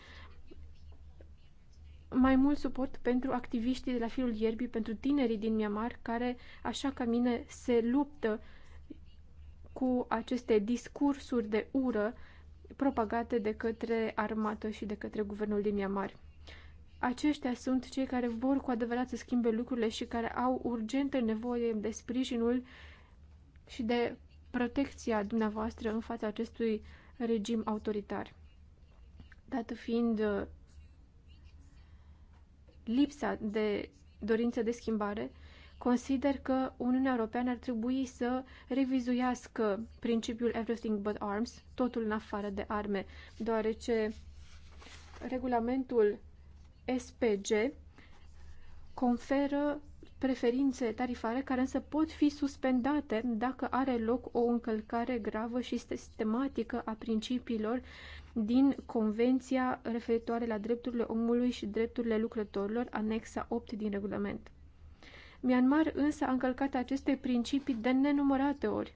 mai mult suport pentru activiștii de la firul ierbii, pentru tinerii din Myanmar, care, așa ca mine, se luptă cu aceste discursuri de ură propagate de către armată și de către guvernul din Myanmar. Aceștia sunt cei care vor cu adevărat să schimbe lucrurile și care au urgentă nevoie de sprijinul și de protecția dumneavoastră în fața acestui regim autoritar. Dată fiind lipsa de dorință de schimbare, consider că Uniunea Europeană ar trebui să revizuiască principiul Everything But Arms, totul în afară de arme, deoarece regulamentul SPG conferă preferințe tarifare care însă pot fi suspendate dacă are loc o încălcare gravă și sistematică a principiilor din Convenția referitoare la drepturile omului și drepturile lucrătorilor, anexa 8 din regulament. Myanmar însă a încălcat aceste principii de nenumărate ori.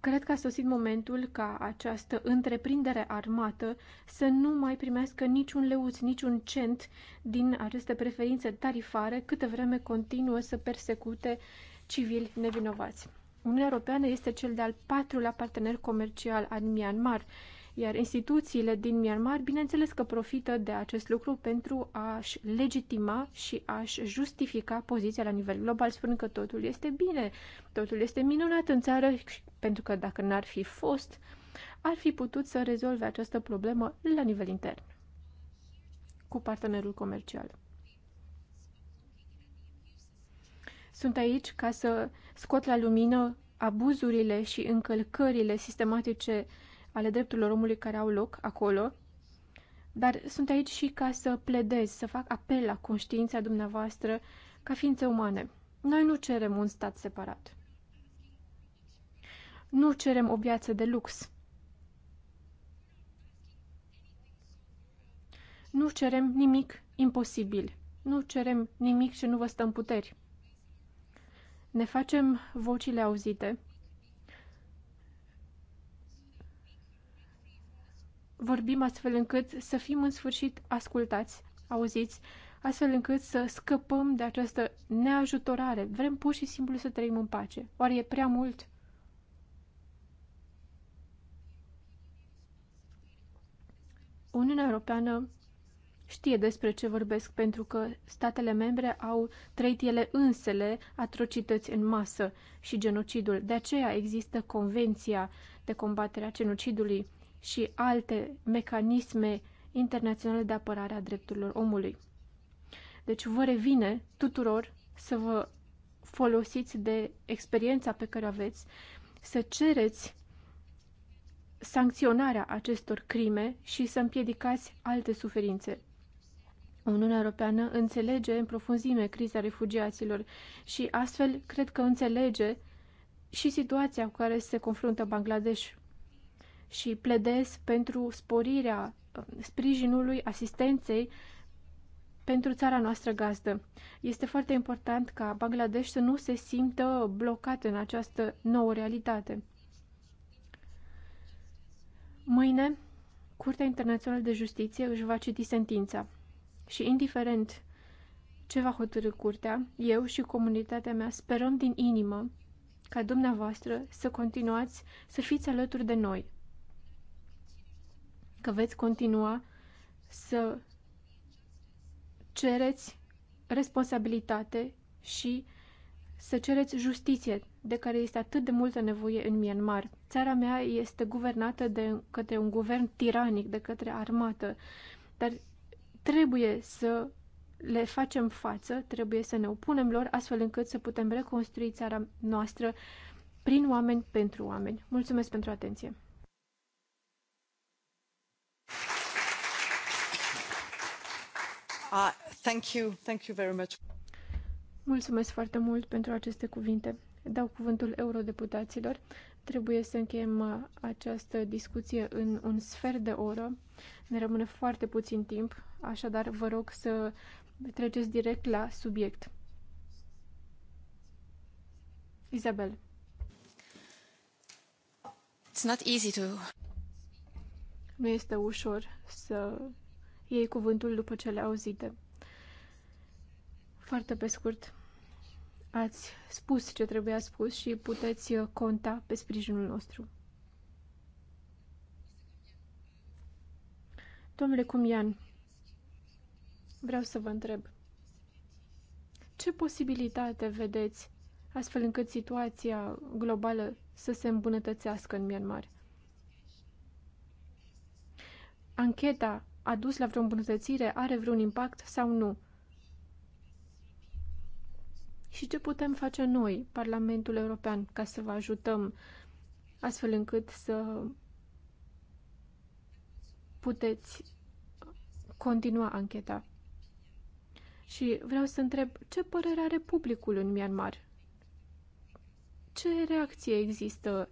Cred că a sosit momentul ca această întreprindere armată să nu mai primească niciun leuț, niciun cent din aceste preferințe tarifare, câtă vreme continuă să persecute civili nevinovați. Uniunea Europeană este cel de-al patrulea partener comercial al Myanmar, iar instituțiile din Myanmar, bineînțeles că profită de acest lucru pentru a-și legitima și a-și justifica poziția la nivel global, spunând că totul este bine, totul este minunat în țară, pentru că dacă n-ar fi fost, ar fi putut să rezolve această problemă la nivel intern cu partenerul comercial. Sunt aici ca să scot la lumină abuzurile și încălcările sistematice ale drepturilor omului care au loc acolo, dar sunt aici și ca să pledez, să fac apel la conștiința dumneavoastră ca ființe umane. Noi nu cerem un stat separat. Nu cerem o viață de lux. Nu cerem nimic imposibil. Nu cerem nimic ce nu vă stă în puteri ne facem vocile auzite. Vorbim astfel încât să fim în sfârșit ascultați, auziți, astfel încât să scăpăm de această neajutorare. Vrem pur și simplu să trăim în pace. Oare e prea mult? Uniunea Europeană știe despre ce vorbesc, pentru că statele membre au trăit ele însele atrocități în masă și genocidul. De aceea există Convenția de combatere a genocidului și alte mecanisme internaționale de apărare a drepturilor omului. Deci vă revine tuturor să vă folosiți de experiența pe care o aveți, să cereți sancționarea acestor crime și să împiedicați alte suferințe. Uniunea Europeană înțelege în profunzime criza refugiaților și astfel cred că înțelege și situația cu care se confruntă Bangladesh și pledez pentru sporirea uh, sprijinului, asistenței pentru țara noastră gazdă. Este foarte important ca Bangladesh să nu se simtă blocat în această nouă realitate. Mâine, Curtea Internațională de Justiție își va citi sentința. Și indiferent ce va hotărâ curtea, eu și comunitatea mea sperăm din inimă ca dumneavoastră să continuați să fiți alături de noi, că veți continua să cereți responsabilitate și să cereți justiție, de care este atât de multă nevoie în Myanmar. Țara mea este guvernată de către un guvern tiranic, de către armată, dar Trebuie să le facem față, trebuie să ne opunem lor astfel încât să putem reconstrui țara noastră prin oameni pentru oameni. Mulțumesc pentru atenție! Uh, thank you. Thank you very much. Mulțumesc foarte mult pentru aceste cuvinte. Dau cuvântul eurodeputaților. Trebuie să încheiem uh, această discuție în un sfert de oră. Ne rămâne foarte puțin timp, așadar vă rog să treceți direct la subiect. Isabel. It's not easy to... Nu este ușor să iei cuvântul după ce le auzite. Foarte pe scurt, Ați spus ce trebuia spus și puteți uh, conta pe sprijinul nostru. Domnule Cumian, vreau să vă întreb. Ce posibilitate vedeți astfel încât situația globală să se îmbunătățească în Myanmar? Ancheta a dus la vreo îmbunătățire? Are vreun impact sau nu? și ce putem face noi, Parlamentul European, ca să vă ajutăm astfel încât să puteți continua ancheta. Și vreau să întreb ce părere are publicul în Myanmar? Ce reacție există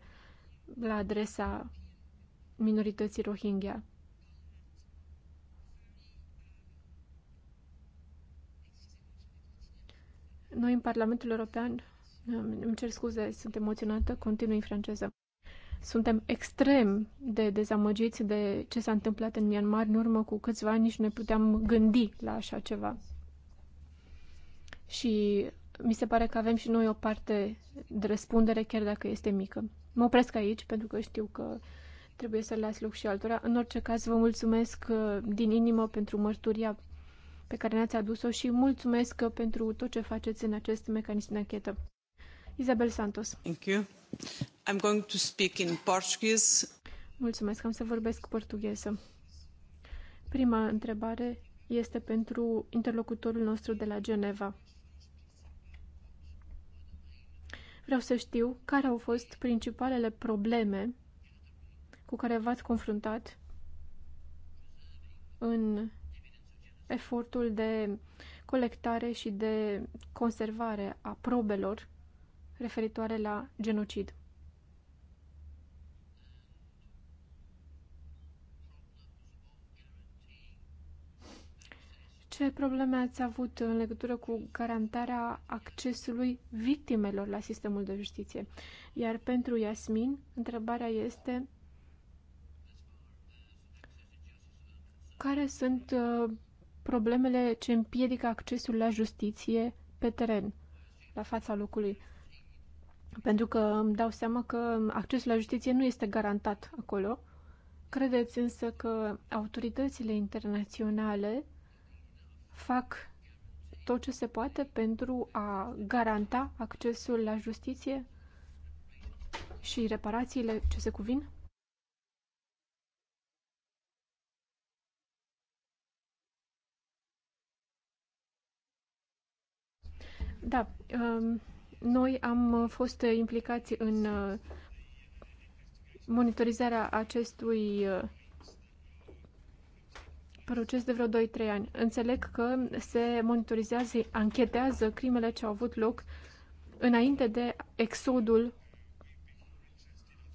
la adresa minorității Rohingya? Noi în Parlamentul European, îmi cer scuze, sunt emoționată, continui în franceză. Suntem extrem de dezamăgiți de ce s-a întâmplat în Myanmar în urmă cu câțiva ani, nici nu ne puteam gândi la așa ceva. Și mi se pare că avem și noi o parte de răspundere, chiar dacă este mică. Mă opresc aici, pentru că știu că trebuie să las loc și altora. În orice caz, vă mulțumesc uh, din inimă pentru mărturia pe care ne-ați adus-o și mulțumesc pentru tot ce faceți în acest mecanism de anchetă. Isabel Santos. Thank you. I'm going to speak in Portuguese. Mulțumesc, am să vorbesc portugheză. Prima întrebare este pentru interlocutorul nostru de la Geneva. Vreau să știu care au fost principalele probleme cu care v-ați confruntat în efortul de colectare și de conservare a probelor referitoare la genocid. Ce probleme ați avut în legătură cu garantarea accesului victimelor la sistemul de justiție? Iar pentru Yasmin întrebarea este care sunt uh, problemele ce împiedică accesul la justiție pe teren, la fața locului. Pentru că îmi dau seama că accesul la justiție nu este garantat acolo. Credeți însă că autoritățile internaționale fac tot ce se poate pentru a garanta accesul la justiție și reparațiile ce se cuvin? Da, um, noi am fost implicați în uh, monitorizarea acestui uh, proces de vreo 2-3 ani. Înțeleg că se monitorizează, anchetează crimele ce au avut loc înainte de exodul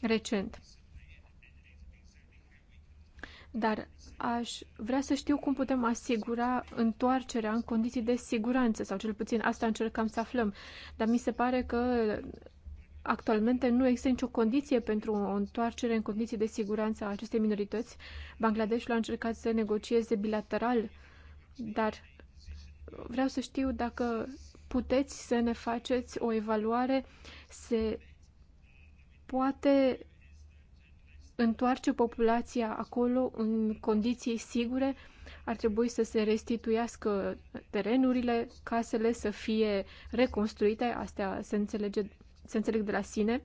recent dar aș vrea să știu cum putem asigura întoarcerea în condiții de siguranță, sau cel puțin asta încercam să aflăm. Dar mi se pare că actualmente nu există nicio condiție pentru o întoarcere în condiții de siguranță a acestei minorități. Bangladeshul a încercat să negocieze bilateral, dar vreau să știu dacă puteți să ne faceți o evaluare, se poate întoarce populația acolo în condiții sigure, ar trebui să se restituiască terenurile, casele să fie reconstruite, astea se, înțelege, se înțeleg de la sine,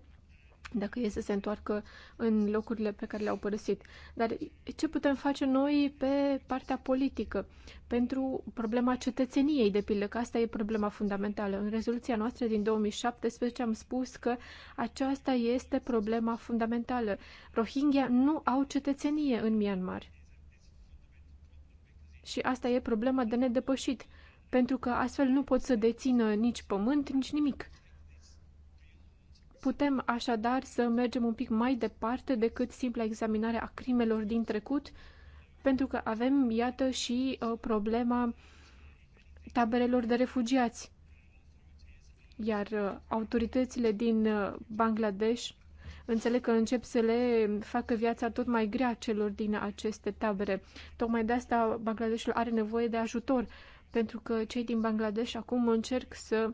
dacă e să se întoarcă în locurile pe care le-au părăsit. Dar ce putem face noi pe partea politică? Pentru problema cetățeniei, de pildă, că asta e problema fundamentală. În rezoluția noastră din 2017 am spus că aceasta este problema fundamentală. Rohingya nu au cetățenie în Myanmar. Și asta e problema de nedepășit, pentru că astfel nu pot să dețină nici pământ, nici nimic. Putem așadar să mergem un pic mai departe decât simpla examinare a crimelor din trecut, pentru că avem, iată, și uh, problema taberelor de refugiați. Iar uh, autoritățile din uh, Bangladesh înțeleg că încep să le facă viața tot mai grea celor din aceste tabere. Tocmai de asta Bangladeshul are nevoie de ajutor, pentru că cei din Bangladesh acum încerc să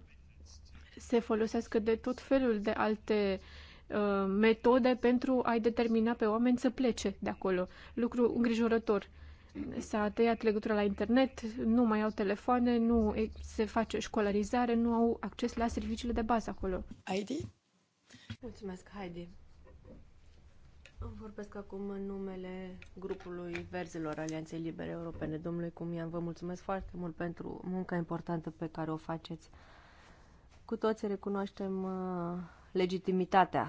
se folosească de tot felul de alte uh, metode pentru a-i determina pe oameni să plece de acolo. Lucru îngrijorător. S-a tăiat legătura la internet, nu mai au telefoane, nu se face școlarizare, nu au acces la serviciile de bază acolo. Heidi? Mulțumesc, Heidi. Vorbesc acum în numele grupului Verzilor Alianței Libere Europene. Domnule Cumian, vă mulțumesc foarte mult pentru munca importantă pe care o faceți cu toți recunoaștem uh, legitimitatea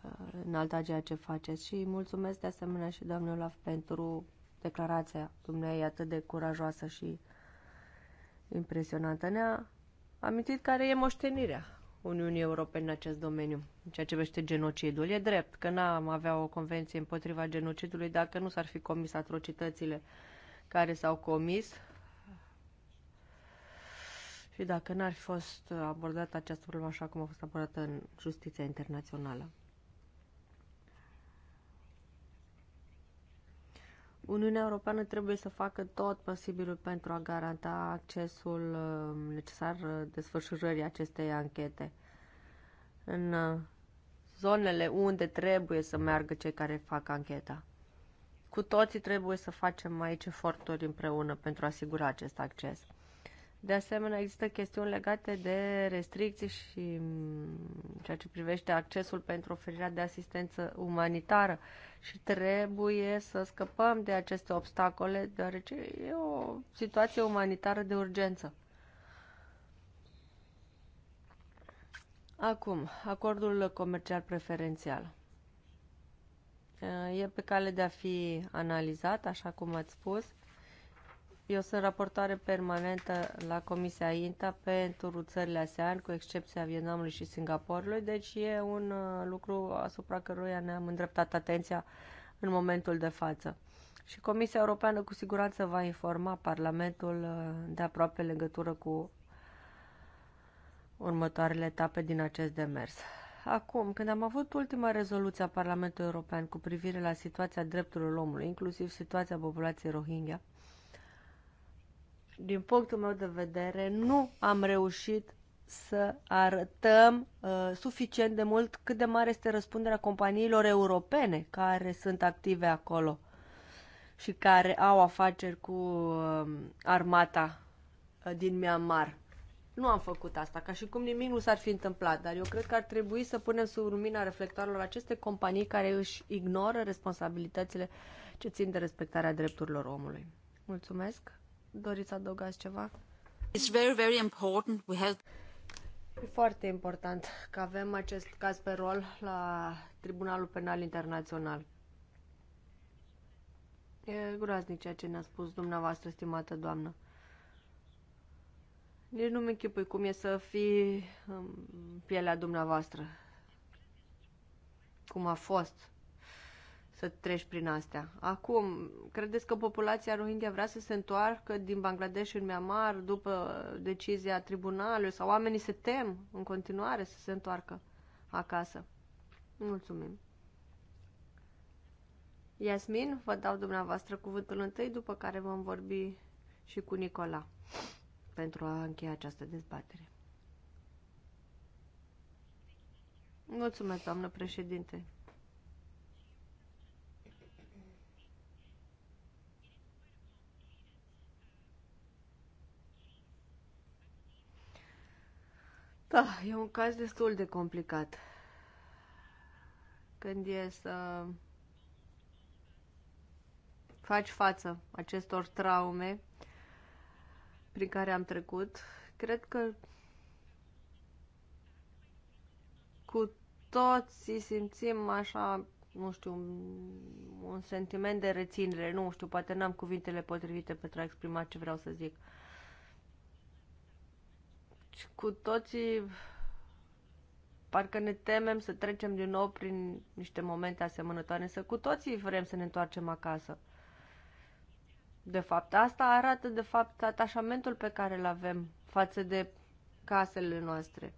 uh, în alta ceea ce faceți și mulțumesc de asemenea și doamnei Olaf pentru declarația dumneai atât de curajoasă și impresionantă. Ne-a amintit care e moștenirea Uniunii Europene în acest domeniu, în ceea ce vește genocidul. E drept că n-am avea o convenție împotriva genocidului dacă nu s-ar fi comis atrocitățile care s-au comis și dacă n-ar fi fost abordată această problemă așa cum a fost abordată în justiția internațională. Uniunea Europeană trebuie să facă tot posibilul pentru a garanta accesul uh, necesar uh, desfășurării acestei anchete în uh, zonele unde trebuie să meargă cei care fac ancheta. Cu toții trebuie să facem aici eforturi împreună pentru a asigura acest acces. De asemenea, există chestiuni legate de restricții și mm, ceea ce privește accesul pentru oferirea de asistență umanitară și trebuie să scăpăm de aceste obstacole, deoarece e o situație umanitară de urgență. Acum, acordul comercial preferențial. E pe cale de a fi analizat, așa cum ați spus. Eu sunt raportoare permanentă la Comisia INTA pentru țările ASEAN, cu excepția Vietnamului și Singaporului, deci e un uh, lucru asupra căruia ne-am îndreptat atenția în momentul de față. Și Comisia Europeană cu siguranță va informa Parlamentul uh, de aproape legătură cu următoarele etape din acest demers. Acum, când am avut ultima rezoluție a Parlamentului European cu privire la situația drepturilor omului, inclusiv situația populației Rohingya, din punctul meu de vedere, nu am reușit să arătăm uh, suficient de mult cât de mare este răspunderea companiilor europene care sunt active acolo și care au afaceri cu uh, armata uh, din Myanmar. Nu am făcut asta, ca și cum nimic nu s-ar fi întâmplat, dar eu cred că ar trebui să punem sub lumina reflectoarelor aceste companii care își ignoră responsabilitățile ce țin de respectarea drepturilor omului. Mulțumesc! doriți să adăugați ceva? It's very, very important. We have... E foarte important că avem acest caz pe rol la Tribunalul Penal Internațional. E groaznic ceea ce ne-a spus dumneavoastră, stimată doamnă. Nici nu-mi închipui cum e să fii în pielea dumneavoastră. Cum a fost să treci prin astea. Acum, credeți că populația Rohingya vrea să se întoarcă din Bangladesh în Myanmar după decizia tribunalului sau oamenii se tem în continuare să se întoarcă acasă? Mulțumim. Iasmin, vă dau dumneavoastră cuvântul întâi, după care vom vorbi și cu Nicola pentru a încheia această dezbatere. Mulțumesc, doamnă președinte. Da, e un caz destul de complicat. Când e să faci față acestor traume prin care am trecut, cred că cu toții simțim așa, nu știu, un sentiment de reținere, nu știu, poate n-am cuvintele potrivite pentru a exprima ce vreau să zic. Uh, deci, cu toții parcă ne temem să trecem din nou prin niște momente asemănătoare, însă cu toții vrem să ne întoarcem acasă. De fapt, asta arată, de fapt, atașamentul pe care îl avem față de casele noastre.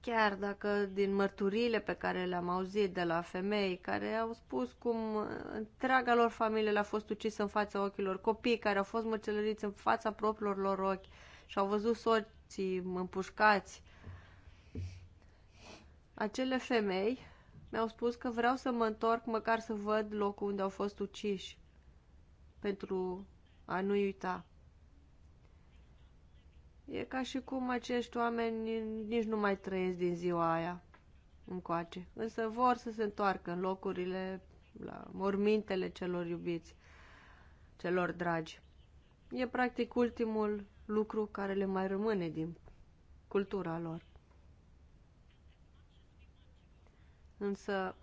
Chiar dacă din mărturiile pe care le-am auzit de la femei care au spus cum întreaga lor familie le-a fost ucisă în fața ochilor, copii care au fost măcelăriți în fața propriilor lor ochi, și au văzut soții împușcați. Acele femei mi-au spus că vreau să mă întorc măcar să văd locul unde au fost uciși pentru a nu uita. E ca și cum acești oameni nici nu mai trăiesc din ziua aia încoace, însă vor să se întoarcă în locurile, la mormintele celor iubiți, celor dragi. E practic ultimul lucru care le mai rămâne din cultura lor. Însă,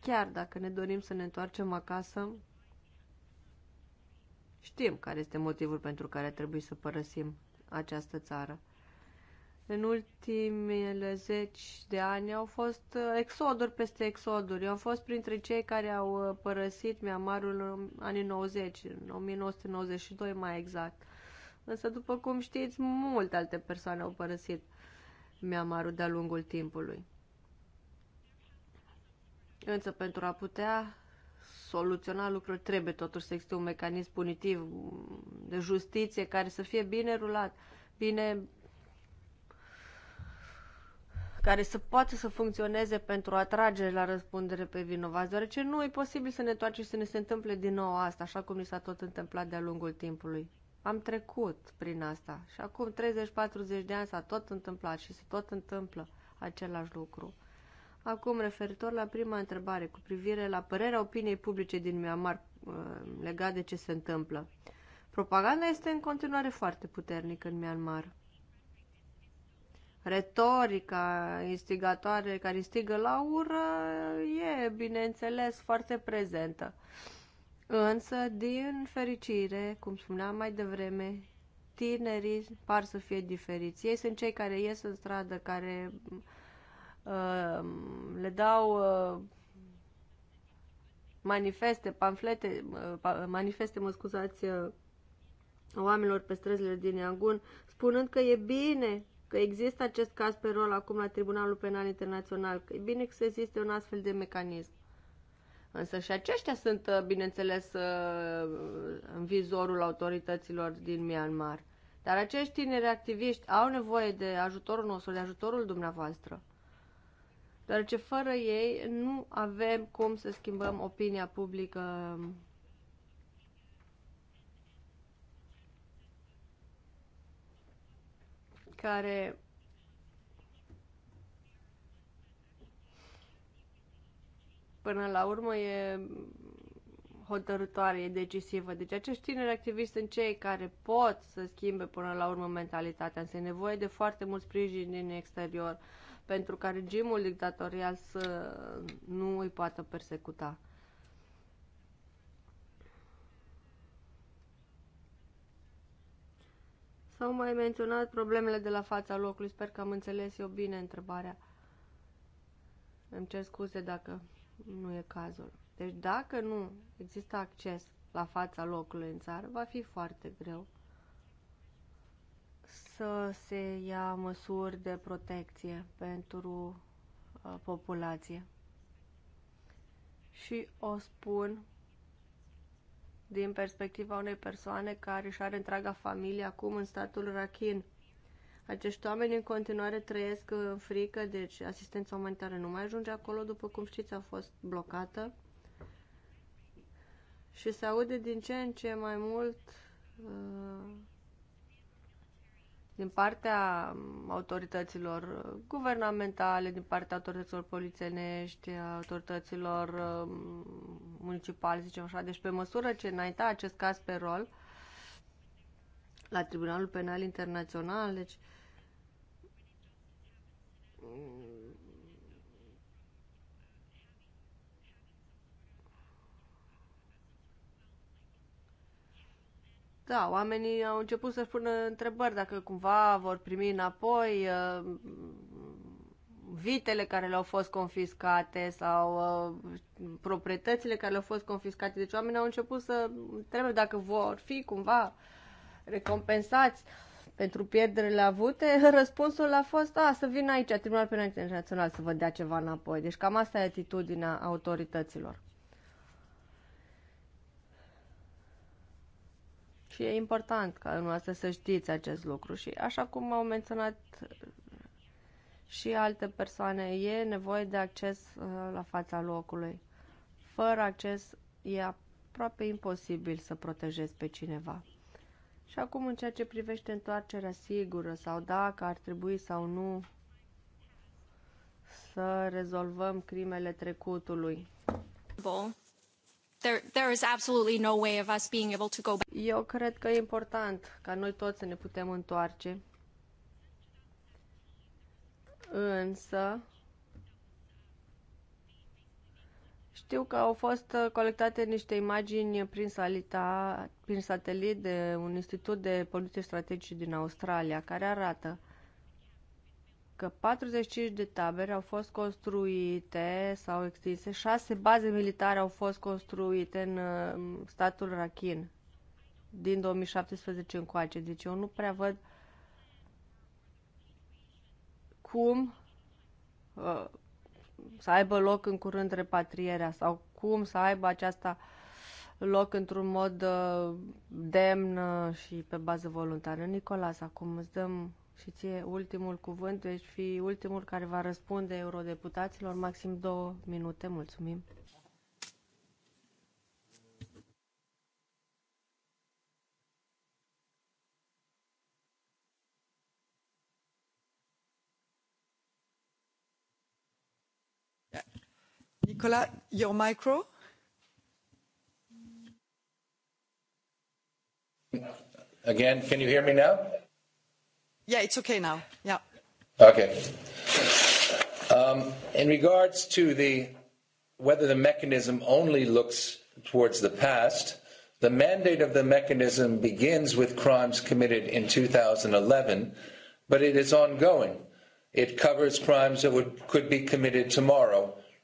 chiar dacă ne dorim să ne întoarcem acasă, știm care este motivul pentru care trebuie să părăsim această țară. În ultimele zeci de ani au fost exoduri peste exoduri. Eu am fost printre cei care au părăsit Miamarul în anii 90, în 1992 mai exact. Însă, după cum știți, multe alte persoane au părăsit Myanmarul de-a lungul timpului. Însă, pentru a putea soluționa lucruri, trebuie totuși să existe un mecanism punitiv de justiție care să fie bine rulat, bine care să poată să funcționeze pentru a trage la răspundere pe vinovați, deoarece nu e posibil să ne toarcem și să ne se întâmple din nou asta, așa cum ni s-a tot întâmplat de-a lungul timpului. Am trecut prin asta și acum 30-40 de ani s-a tot întâmplat și se tot întâmplă același lucru. Acum, referitor la prima întrebare, cu privire la părerea opiniei publice din Myanmar uh, legat de ce se întâmplă. Propaganda este în continuare foarte puternică în Myanmar. Retorica instigatoare care instigă la ură e, bineînțeles, foarte prezentă. Uh, Însă, din fericire, cum spuneam mai devreme, tinerii par să fie diferiți. Ei sunt cei care ies în stradă, care uh, le dau uh, manifeste, pamflete, uh, manifeste, mă scuzați, uh, oamenilor pe străzile din Iangun, spunând că e bine că există acest caz pe rol acum la Tribunalul Penal Internațional, că e bine că se existe un astfel de mecanism. Însă și aceștia sunt, uh, bineînțeles, uh, în vizorul autorităților din Myanmar. Dar acești tineri activiști au nevoie de ajutorul nostru, de ajutorul dumneavoastră. Deoarece fără ei nu avem cum să schimbăm opinia publică care până la urmă e hotărătoare, e decisivă. Deci acești tineri activiști sunt cei care pot să schimbe până la urmă mentalitatea, însă e nevoie de foarte mult sprijin din exterior pentru ca regimul dictatorial să nu îi poată persecuta. S-au mai menționat problemele de la fața locului. Sper că am înțeles eu bine întrebarea. Îmi cer scuze dacă nu e cazul. Deci dacă nu există acces la fața locului în țară, va fi foarte greu să se ia măsuri de protecție pentru uh, populație. Și o spun din perspectiva unei persoane care își are întreaga familie acum în statul Rakhine acești oameni în continuare trăiesc în uh, frică, deci asistența umanitară nu mai ajunge acolo, după cum știți, a fost blocată. Și se aude din ce în ce mai mult uh, din partea autorităților guvernamentale, din partea autorităților polițienești, autorităților um, municipale, zicem așa. Deci, pe măsură ce înainta acest caz pe rol la Tribunalul Penal Internațional, deci da, oamenii au început să-și pună întrebări dacă cumva vor primi înapoi uh, vitele care le-au fost confiscate sau uh, proprietățile care le-au fost confiscate. Deci oamenii au început să întrebe dacă vor fi cumva recompensați. Uh, pentru pierderile avute, <laughs> răspunsul a fost, a, să vin aici, a Tribunal Penal Internațional, să vă dea ceva înapoi. Deci cam asta e atitudinea autorităților. Și e important ca dumneavoastră să știți acest lucru. Și așa cum au menționat și alte persoane, e nevoie de acces uh, la fața locului. Fără acces e aproape imposibil să protejezi pe cineva. Și acum în ceea ce privește întoarcerea sigură sau dacă ar trebui sau nu să rezolvăm crimele trecutului. Eu cred că e important ca noi toți să ne putem întoarce. Însă, Știu că au fost uh, colectate niște imagini prin, salita, prin satelit de un institut de poliție strategice din Australia, care arată că 45 de tabere au fost construite sau extinse, 6 baze militare au fost construite în uh, statul Rakhine din 2017 încoace. Deci eu nu prea văd cum uh, să aibă loc în curând repatrierea sau cum să aibă aceasta loc într-un mod uh, demn uh, și pe bază voluntară. Nicolas, acum îți dăm și ție ultimul cuvânt, deci fi ultimul care va răspunde eurodeputaților, maxim două minute. Mulțumim! your micro. Again, can you hear me now? Yeah, it's okay now. Yeah. Okay. Um, in regards to the whether the mechanism only looks towards the past, the mandate of the mechanism begins with crimes committed in 2011, but it is ongoing. It covers crimes that would, could be committed tomorrow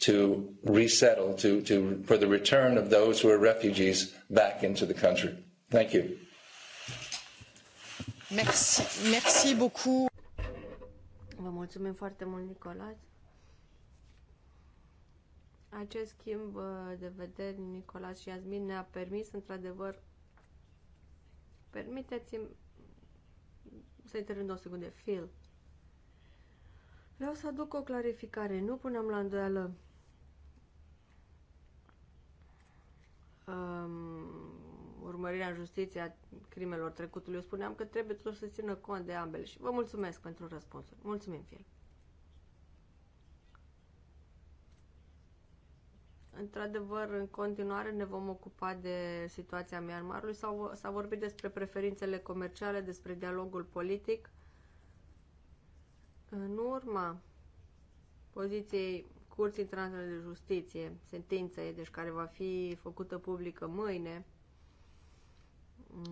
to resettle, to, to, for the return of those who are refugees back into the country. Thank you. Merci, merci beaucoup. Vă mulțumim foarte mult, Nicolae. Acest schimb uh, de vederi, Nicolae și Iasmin, ne-a permis, într-adevăr, permiteți-mi să intervin două secunde, Phil. Vreau să aduc o clarificare. Nu punem la îndoială um, urmărirea în justiție a crimelor trecutului, eu spuneam că trebuie tot să țină cont de ambele și vă mulțumesc pentru răspunsuri. Mulțumim, Fiel. Într-adevăr, în continuare ne vom ocupa de situația Myanmarului. S-a vorbit despre preferințele comerciale, despre dialogul politic. În urma poziției Curții Internaționale de Justiție, sentința e, deci care va fi făcută publică mâine,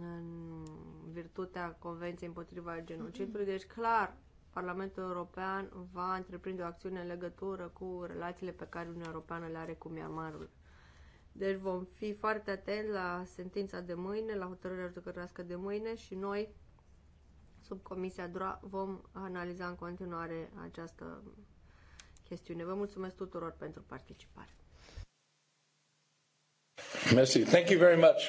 în virtutea Convenției împotriva genocidului. Deci, clar, Parlamentul European va întreprinde o acțiune în legătură cu relațiile pe care Uniunea Europeană le are cu Myanmarul. Deci vom fi foarte atenți la sentința de mâine, la hotărârea judecătorească de mâine și noi, sub Comisia DRA, vom analiza în continuare această chestiune. Vă mulțumesc tuturor pentru participare. Merci. Thank you very much.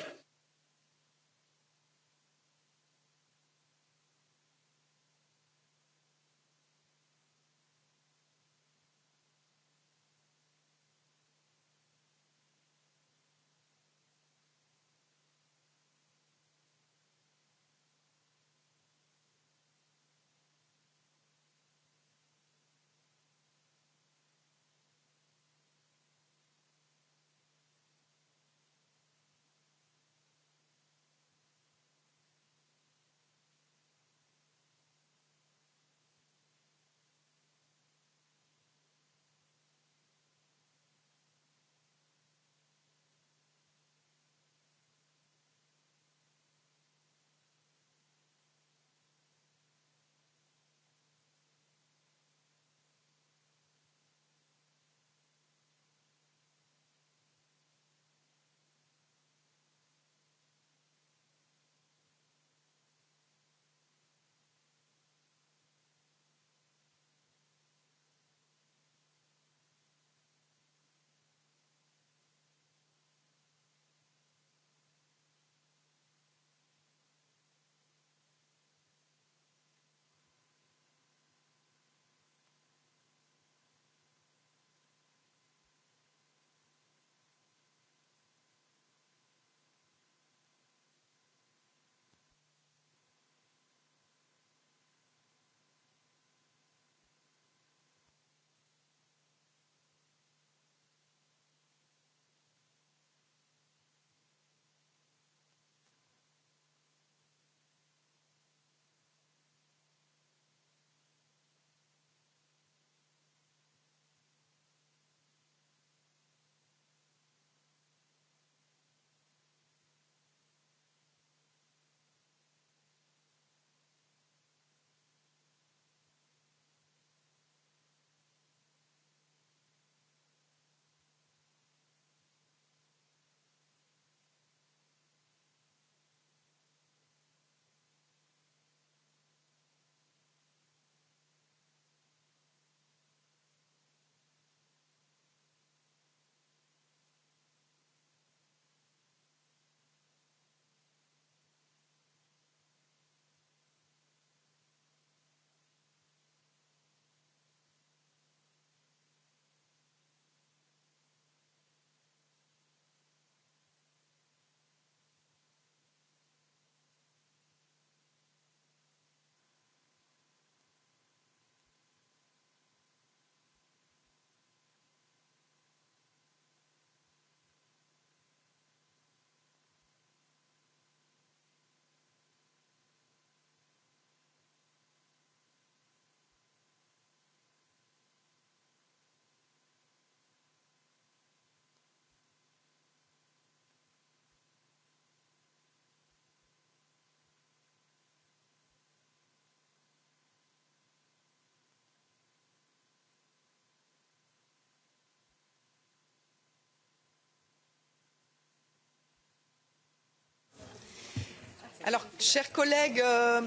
Alors, chers collègues, euh,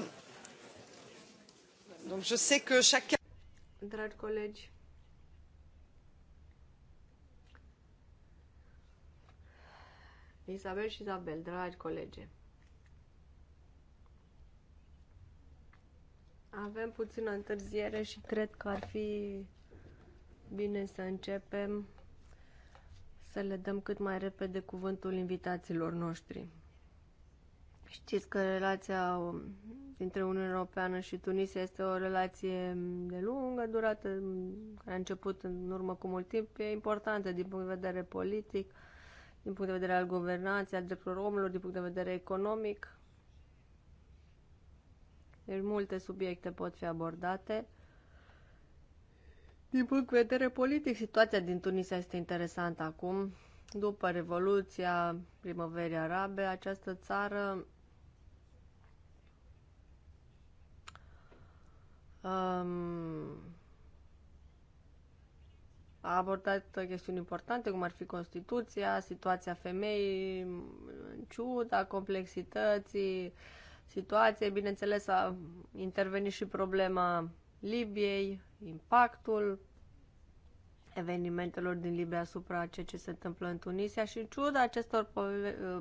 donc je sais que chacun. Dragi colegi, Isabel și Isabel, dragi colegi, avem puțină întârziere și cred că ar fi bine să începem să le dăm cât mai repede cuvântul invitațiilor noștri. Știți că relația um, dintre Uniunea Europeană și Tunisia este o relație um, de lungă durată, um, care a început în urmă cu mult timp, e importantă din punct de vedere politic, din punct de vedere al guvernanței, al drepturilor omului, din punct de vedere economic. Deci multe subiecte pot fi abordate. Din punct de vedere politic, situația din Tunisia este interesantă acum. După Revoluția Primăverii Arabe, această țară Um, a abordat chestiuni importante, cum ar fi Constituția, situația femeii, în ciuda complexității situației. Bineînțeles, a intervenit și problema Libiei, impactul evenimentelor din Libia asupra ceea ce se întâmplă în Tunisia și în ciuda acestor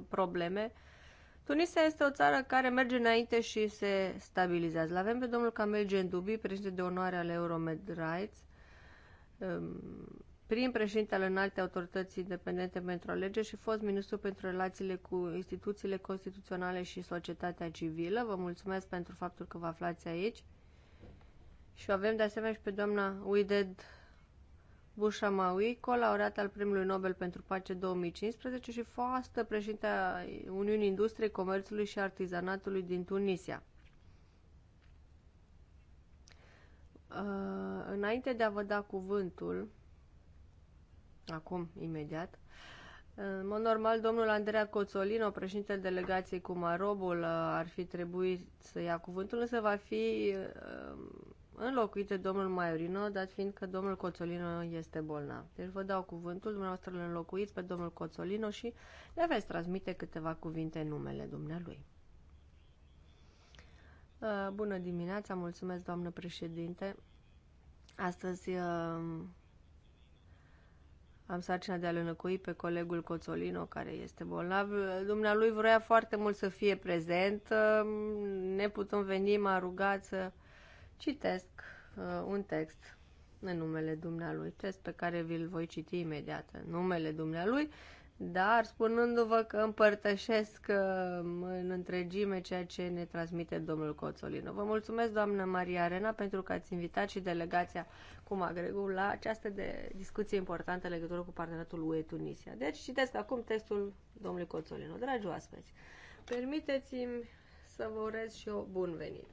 probleme, Tunisia este o țară care merge înainte și se stabilizează. L-avem pe domnul Camel Gendubi, președinte de onoare al Euromed Rights, um, prim președinte al înalte autorității independente pentru alegeri și fost ministru pentru relațiile cu instituțiile constituționale și societatea civilă. Vă mulțumesc pentru faptul că vă aflați aici. Și avem de asemenea și pe doamna Uided Bushamawi, colaureat al primului Nobel pentru Pace 2015 și fostă președinte a Uniunii Industriei, Comerțului și Artizanatului din Tunisia. Uh, înainte de a vă da cuvântul, acum, imediat, în mod normal, domnul Andreea Coțolino, președintele delegației cu Marobul, uh, ar fi trebuit să ia cuvântul, însă va fi uh, înlocuit de domnul Maiorino, dat fiind că domnul Coțolino este bolnav. Deci vă dau cuvântul, dumneavoastră îl înlocuiți pe domnul Coțolino și ne veți transmite câteva cuvinte în numele dumnealui. Uh, bună dimineața, mulțumesc doamnă președinte. Astăzi uh, am sarcina de a-l înlocui pe colegul Coțolino, care este bolnav. Dumnealui vrea foarte mult să fie prezent. Uh, ne putem veni, m-a rugat să citesc uh, un text în numele dumnealui, text pe care vi-l voi citi imediat în numele dumnealui, dar spunându-vă că împărtășesc uh, în întregime ceea ce ne transmite domnul Coțolino. Vă mulțumesc, doamnă Maria Arena, pentru că ați invitat și delegația cu Magregul la această de discuție importantă legătură cu parteneriatul UE Tunisia. Deci citesc acum textul domnului Coțolino. Dragi oaspeți, permiteți-mi să vă urez și eu bun venit.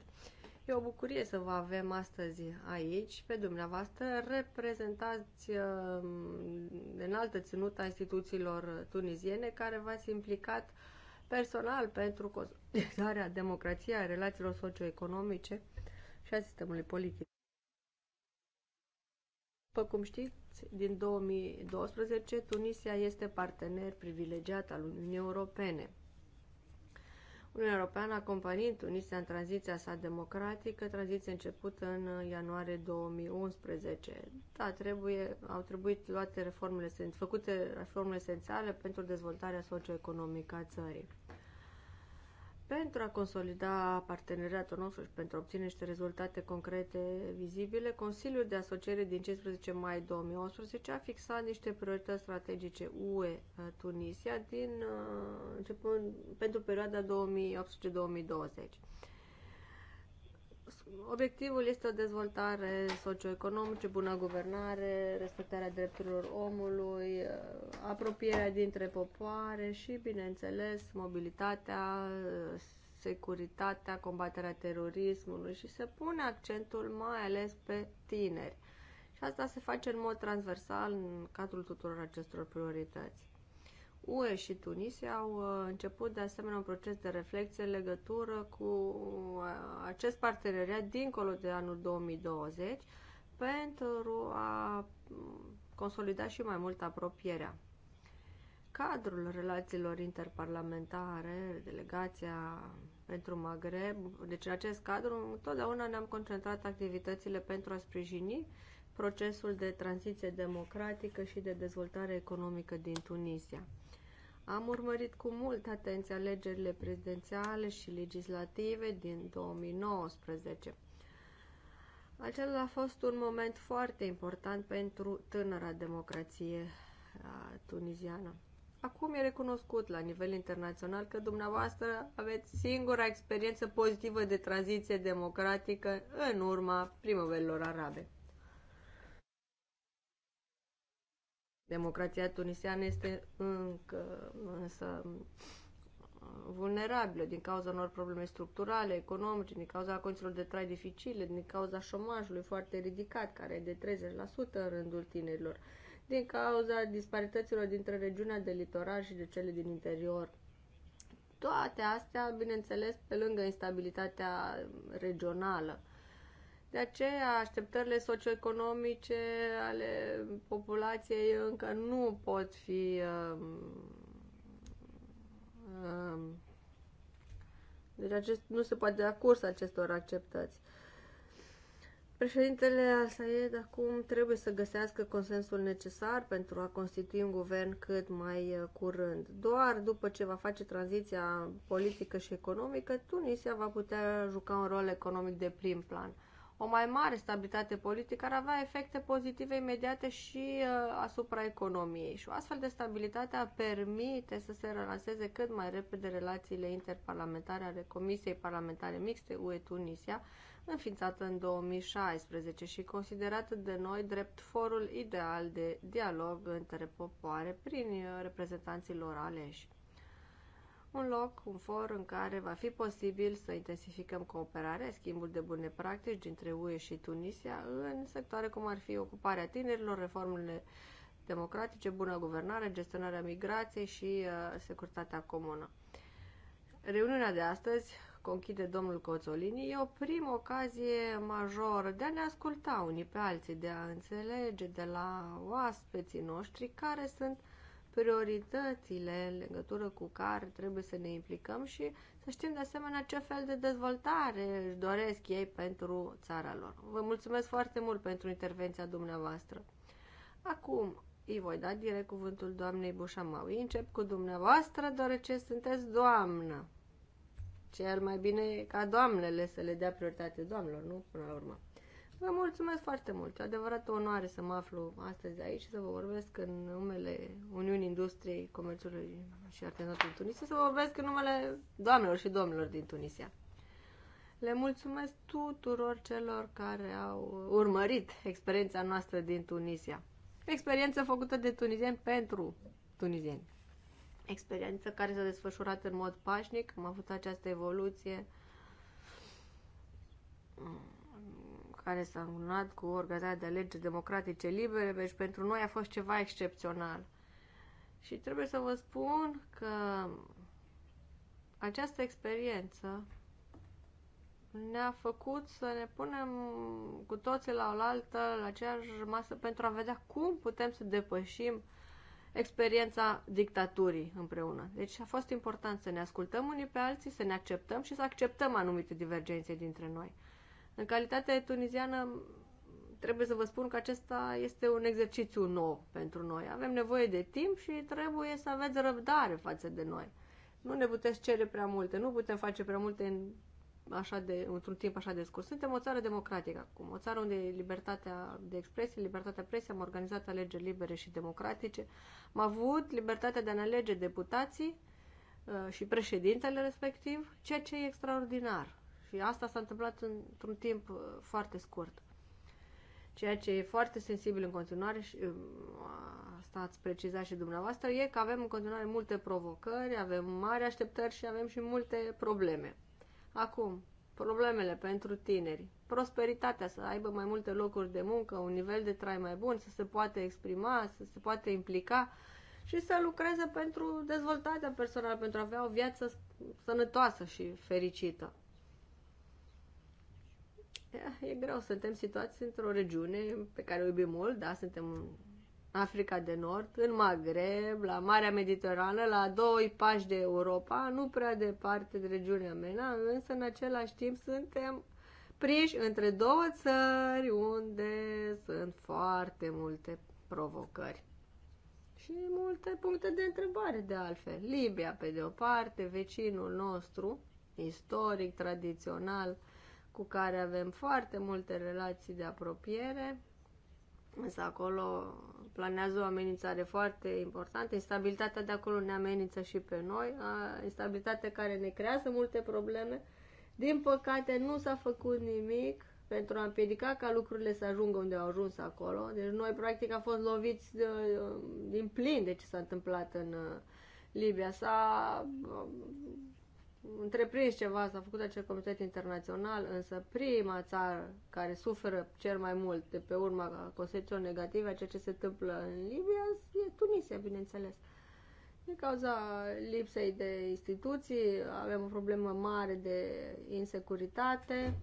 E o bucurie să vă avem astăzi aici pe dumneavoastră, reprezentați uh, în altă ținută a instituțiilor tuniziene care v-ați implicat personal pentru consolidarea democrației, a relațiilor socioeconomice și a sistemului politic. După cum știți, din 2012 Tunisia este partener privilegiat al Uniunii Europene Uniunea Europeană a companiit Tunisia în tranziția sa democratică, tranziție începută în ianuarie 2011. Da, trebuie, au trebuit luate reformele, făcute reformele esențiale pentru dezvoltarea socioeconomică a țării. Pentru a consolida parteneriatul nostru și pentru a obține niște rezultate concrete vizibile, Consiliul de Asociere din 15 mai 2018 a fixat niște priorități strategice UE-Tunisia uh, din, uh, începând, pentru perioada 2018-2020. Obiectivul este o dezvoltare socioeconomică, bună guvernare, respectarea drepturilor omului, uh, apropierea dintre popoare și, bineînțeles, mobilitatea, uh, securitatea, combaterea terorismului și se pune accentul mai ales pe tineri. Și asta se face în mod transversal în cadrul tuturor acestor priorități. UE și Tunisia au uh, început de asemenea un proces de reflexie în legătură cu uh, acest parteneriat dincolo de anul 2020 pentru a mm, consolida și mai mult apropierea. Cadrul relațiilor interparlamentare, delegația pentru Maghreb, deci în acest cadru întotdeauna ne-am concentrat activitățile pentru a sprijini procesul de tranziție democratică și de dezvoltare economică din Tunisia. Am urmărit cu multă atenție alegerile prezidențiale și legislative din 2019. Acela a fost un moment foarte important pentru tânăra democrație tunisiană. Acum e recunoscut la nivel internațional că dumneavoastră aveți singura experiență pozitivă de tranziție democratică în urma primăverilor arabe. Democrația tunisiană este încă însă vulnerabilă din cauza unor probleme structurale, economice, din cauza condițiilor de trai dificile, din cauza șomajului foarte ridicat, care e de 30% în rândul tinerilor, din cauza disparităților dintre regiunea de litoral și de cele din interior. Toate astea, bineînțeles, pe lângă instabilitatea regională de aceea, așteptările socioeconomice ale populației încă nu pot fi um, um, deci acest, nu se poate da curs acestor acceptați. Președintele Al-Sayed acum trebuie să găsească consensul necesar pentru a constitui un guvern cât mai uh, curând. Doar după ce va face tranziția politică și economică, Tunisia va putea juca un rol economic de prim plan o mai mare stabilitate politică ar avea efecte pozitive imediate și uh, asupra economiei și o astfel de stabilitate a permite să se relanseze cât mai repede relațiile interparlamentare ale Comisiei Parlamentare Mixte UE-Tunisia, înființată în 2016 și considerată de noi drept forul ideal de dialog între popoare prin uh, reprezentanții lor aleși un loc, un for în care va fi posibil să intensificăm cooperarea, schimbul de bune practici dintre UE și Tunisia în sectoare cum ar fi ocuparea tinerilor, reformele democratice, bună guvernare, gestionarea migrației și uh, securitatea comună. Reuniunea de astăzi, conchide domnul Coțolini, e o primă ocazie majoră de a ne asculta unii pe alții, de a înțelege de la oaspeții noștri care sunt prioritățile în legătură cu care trebuie să ne implicăm și să știm de asemenea ce fel de dezvoltare își doresc ei pentru țara lor. Vă mulțumesc foarte mult pentru intervenția dumneavoastră. Acum îi voi da direct cuvântul doamnei Bușamaui. Încep cu dumneavoastră, deoarece sunteți doamnă. Cel mai bine ca doamnele să le dea prioritate doamnelor, nu? Până la urmă. Vă mulțumesc foarte mult. E adevărat o onoare să mă aflu astăzi aici și să vă vorbesc în numele Uniunii Industriei Comerțului și Artenatului din Tunisia, să vă vorbesc în numele doamnelor și domnilor din Tunisia. Le mulțumesc tuturor celor care au urmărit experiența noastră din Tunisia. Experiență făcută de tunizieni pentru tunizieni. Experiență care s-a desfășurat în mod pașnic. Am avut această evoluție care s-a unat cu organizarea de alegeri democratice libere, deci pentru noi a fost ceva excepțional. Și trebuie să vă spun că această experiență ne-a făcut să ne punem cu toții la oaltă, la aceeași masă, pentru a vedea cum putem să depășim experiența dictaturii împreună. Deci a fost important să ne ascultăm unii pe alții, să ne acceptăm și să acceptăm anumite divergențe dintre noi. În calitate tunisiană trebuie să vă spun că acesta este un exercițiu nou pentru noi. Avem nevoie de timp și trebuie să aveți răbdare față de noi. Nu ne puteți cere prea multe, nu putem face prea multe în așa de, într-un timp așa de scurs. Suntem o țară democratică acum, o țară unde libertatea de expresie, libertatea presiei, am organizat alegeri libere și democratice, am avut libertatea de a ne alege deputații uh, și președintele respectiv, ceea ce e extraordinar și asta s-a întâmplat într-un timp uh, foarte scurt. Ceea ce e foarte sensibil în continuare, și um, asta ați precizat și dumneavoastră, e că avem în continuare multe provocări, avem mari așteptări și avem și multe probleme. Acum, problemele pentru tineri, prosperitatea, să aibă mai multe locuri de muncă, un nivel de trai mai bun, să se poate exprima, să se poate implica și să lucreze pentru dezvoltarea personală, pentru a avea o viață sănătoasă și fericită. Da, e greu, suntem situați într-o regiune pe care o iubim mult, da, suntem în Africa de Nord, în Maghreb, la Marea Mediterană, la doi pași de Europa, nu prea departe de regiunea MENA, însă în același timp suntem prinși între două țări unde sunt foarte multe provocări și multe puncte de întrebare de altfel. Libia, pe de o parte, vecinul nostru, istoric, tradițional, cu care avem foarte multe relații de apropiere, însă acolo planează o amenințare foarte importantă. Instabilitatea de acolo ne amenință și pe noi, instabilitatea care ne creează multe probleme. Din păcate nu s-a făcut nimic pentru a împiedica ca lucrurile să ajungă unde au ajuns acolo. Deci noi practic am fost loviți de, din plin de ce s-a întâmplat în uh, Libia. S-a uh, întreprins ceva, s-a făcut acel comitet internațional, însă prima țară care suferă cel mai mult de pe urma consecințelor negative a ceea ce se întâmplă în Libia e Tunisia, bineînțeles. Din cauza lipsei de instituții, avem o problemă mare de insecuritate,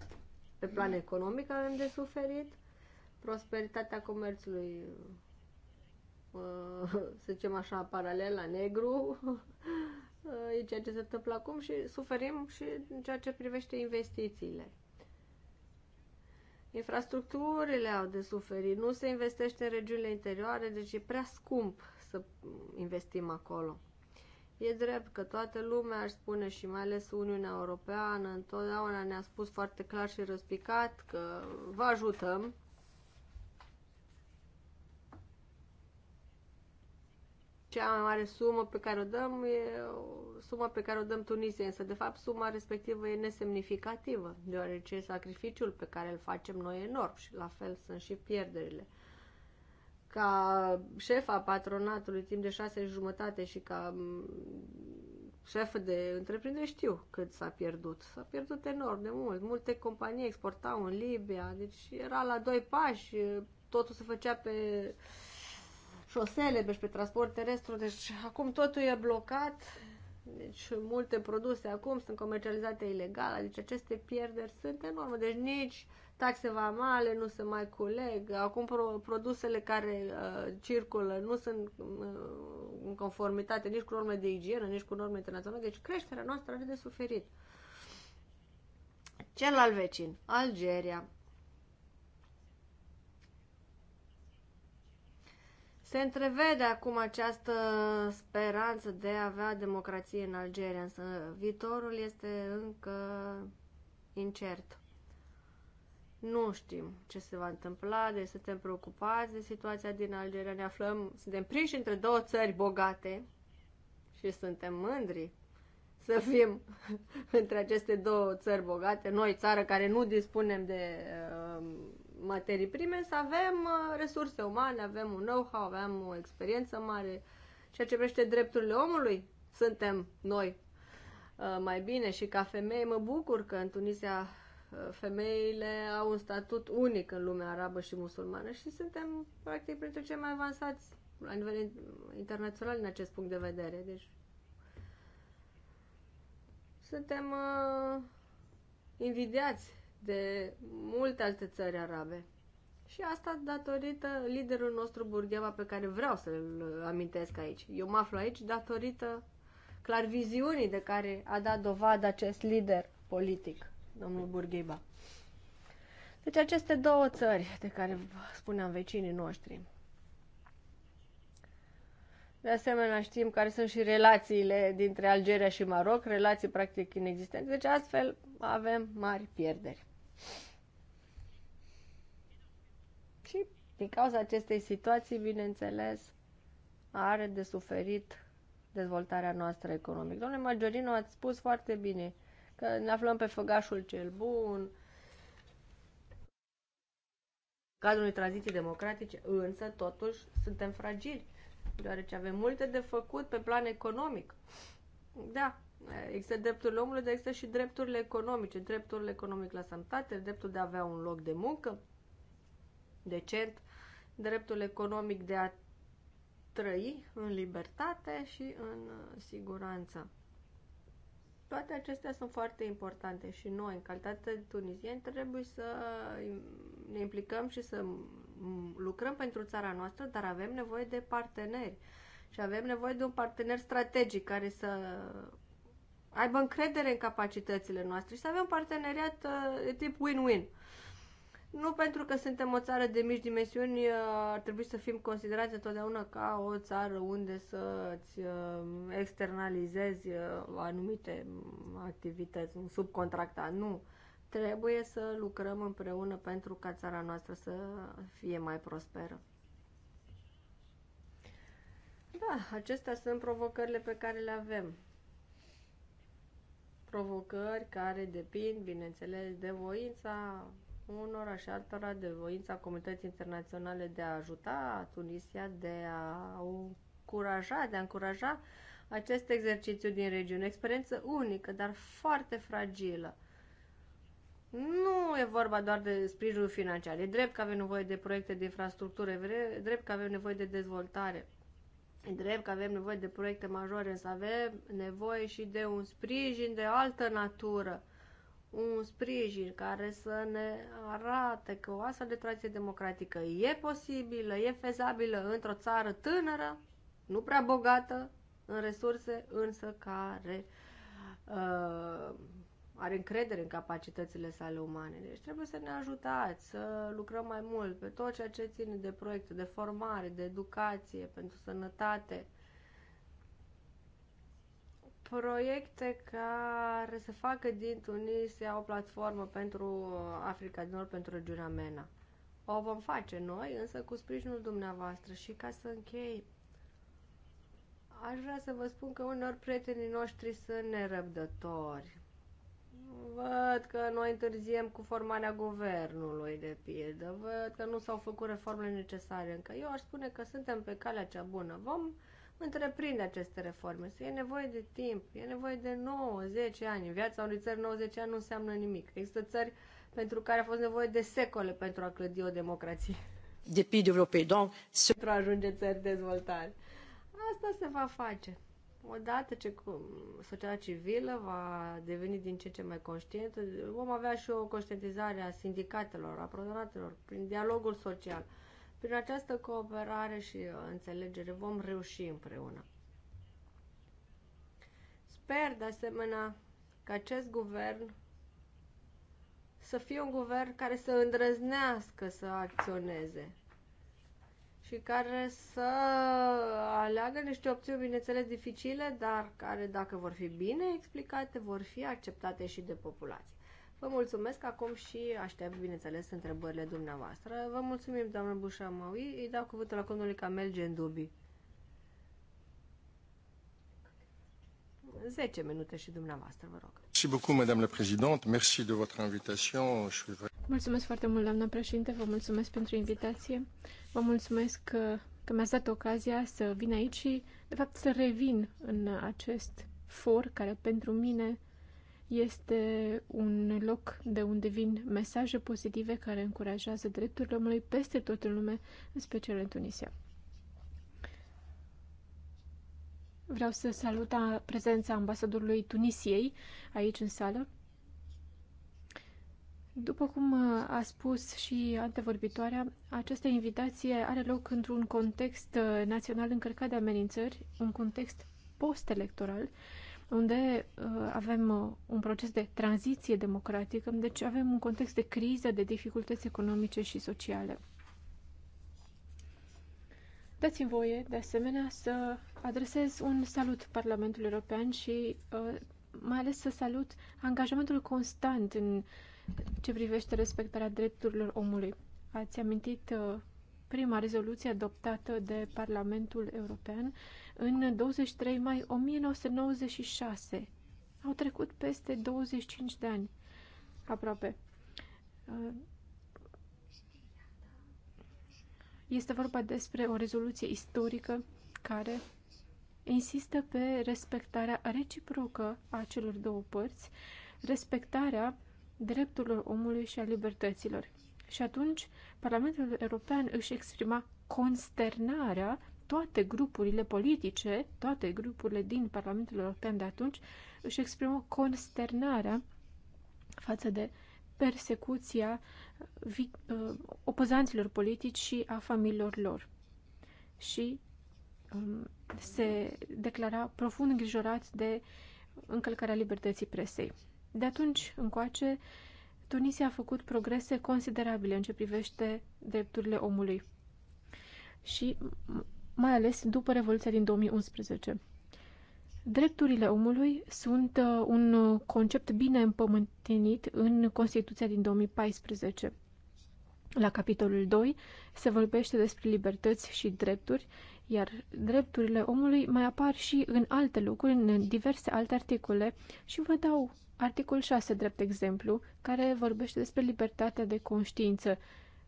pe plan economic avem de suferit, prosperitatea comerțului, uh, <laughs> să zicem așa, paralel la negru, <laughs> e ceea ce se întâmplă acum și suferim și în ceea ce privește investițiile. Infrastructurile au de suferit, nu se investește în regiunile interioare, deci e prea scump să investim acolo. E drept că toată lumea își spune și mai ales Uniunea Europeană întotdeauna ne-a spus foarte clar și răspicat că vă ajutăm, cea mai mare sumă pe care o dăm e suma pe care o dăm tunisia însă de fapt suma respectivă e nesemnificativă, deoarece sacrificiul pe care îl facem noi e enorm și la fel sunt și pierderile. Ca șefa patronatului timp de șase jumătate și ca șefă de întreprindere știu cât s-a pierdut. S-a pierdut enorm de mult. Multe companii exportau în Libia, deci era la doi pași, totul se făcea pe uh, șosele, deci pe transport terestru, deci acum totul e blocat, deci multe produse acum sunt comercializate ilegal, adică aceste pierderi sunt enorme, deci nici taxe vamale nu se mai culeg, acum pro- produsele care uh, circulă nu sunt uh, în conformitate nici cu norme de igienă, nici cu norme internaționale, deci creșterea noastră are de suferit. Cel al vecin, Algeria. Se întrevede acum această speranță de a avea democrație în Algeria, însă viitorul este încă incert. Nu știm ce se va întâmpla, deci suntem preocupați de situația din Algeria, ne aflăm, suntem prinși între două țări bogate și suntem mândri să fim <laughs> între aceste două țări bogate, noi țară care nu dispunem de uh, materii prime, să avem uh, resurse umane, avem un know-how, avem o experiență mare. Ceea ce privește drepturile omului, suntem noi uh, mai bine și ca femei mă bucur că în Tunisia uh, femeile au un statut unic în lumea arabă și musulmană și suntem practic printre cei mai avansați la nivel internațional în acest punct de vedere. Deci suntem uh, invidiați de multe alte țări arabe. Și asta datorită liderul nostru Burgheva pe care vreau să-l amintesc aici. Eu mă aflu aici datorită clar viziunii de care a dat dovadă acest lider politic, domnul Burgheba. Deci aceste două țări de care spuneam vecinii noștri. De asemenea știm care sunt și relațiile dintre Algeria și Maroc, relații practic inexistente, deci astfel avem mari pierderi. Și din cauza acestei situații, bineînțeles, are de suferit dezvoltarea noastră economică. Domnule Majorino, ați spus foarte bine că ne aflăm pe făgașul cel bun, cadrul unei tranziții democratice, însă totuși suntem fragili, deoarece avem multe de făcut pe plan economic. Da, există drepturile omului, dar există și drepturile economice, drepturile economic la sănătate, dreptul de a avea un loc de muncă decent, dreptul economic de a trăi în libertate și în siguranță. Toate acestea sunt foarte importante și noi, în calitate de tunisieni, trebuie să ne implicăm și să lucrăm pentru țara noastră, dar avem nevoie de parteneri. Și avem nevoie de un partener strategic care să aibă încredere în capacitățile noastre și să avem parteneriat uh, tip win-win. Nu pentru că suntem o țară de mici dimensiuni, uh, ar trebui să fim considerați întotdeauna ca o țară unde să-ți uh, externalizezi uh, anumite mm, activități, un subcontractat. Nu. Trebuie să lucrăm împreună pentru ca țara noastră să fie mai prosperă. Da, acestea sunt provocările pe care le avem provocări care depind, bineînțeles, de voința unora și altora, de voința comunității internaționale de a ajuta Tunisia, de a o încuraja, de a încuraja acest exercițiu din regiune. Experiență unică, dar foarte fragilă. Nu e vorba doar de sprijinul financiar. E drept că avem nevoie de proiecte de infrastructură, e drept că avem nevoie de dezvoltare. E drept că avem nevoie de proiecte majore, însă avem nevoie și de un sprijin de altă natură. Un sprijin care să ne arate că o astfel de tradiție democratică e posibilă, e fezabilă într-o țară tânără, nu prea bogată în resurse, însă care uh, are încredere în capacitățile sale umane. Deci trebuie să ne ajutați să lucrăm mai mult pe tot ceea ce ține de proiecte, de formare, de educație, pentru sănătate. Proiecte care se facă din Tunisia o platformă pentru Africa din Nord, pentru regiunea MENA. O vom face noi, însă cu sprijinul dumneavoastră. Și ca să închei, aș vrea să vă spun că unor prietenii noștri sunt nerăbdători Văd că noi întârziem cu formarea guvernului, de pildă. Văd că nu s-au făcut reformele necesare încă. Eu aș spune că suntem pe calea cea bună. Vom întreprinde aceste reforme. Să e nevoie de timp, e nevoie de 9-10 ani. În viața unui țări 90 ani nu înseamnă nimic. Există țări pentru care a fost nevoie de secole pentru a clădi o democrație. De pildă, donc... Pentru a ajunge țări dezvoltare. Asta se va face. Odată ce societatea civilă va deveni din ce în ce mai conștientă, vom avea și o conștientizare a sindicatelor, a protonatelor, prin dialogul social. Prin această cooperare și uh, înțelegere vom reuși împreună. Sper, de asemenea, că acest guvern să fie un guvern care să îndrăznească să acționeze și care să aleagă niște opțiuni, bineînțeles, dificile, dar care, dacă vor fi bine explicate, vor fi acceptate și de populație. Vă mulțumesc acum și aștept, bineînțeles, întrebările dumneavoastră. Vă mulțumim, doamnă Bușamaui. Îi dau cuvântul la domnului Camel Gendubi. 10 minute și dumneavoastră, vă rog. Merci beaucoup, madame la présidente. Merci de votre invitation. Mulțumesc foarte mult, doamnă președinte. Vă mulțumesc pentru invitație. Vă mulțumesc că, că mi-ați dat ocazia să vin aici și, de fapt, să revin în acest for care pentru mine este un loc de unde vin mesaje pozitive care încurajează drepturile omului peste tot în lume, în special în Tunisia. Vreau să salut prezența ambasadorului Tunisiei aici în sală. După cum uh, a spus și antevorbitoarea, această invitație are loc într-un context uh, național încărcat de amenințări, un context post-electoral, unde uh, avem un proces de tranziție democratică, deci avem un context de criză, de dificultăți economice și sociale. Dați-mi voie, de asemenea, să adresez un salut Parlamentului European și mai ales să salut angajamentul constant în uh, ce privește respectarea drepturilor omului. Ați amintit uh, prima rezoluție adoptată de Parlamentul European în 23 mai 1996. Au trecut peste 25 de ani, aproape. Uh, este vorba despre o rezoluție istorică care insistă pe respectarea reciprocă a celor două părți, respectarea drepturilor omului și a libertăților. Și atunci, Parlamentul European își exprima consternarea toate grupurile politice, toate grupurile din Parlamentul European de atunci, își exprimă consternarea față de persecuția uh, opozanților politici și a familiilor lor. Și um, se declara profund îngrijorat de încălcarea libertății presei. De atunci încoace, Tunisia a făcut progrese considerabile în ce privește drepturile omului și mai ales după Revoluția din 2011. Drepturile omului sunt uh, un concept bine împământenit în Constituția din 2014. La capitolul 2 se vorbește despre libertăți și drepturi, iar drepturile omului mai apar și în alte locuri, în diverse alte articole și vă dau Articol 6, drept exemplu, care vorbește despre libertatea de conștiință.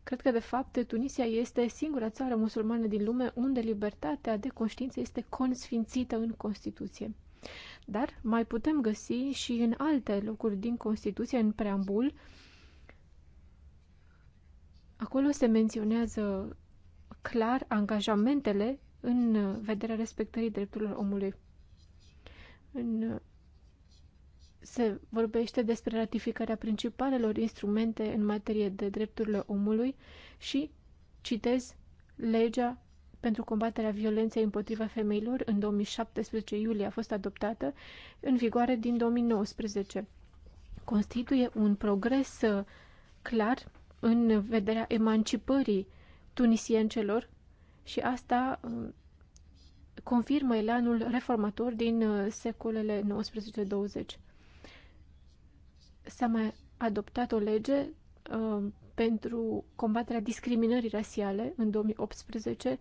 Cred că, de fapt, Tunisia este singura țară musulmană din lume unde libertatea de conștiință este consfințită în Constituție. Dar mai putem găsi și în alte locuri din Constituție, în preambul, acolo se menționează clar angajamentele în vederea respectării drepturilor omului. În se vorbește despre ratificarea principalelor instrumente în materie de drepturile omului și, citez, legea pentru combaterea violenței împotriva femeilor în 2017 iulie a fost adoptată, în vigoare din 2019. Constituie un progres uh, clar în vederea emancipării tunisiencelor și asta uh, confirmă elanul reformator din uh, secolele 19-20 s-a mai adoptat o lege uh, pentru combaterea discriminării rasiale în 2018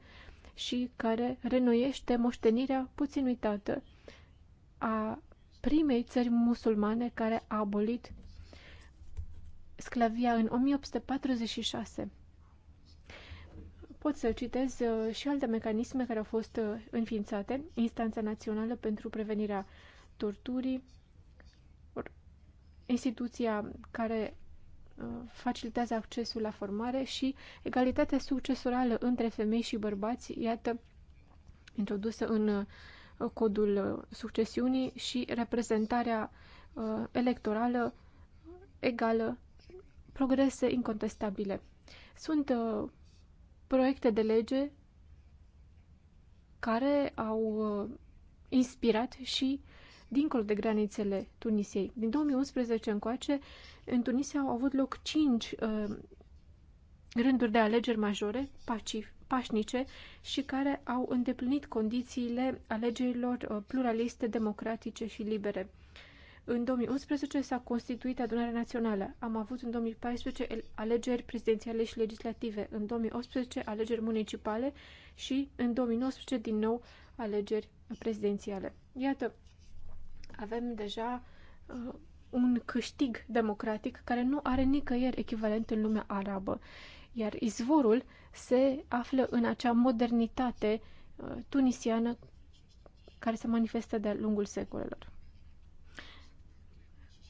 și care renoiește moștenirea puțin uitată a primei țări musulmane care a abolit sclavia în 1846. Pot să citez uh, și alte mecanisme care au fost uh, înființate, Instanța Națională pentru Prevenirea Torturii, instituția care uh, facilitează accesul la formare și egalitatea succesorală între femei și bărbați, iată, introdusă în uh, codul uh, succesiunii și reprezentarea electorală egală, progrese incontestabile. Sunt proiecte de lege care au inspirat și uh, dincolo de granițele Tunisiei. Din 2011 încoace, în Tunisia au avut loc cinci uh, rânduri de alegeri majore, pacif, pașnice, și care au îndeplinit condițiile alegerilor uh, pluraliste, democratice și libere. În 2011 s-a constituit adunarea națională. Am avut în 2014 alegeri prezidențiale și legislative, în 2018 alegeri municipale și în 2019 din nou alegeri prezidențiale. Iată, avem deja uh, un câștig democratic care nu are nicăieri echivalent în lumea arabă. Iar izvorul se află în acea modernitate uh, tunisiană care se manifestă de-a lungul secolelor.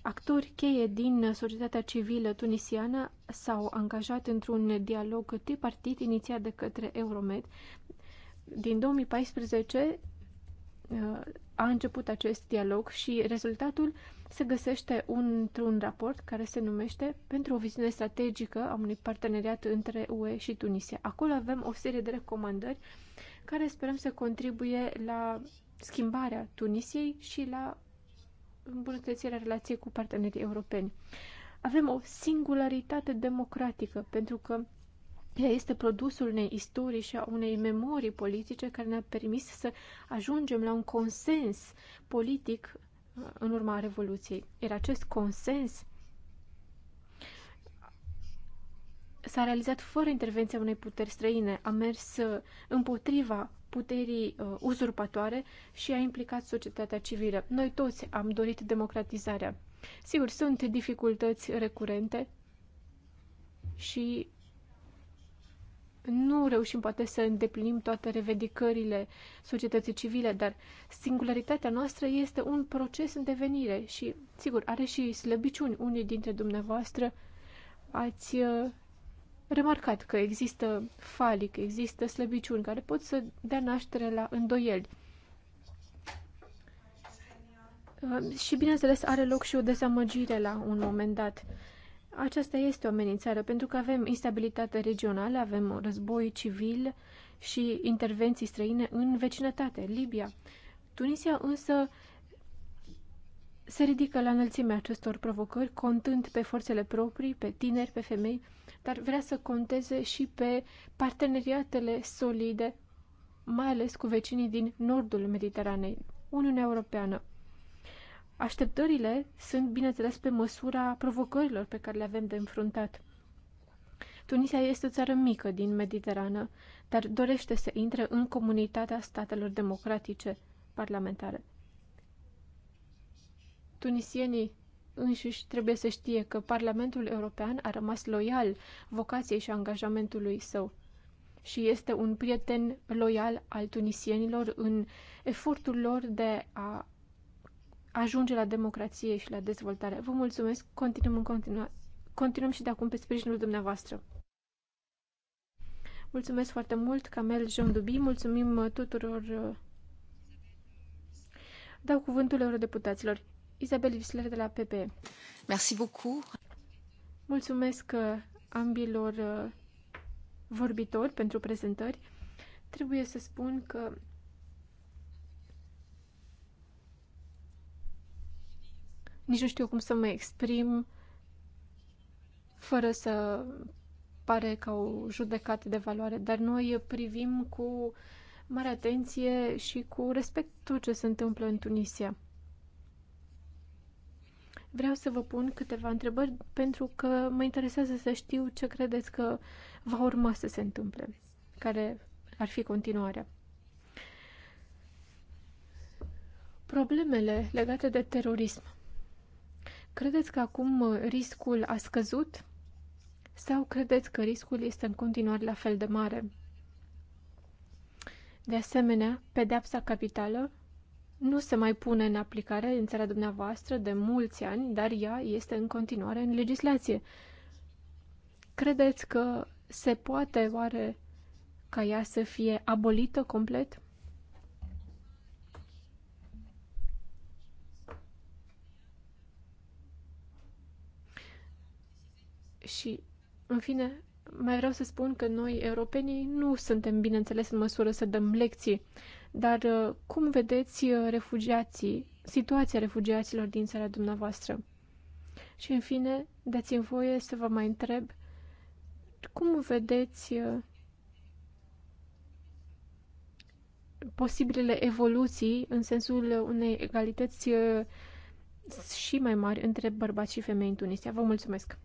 Actori cheie din societatea civilă tunisiană s-au angajat într-un dialog tripartit inițiat de către Euromed. Din 2014 a început acest dialog și rezultatul se găsește într-un raport care se numește Pentru o viziune strategică a unui parteneriat între UE și Tunisia. Acolo avem o serie de recomandări care sperăm să contribuie la schimbarea Tunisiei și la îmbunătățirea relației cu partenerii europeni. Avem o singularitate democratică pentru că ea este produsul unei istorii și a unei memorii politice care ne-a permis să ajungem la un consens politic uh, în urma Revoluției. Iar acest consens s-a realizat fără intervenția unei puteri străine, a mers uh, împotriva puterii uh, uzurpatoare și a implicat societatea civilă. Noi toți am dorit democratizarea. Sigur, sunt dificultăți recurente și nu reușim poate să îndeplinim toate revendicările societății civile, dar singularitatea noastră este un proces în devenire și, sigur, are și slăbiciuni. Unii dintre dumneavoastră ați uh, remarcat că există falii, că există slăbiciuni care pot să dea naștere la îndoieli. Uh, și, bineînțeles, are loc și o dezamăgire la un moment dat. Aceasta este o amenințare pentru că avem instabilitate regională, avem război civil și intervenții străine în vecinătate, Libia. Tunisia însă se ridică la înălțimea acestor provocări, contând pe forțele proprii, pe tineri, pe femei, dar vrea să conteze și pe parteneriatele solide, mai ales cu vecinii din nordul Mediteranei, Uniunea Europeană, Așteptările sunt, bineînțeles, pe măsura provocărilor pe care le avem de înfruntat. Tunisia este o țară mică din Mediterană, dar dorește să intre în comunitatea statelor democratice parlamentare. Tunisienii înșiși trebuie să știe că Parlamentul European a rămas loial vocației și angajamentului său și este un prieten loial al tunisienilor în efortul lor de a ajunge la democrație și la dezvoltare. Vă mulțumesc, continuăm în continuare. Continuăm și de acum pe sprijinul dumneavoastră. Mulțumesc foarte mult, Camel Jean Dubi, mulțumim uh, tuturor. Uh, dau cuvântul eurodeputaților. Isabel Visler de la PP. Merci beaucoup. Mulțumesc uh, ambilor vorbitori pentru prezentări. Trebuie să spun că Nici nu știu cum să mă exprim fără să pare ca o judecată de valoare, dar noi privim cu mare atenție și cu respect tot ce se întâmplă în Tunisia. Vreau să vă pun câteva întrebări pentru că mă interesează să știu ce credeți că va urma să se întâmple, care ar fi continuarea. Problemele legate de terorism Credeți că acum uh, riscul a scăzut? Sau credeți că riscul este în continuare la fel de mare? De asemenea, pedepsa capitală nu se mai pune în aplicare în țara dumneavoastră de mulți ani, dar ea este în continuare în legislație. Credeți că se poate oare ca ea să fie abolită complet? Și, în fine, mai vreau să spun că noi, europenii, nu suntem, bineînțeles, în măsură să dăm lecții, dar uh, cum vedeți uh, refugiații, situația refugiaților din țara dumneavoastră? Și, în fine, dați-mi voie să vă mai întreb cum vedeți uh, posibilele evoluții în sensul unei egalități și mai mari între bărbați și femei în Tunisia. Vă mulțumesc!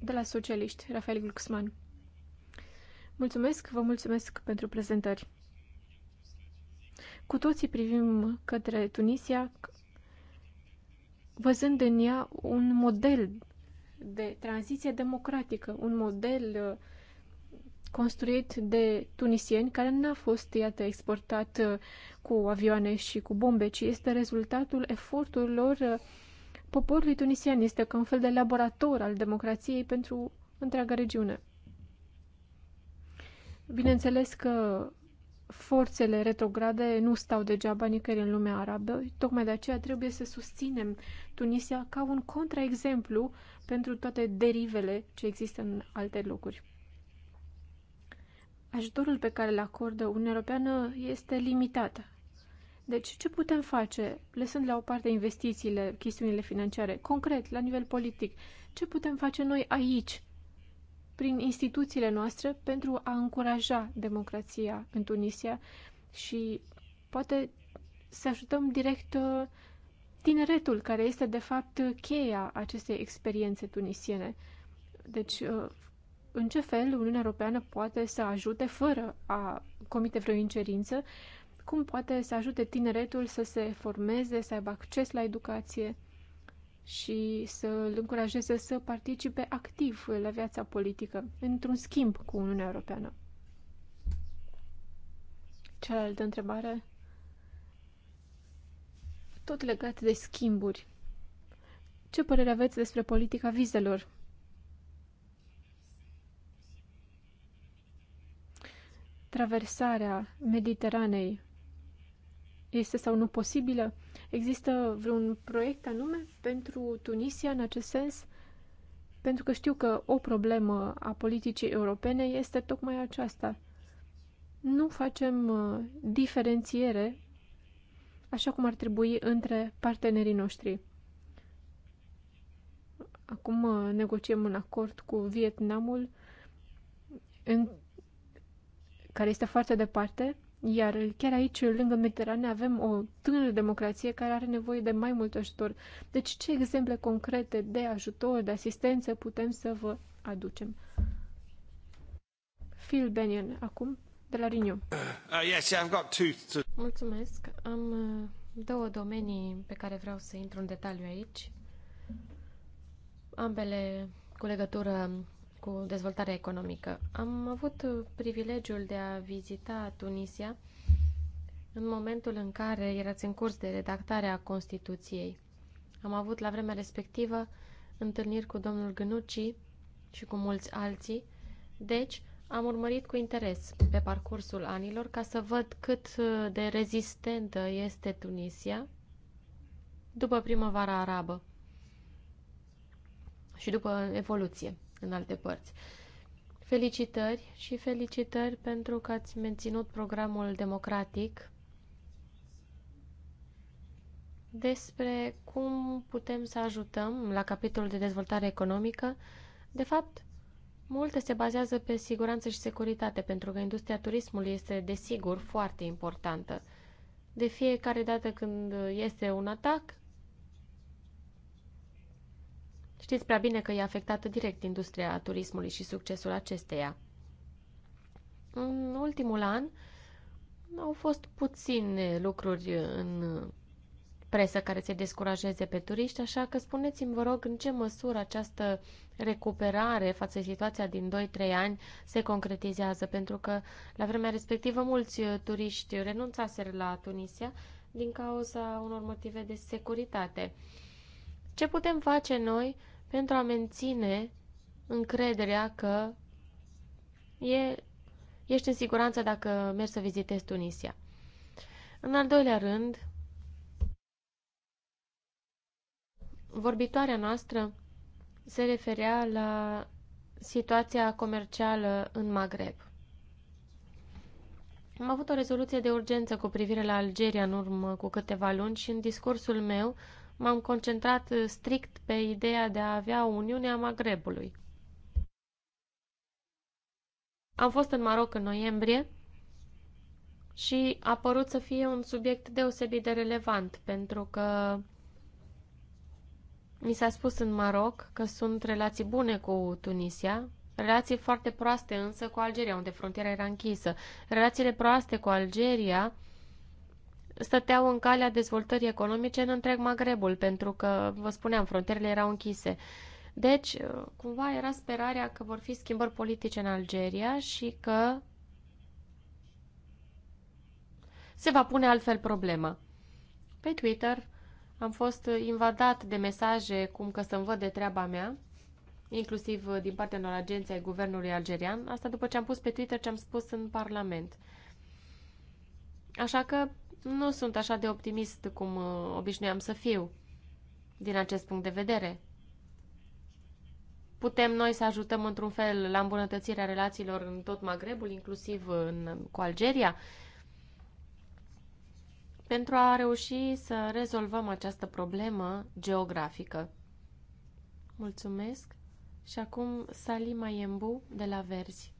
de la socialiști, Rafael Glucksmann. Mulțumesc, vă mulțumesc pentru prezentări. Cu toții privim către Tunisia, văzând în ea un model de tranziție democratică, un model uh, construit de tunisieni care n-a fost, iată, exportat uh, cu avioane și cu bombe, ci este rezultatul eforturilor uh, Poporul tunisian este ca un fel de laborator al democrației pentru întreaga regiune. Bineînțeles că forțele retrograde nu stau degeaba nicăieri în lumea arabă, tocmai de aceea trebuie să susținem Tunisia ca un contraexemplu pentru toate derivele ce există în alte locuri. Ajutorul pe care îl acordă Uniunea Europeană este limitat. Deci, ce putem face, lăsând la o parte investițiile, chestiunile financiare, concret, la nivel politic, ce putem face noi aici, prin instituțiile noastre, pentru a încuraja democrația în Tunisia și poate să ajutăm direct uh, tineretul, care este, de fapt, cheia acestei experiențe tunisiene. Deci, uh, în ce fel Uniunea Europeană poate să ajute fără a comite vreo incerință cum poate să ajute tineretul să se formeze, să aibă acces la educație și să îl încurajeze să participe activ la viața politică, într-un schimb cu Uniunea Europeană. Cealaltă întrebare, tot legat de schimburi. Ce părere aveți despre politica vizelor? Traversarea Mediteranei este sau nu posibilă? Există vreun proiect anume pentru Tunisia în acest sens? Pentru că știu că o problemă a politicii europene este tocmai aceasta. Nu facem uh, diferențiere așa cum ar trebui între partenerii noștri. Acum uh, negociem un acord cu Vietnamul în, care este foarte departe iar chiar aici, lângă Mediterane, avem o tânără democrație care are nevoie de mai mult ajutor. Deci, ce exemple concrete de ajutor, de asistență putem să vă aducem? Phil Bennion, acum, de la Rignon. Uh, uh, yes, I've got two Mulțumesc. Am uh, două domenii pe care vreau să intru în detaliu aici. Ambele cu legătură cu dezvoltarea economică. Am avut privilegiul de a vizita Tunisia în momentul în care erați în curs de redactare a Constituției. Am avut la vremea respectivă întâlniri cu domnul Gânuci și cu mulți alții, deci am urmărit cu interes pe parcursul anilor ca să văd cât de rezistentă este Tunisia după primăvara arabă și după evoluție în alte părți. Felicitări și felicitări pentru că ați menținut programul democratic despre cum putem să ajutăm la capitolul de dezvoltare economică. De fapt, multe se bazează pe siguranță și securitate, pentru că industria turismului este, desigur, foarte importantă. De fiecare dată când este un atac, Știți prea bine că e afectată direct industria turismului și succesul acesteia. În ultimul an au fost puține lucruri în presă care se descurajeze pe turiști, așa că spuneți-mi, vă rog, în ce măsură această recuperare față de situația din 2-3 ani se concretizează, pentru că la vremea respectivă mulți turiști renunțaseră la Tunisia din cauza unor motive de securitate. Ce putem face noi pentru a menține încrederea că e, ești în siguranță dacă mergi să vizitezi Tunisia. În al doilea rând, vorbitoarea noastră se referea la situația comercială în Maghreb. Am avut o rezoluție de urgență cu privire la Algeria în urmă cu câteva luni și în discursul meu m-am concentrat uh, strict pe ideea de a avea o Uniune Magrebului. Am fost în Maroc în noiembrie și a părut să fie un subiect deosebit de relevant, pentru că mi s-a spus în Maroc că sunt relații bune cu Tunisia, relații foarte proaste însă cu Algeria, unde frontiera era închisă. Relațiile proaste cu Algeria stăteau în calea dezvoltării economice în întreg Magrebul, pentru că, vă spuneam, frontierele erau închise. Deci, uh, cumva era sperarea că vor fi schimbări politice în Algeria și că se va pune altfel problema. Pe Twitter am fost invadat de mesaje cum că să-mi văd de treaba mea, inclusiv din partea unor agenții ai guvernului algerian, asta după ce am pus pe Twitter ce am spus în Parlament. Așa că nu sunt așa de optimist cum uh, obișnuiam să fiu din acest punct de vedere. Putem noi să ajutăm într-un fel la îmbunătățirea relațiilor în tot Magrebul, inclusiv în, cu Algeria, pentru a reuși să rezolvăm această problemă geografică. Mulțumesc! Și acum Salima Iembu de la Verzi.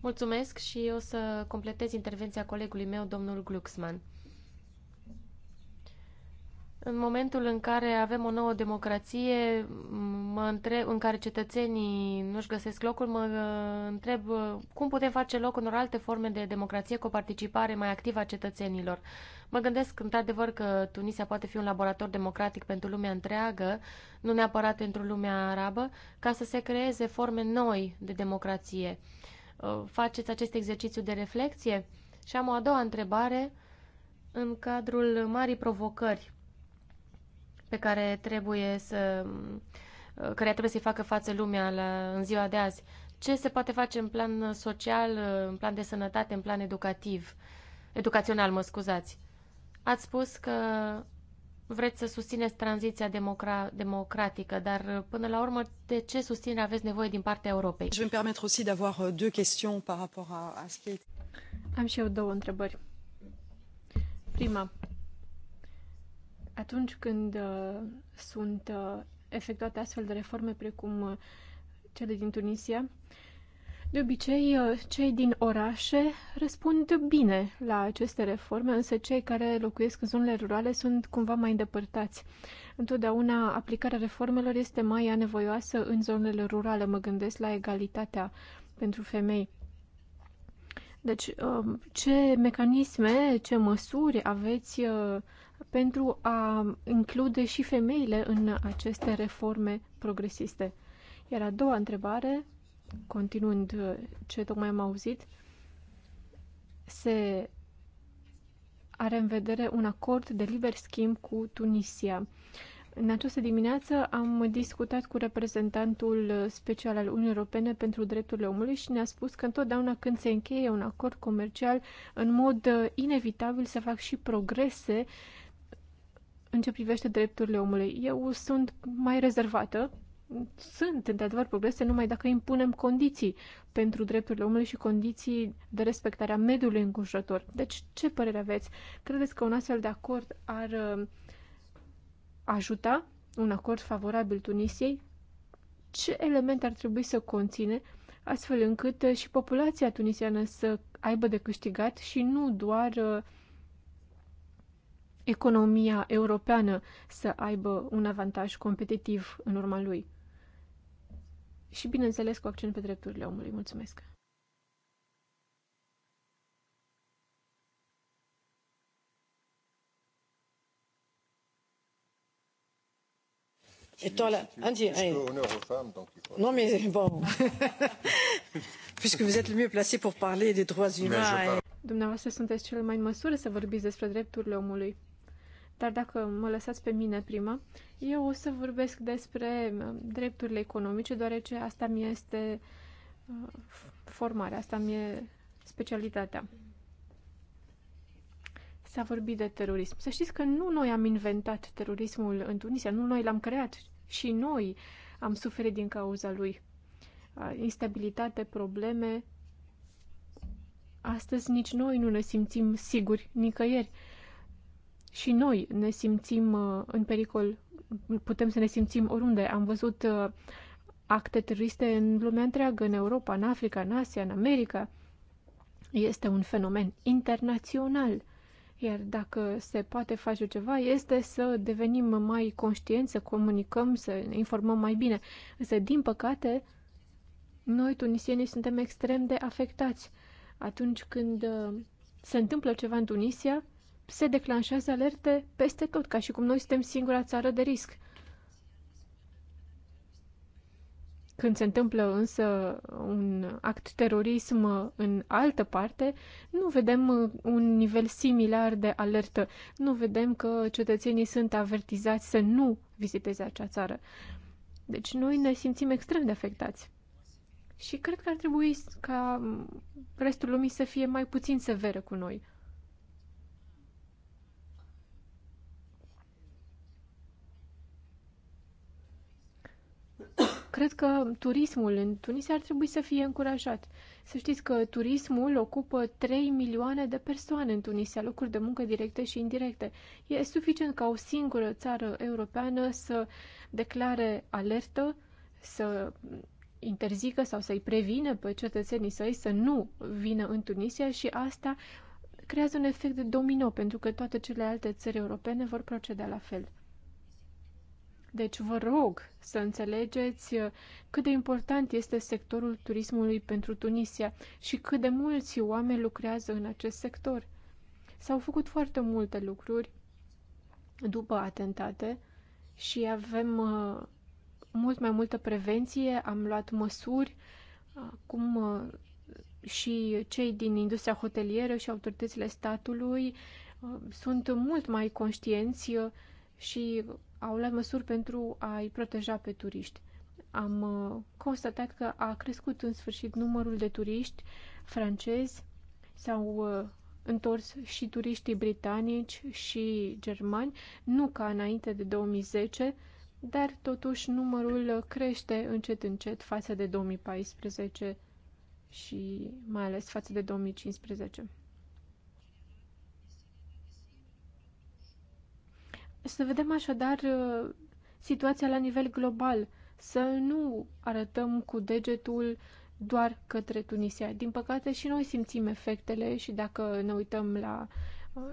Mulțumesc și o să completez intervenția colegului meu, domnul Glucksmann. În momentul în care avem o nouă democrație mă întreb, în care cetățenii nu-și găsesc locul, mă uh, întreb uh, cum putem face loc unor alte forme de democrație cu o participare mai activă a cetățenilor. Mă gândesc într-adevăr că Tunisia poate fi un laborator democratic pentru lumea întreagă, nu neapărat pentru lumea arabă, ca să se creeze forme noi de democrație. Uh, faceți acest exercițiu de reflexie? Și am o a doua întrebare în cadrul marii provocări pe care trebuie să uh, care trebuie să-i facă față lumea la, în ziua de azi. Ce se poate face în plan social, uh, în plan de sănătate, în plan educativ, educațional, mă scuzați? Ați spus că vreți să susțineți tranziția democra- democratică, dar uh, până la urmă, de ce susținere aveți nevoie din partea Europei? Am și eu două întrebări. Prima, atunci când uh, sunt uh, efectuate astfel de reforme precum uh, cele din Tunisia, de obicei, cei din orașe răspund bine la aceste reforme, însă cei care locuiesc în zonele rurale sunt cumva mai îndepărtați. Întotdeauna aplicarea reformelor este mai anevoioasă în zonele rurale, mă gândesc la egalitatea pentru femei. Deci, ce mecanisme, ce măsuri aveți pentru a include și femeile în aceste reforme progresiste? Iar a doua întrebare, continuând ce tocmai am auzit, se are în vedere un acord de liber schimb cu Tunisia. În această dimineață am discutat cu reprezentantul special al Uniunii Europene pentru drepturile omului și ne-a spus că întotdeauna când se încheie un acord comercial, în mod inevitabil se fac și progrese în ce privește drepturile omului. Eu sunt mai rezervată. Sunt, într-adevăr, progrese numai dacă impunem condiții pentru drepturile omului și condiții de respectare a mediului înconjurător. Deci, ce părere aveți? Credeți că un astfel de acord ar uh, ajuta un acord favorabil Tunisiei? Ce elemente ar trebui să conține astfel încât și populația tunisiană să aibă de câștigat și nu doar uh, economia europeană să aibă un avantaj competitiv în urma lui. Și, bineînțeles, cu accent pe drepturile omului. Mulțumesc! Et toi, là, Andy, Non, mais bon, <laughs> puisque vous êtes le mieux placé pour parler des droits humains. Dumneavoastră sunteți cel mai în măsură să vorbiți despre drepturile omului. Dar dacă mă lăsați pe mine prima, eu o să vorbesc despre um, drepturile economice, deoarece asta mi este uh, formarea, asta mi e specialitatea. S-a vorbit de terorism. Să știți că nu noi am inventat terorismul în Tunisia, nu noi l-am creat și noi am suferit din cauza lui. Uh, instabilitate, probleme. Astăzi nici noi nu ne simțim siguri nicăieri și noi ne simțim uh, în pericol, putem să ne simțim oriunde. Am văzut uh, acte teroriste în lumea întreagă, în Europa, în Africa, în Asia, în America. Este un fenomen internațional. Iar dacă se poate face ceva, este să devenim mai conștienți, să comunicăm, să ne informăm mai bine. Însă, din păcate, noi, tunisienii, suntem extrem de afectați. Atunci când uh, se întâmplă ceva în Tunisia, se declanșează alerte peste tot, ca și cum noi suntem singura țară de risc. Când se întâmplă însă un act terorism în altă parte, nu vedem un nivel similar de alertă. Nu vedem că cetățenii sunt avertizați să nu viziteze acea țară. Deci noi ne simțim extrem de afectați. Și cred că ar trebui ca restul lumii să fie mai puțin severă cu noi. cred că turismul în Tunisia ar trebui să fie încurajat. Să știți că turismul ocupă 3 milioane de persoane în Tunisia, locuri de muncă directe și indirecte. E suficient ca o singură țară europeană să declare alertă, să interzică sau să-i prevină pe cetățenii săi să nu vină în Tunisia și asta creează un efect de domino pentru că toate celelalte țări europene vor proceda la fel. Deci vă rog să înțelegeți uh, cât de important este sectorul turismului pentru Tunisia și cât de mulți oameni lucrează în acest sector. S-au făcut foarte multe lucruri după atentate și avem uh, mult mai multă prevenție, am luat măsuri, acum uh, și cei din industria hotelieră și autoritățile statului sunt mult mai conștienți și au luat măsuri pentru a-i proteja pe turiști. Am uh, constatat că a crescut în sfârșit numărul de turiști francezi, s-au uh, întors și turiștii britanici și germani, nu ca înainte de 2010, dar totuși numărul crește încet încet față de 2014 și mai ales față de 2015. Să vedem așadar uh, situația la nivel global, să nu arătăm cu degetul doar către Tunisia. Din păcate și noi simțim efectele și dacă ne uităm la, uh,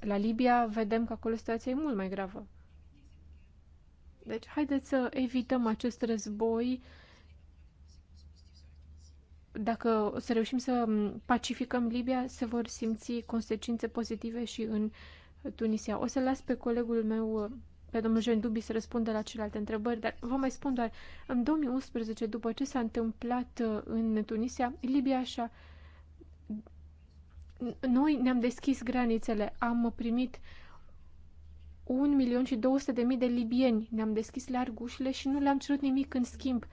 la Libia, vedem că acolo situația e mult mai gravă. Deci haideți să evităm acest război dacă o să reușim să mm, pacificăm Libia, se vor simți consecințe pozitive și în uh, Tunisia. O să las pe colegul meu, pe domnul Jean Dubi, să răspundă la celelalte întrebări, dar vă mai spun doar, în 2011, după ce s-a întâmplat uh, în Tunisia, Libia așa, noi ne-am deschis granițele, am primit 1 milion și 200 de mii de libieni, ne-am deschis larg ușile și nu le-am cerut nimic în schimb.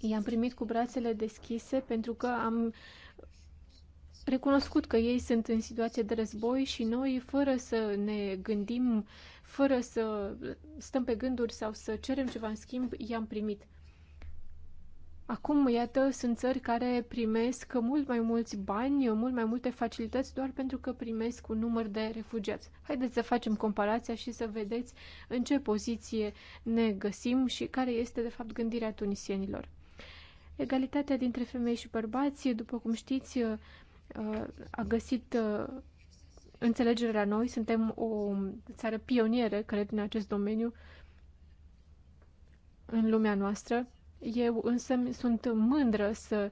I-am primit cu brațele deschise pentru că am uh, recunoscut că ei sunt în situație de război și noi, fără să ne gândim, fără să stăm pe gânduri sau să cerem ceva în schimb, i-am primit. Acum, iată, sunt țări care primesc mult mai mulți bani, mult mai multe facilități doar pentru că primesc un număr de refugiați. Haideți să facem comparația și să vedeți în ce poziție ne găsim și care este, de fapt, gândirea tunisienilor. Egalitatea dintre femei și bărbați, după cum știți, a găsit uh, înțelegerea noi. Suntem o țară pionieră, cred, în acest domeniu în lumea noastră. Eu însă sunt mândră să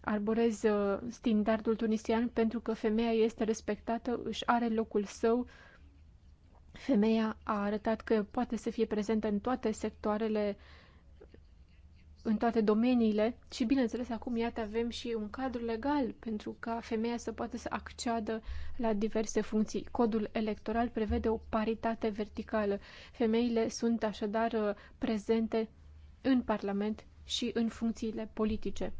arborez uh, standardul tunisian pentru că femeia este respectată, își are locul său. Femeia a arătat că poate să fie prezentă în toate sectoarele uh, în toate domeniile și, bineînțeles, acum, iată, avem și un cadru legal pentru ca femeia să poată să acceadă la diverse funcții. Codul electoral prevede o paritate verticală. Femeile sunt așadar uh, prezente în Parlament și în funcțiile politice.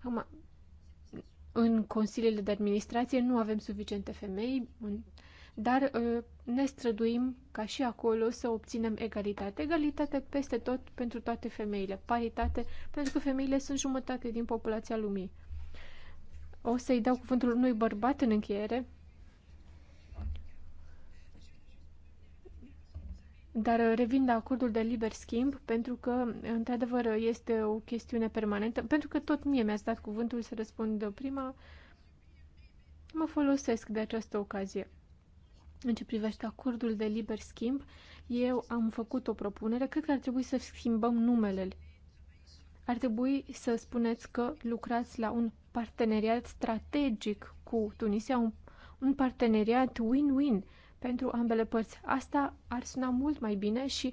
Acum, în consiliile de administrație nu avem suficiente femei, dar uh, ne străduim ca și acolo să obținem egalitate. Egalitate peste tot pentru toate femeile, paritate, pentru că femeile sunt jumătate din populația lumii. O să-i dau cuvântul unui bărbat în încheiere. Dar uh, revin la acordul de liber schimb, pentru că, într-adevăr, este o chestiune permanentă. Pentru că tot mie mi-ați dat cuvântul să răspund prima, mă folosesc de această ocazie. În ce privește acordul de liber schimb, eu am făcut o propunere. Cred că ar trebui să schimbăm numele. Ar trebui să spuneți că lucrați la un parteneriat strategic cu Tunisia, un, un parteneriat win-win pentru ambele părți. Asta ar suna mult mai bine și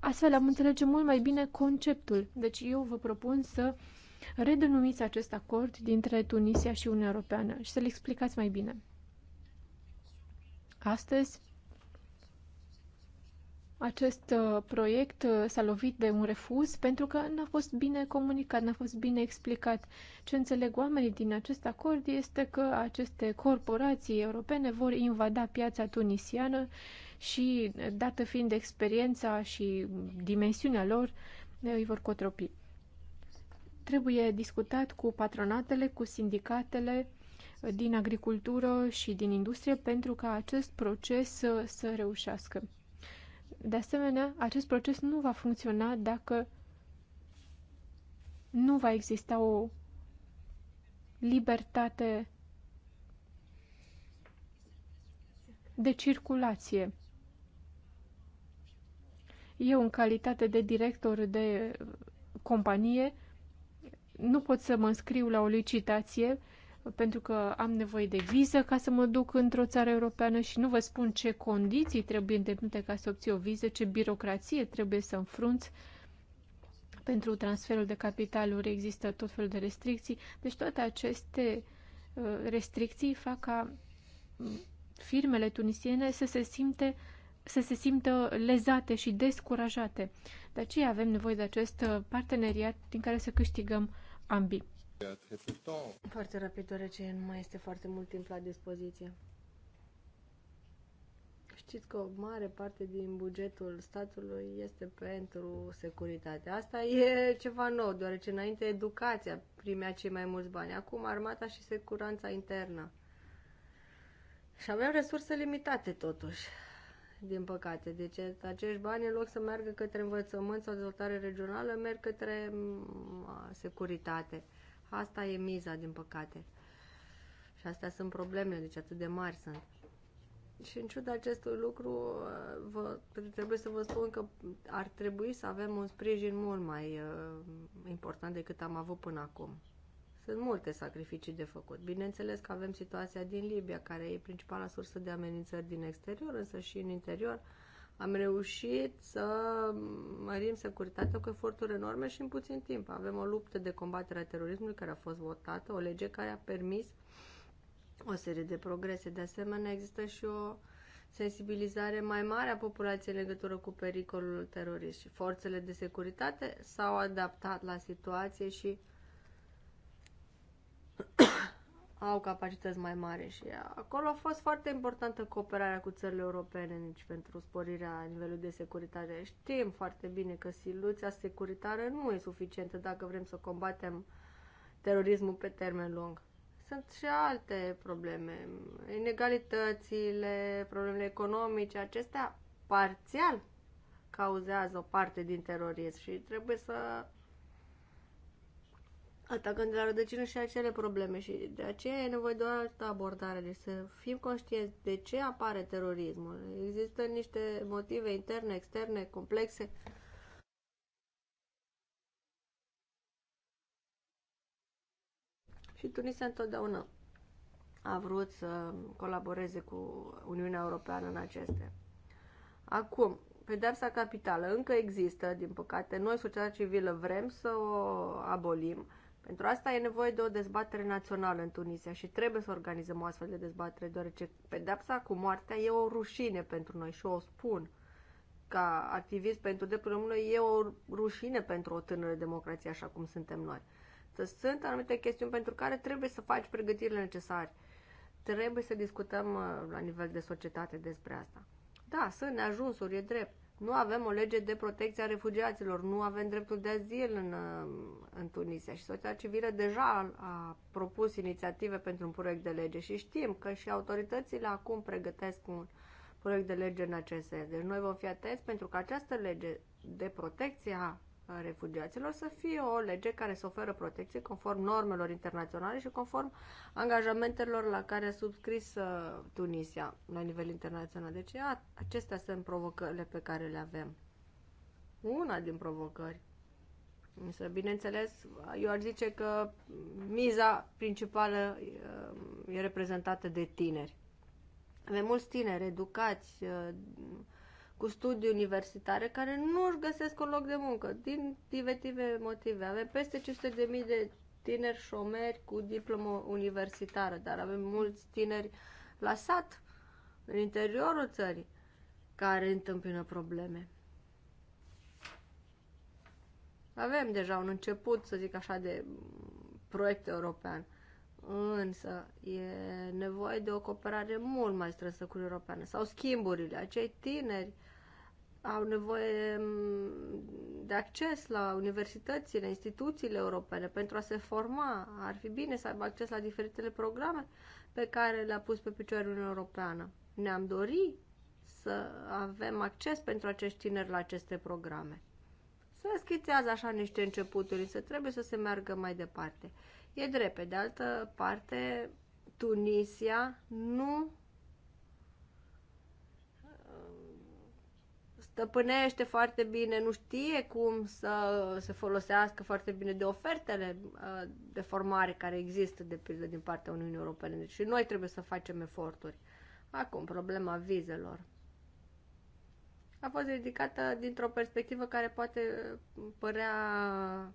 astfel am înțelege mult mai bine conceptul. Deci eu vă propun să redenumiți acest acord dintre Tunisia și Uniunea Europeană și să-l explicați mai bine. Astăzi, acest uh, proiect uh, s-a lovit de un refuz pentru că n-a fost bine comunicat, n-a fost bine explicat. Ce înțeleg oamenii din acest acord este că aceste corporații europene vor invada piața tunisiană și, dată fiind experiența și dimensiunea lor, îi vor cotropi. Trebuie discutat cu patronatele, cu sindicatele, din agricultură și din industrie pentru ca acest proces să, să reușească. De asemenea, acest proces nu va funcționa dacă nu va exista o libertate de circulație. Eu, în calitate de director de companie, nu pot să mă înscriu la o licitație pentru că am nevoie de viză ca să mă duc într-o țară europeană și nu vă spun ce condiții trebuie îndeplinite ca să obții o viză, ce birocrație trebuie să înfrunți pentru transferul de capitaluri, există tot felul de restricții. Deci toate aceste uh, restricții fac ca mm, firmele tunisiene să se simte să se simtă lezate și descurajate. De aceea avem nevoie de acest uh, parteneriat din care să câștigăm ambii. Foarte rapid, deoarece nu mai este foarte mult timp la dispoziție. Știți că o mare parte din bugetul statului este pentru securitate. Asta e ceva nou, deoarece înainte educația primea cei mai mulți bani, acum armata și securanța internă. Și avem resurse limitate totuși, din păcate. Deci acești bani, în loc să meargă către învățământ sau dezvoltare regională, merg către mm, securitate. Asta e miza, din păcate. Și astea sunt problemele, deci atât de mari sunt. Și în ciuda acestui lucru, uh, vă, trebuie să vă spun că ar trebui să avem un sprijin mult mai uh, important decât am avut până acum. Sunt multe sacrificii de făcut. Bineînțeles că avem situația din Libia, care e principala sursă de amenințări din exterior, însă și în interior. Uh, am reușit să mărim securitatea cu eforturi enorme și în puțin timp. Avem o luptă de combatere a terorismului care a fost votată, o lege care a permis o serie de progrese. De asemenea, există și o sensibilizare mai mare a populației în legătură cu pericolul terorist și forțele de securitate s-au adaptat la situație și au capacități mai mari și acolo a fost foarte importantă cooperarea cu țările europene nici deci, pentru sporirea nivelului de securitate. Știm foarte bine că siluția securitară nu e suficientă dacă vrem să combatem terorismul pe termen lung. Sunt și alte probleme, inegalitățile, problemele economice, acestea parțial cauzează o parte din terorism și trebuie să atacând de la rădăcină și acele probleme și de aceea e nevoie de o altă abordare, deci să fim conștienți de ce apare terorismul. Există niște motive interne, externe, complexe. Și Tunisia întotdeauna a vrut să colaboreze cu Uniunea Europeană în acestea. Acum, pedeapsa capitală încă există, din păcate. Noi, societatea civilă, vrem să o abolim pentru asta e nevoie de o dezbatere națională în Tunisia și trebuie să organizăm o astfel de dezbatere, deoarece pedepsa cu moartea e o rușine pentru noi și o spun ca activist pentru drepturile omului, e o rușine pentru o tânără democrație așa cum suntem noi. Sunt anumite chestiuni pentru care trebuie să faci pregătirile necesare. Trebuie să discutăm uh, la nivel de societate despre asta. Da, sunt neajunsuri, e drept. Nu avem o lege de protecție a refugiaților, nu avem dreptul de azil în, uh, în Tunisia și societatea civilă deja a propus inițiative pentru un proiect de lege și știm că și autoritățile acum pregătesc un proiect de lege în acest sens. Deci noi vom fi atenți pentru că această lege de protecție a refugiaților să fie o lege care să oferă protecție conform normelor internaționale și conform angajamentelor la care a subscris uh, Tunisia la nivel internațional. Deci a, acestea sunt provocările pe care le avem. Una din provocări. Însă, bineînțeles, eu ar zice că miza principală uh, e reprezentată de tineri. Avem mulți tineri educați, uh, cu studii universitare care nu își găsesc un loc de muncă din diverse motive. Avem peste 500.000 de tineri șomeri cu diplomă universitară, dar avem mulți tineri la sat, în interiorul țării, care întâmpină probleme. Avem deja un început, să zic așa, de proiect european. Însă e nevoie de o cooperare mult mai strânsă cu Europeană sau schimburile. Acei tineri au nevoie mm, de acces la universitățile, instituțiile europene pentru a se forma. Ar fi bine să aibă acces la diferitele programe pe care le-a pus pe picioare Uniunea Europeană. Ne-am dorit să avem acces pentru acești tineri la aceste programe. Să schițează așa niște începuturi, să trebuie să se meargă mai departe. E drept, pe de altă parte, Tunisia nu stăpânește foarte bine, nu știe cum să se folosească foarte bine de ofertele uh, de formare care există, de pildă, din partea Uniunii Europene. Deci și noi trebuie să facem eforturi. Acum, problema vizelor. A fost ridicată dintr-o perspectivă care poate uh, părea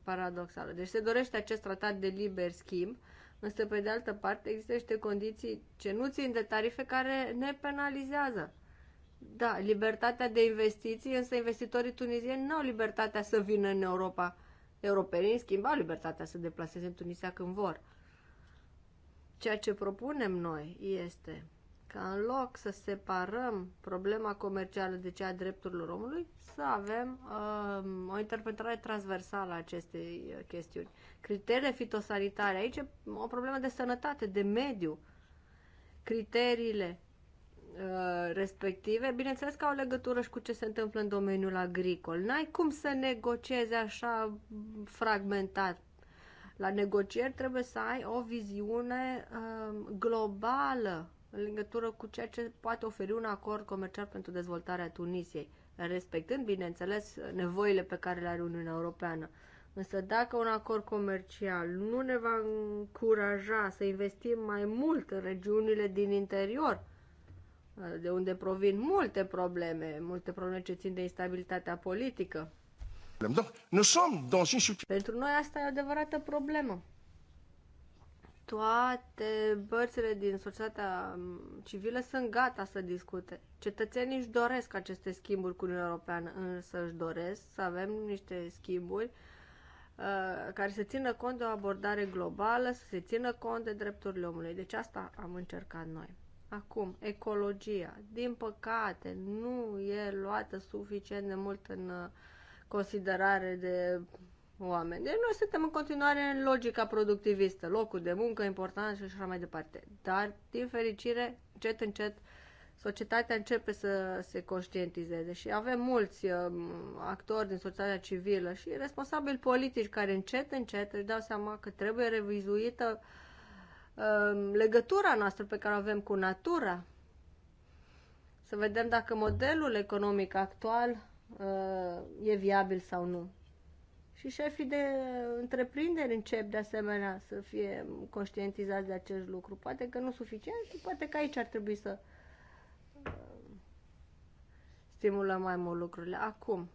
paradoxală. Deci se dorește acest tratat de liber schimb, însă pe de altă parte există niște condiții ce nu țin de tarife care ne penalizează da, libertatea de investiții, însă investitorii tunizieni nu au libertatea să vină în Europa. Europenii, în schimb, au libertatea să deplaseze în Tunisia când vor. Ceea ce propunem noi este ca în loc să separăm problema comercială de cea a drepturilor omului, să avem um, o interpretare transversală a acestei uh, chestiuni. Criteriile fitosanitare, aici e o problemă de sănătate, de mediu. Criteriile Uh, respective, bineînțeles că au legătură și cu ce se întâmplă în domeniul agricol. N-ai cum să negociezi așa fragmentat. La negocieri trebuie să ai o viziune um, globală în legătură cu ceea ce poate oferi un acord comercial pentru dezvoltarea Tunisiei, respectând, bineînțeles, nevoile pe care le are Uniunea Europeană. Însă dacă un acord comercial nu ne va încuraja să investim mai mult în regiunile din interior, de unde provin multe probleme, multe probleme ce țin de instabilitatea politică. Da, Pentru noi asta e o adevărată problemă. Toate părțile din societatea mm, civilă sunt gata să discute. Cetățenii își doresc aceste schimburi cu Uniunea Europeană, însă își doresc să avem niște schimburi uh, care să țină cont de o abordare globală, să se țină cont de drepturile omului. Deci asta am încercat noi. Acum, ecologia. Din păcate, nu e luată suficient de mult în uh, considerare de oameni. Deci noi suntem în continuare în logica productivistă, locul de muncă important și așa mai departe. Dar, din fericire, încet, încet, societatea începe să se conștientizeze și avem mulți uh, actori din societatea civilă și responsabili politici care încet, încet își dau seama că trebuie revizuită uh, Ehm, legătura noastră pe care o avem cu natura. Să vedem dacă modelul economic actual ehm, e viabil sau nu. Și șefii de întreprinderi încep de asemenea să fie conștientizați de acest lucru. Poate că nu suficient și poate că aici ar trebui să ehm, stimulăm mai mult lucrurile. Acum,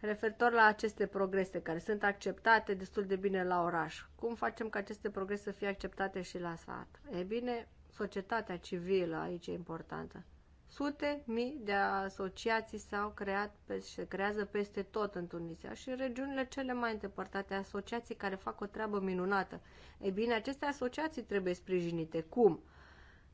referitor la aceste progrese care sunt acceptate destul de bine la oraș. Cum facem ca aceste progrese să fie acceptate și la sat? E bine, societatea civilă aici e importantă. Sute mii de asociații s-au creat și se creează peste tot în Tunisia și în regiunile cele mai îndepărtate, asociații care fac o treabă minunată. E bine, aceste asociații trebuie sprijinite. Cum?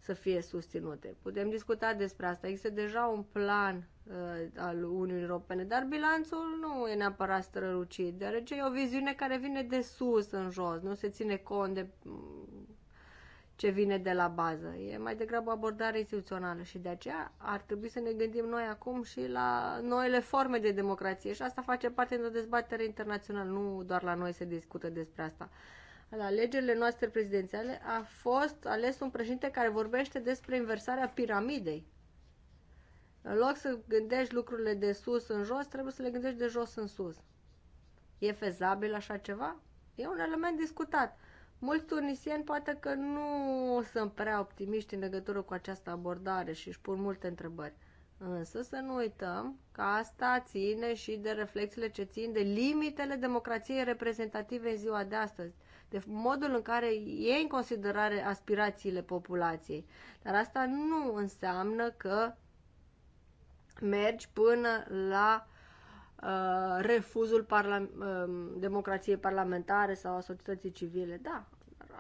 să fie susținute. Putem discuta despre asta. Există deja un plan uh, al Uniunii Europene, dar bilanțul nu e neapărat strălucit, deoarece e o viziune care vine de sus în jos, nu se ține cont de mm, ce vine de la bază. E mai degrabă o abordare instituțională și de aceea ar trebui să ne gândim noi acum și la noile forme de democrație și asta face parte din o dezbatere internațională, nu doar la noi se discută despre asta. Uh, la alegerile noastre prezidențiale a fost ales un președinte care vorbește despre inversarea piramidei. În loc să gândești lucrurile de sus în jos, trebuie să le gândești de jos în sus. E fezabil așa ceva? E un element discutat. Mulți tunisieni poate că nu sunt prea optimiști în legătură cu această abordare și își pun multe întrebări. Însă să nu uităm că asta ține și de reflexiile ce țin de limitele democrației reprezentative în ziua de astăzi – de modul în care e în considerare aspirațiile populației. Dar asta nu înseamnă că mergi până la uh, refuzul parla- uh, um, democrației parlamentare sau a societății civile. Da,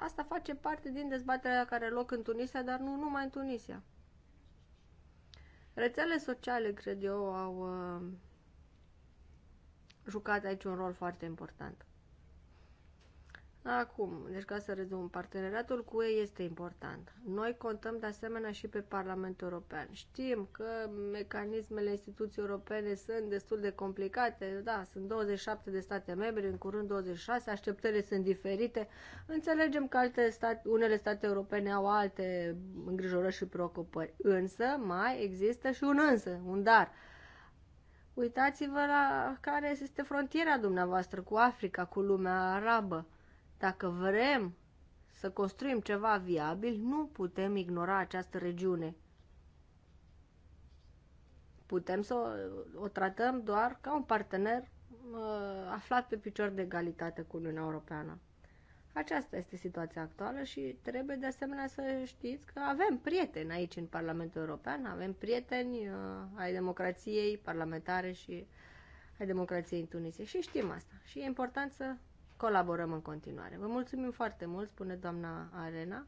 asta face parte din dezbaterea care are loc în Tunisia, dar nu numai în Tunisia. Rețelele sociale, cred eu, au uh, jucat aici un rol foarte important. Acum, deci ca să rezum, parteneriatul cu ei este important. Noi contăm de asemenea și pe Parlamentul European. Știm că mecanismele instituției europene sunt destul de complicate, da, sunt 27 de state membre, în curând 26, așteptările sunt diferite. Înțelegem că alte state, unele state europene au alte îngrijorări și preocupări, însă mai există și un însă, un dar. Uitați-vă la care este frontiera dumneavoastră cu Africa, cu lumea arabă dacă vrem să construim ceva viabil, nu putem ignora această regiune. Putem să o, o tratăm doar ca un partener uh, aflat pe picior de egalitate cu Uniunea Europeană. Aceasta este situația actuală și trebuie de asemenea să știți că avem prieteni aici în Parlamentul European, avem prieteni uh, ai democrației parlamentare și ai democrației în Tunisie și știm asta. Și e important să colaborăm în continuare. Vă mulțumim foarte mult, spune doamna Arena.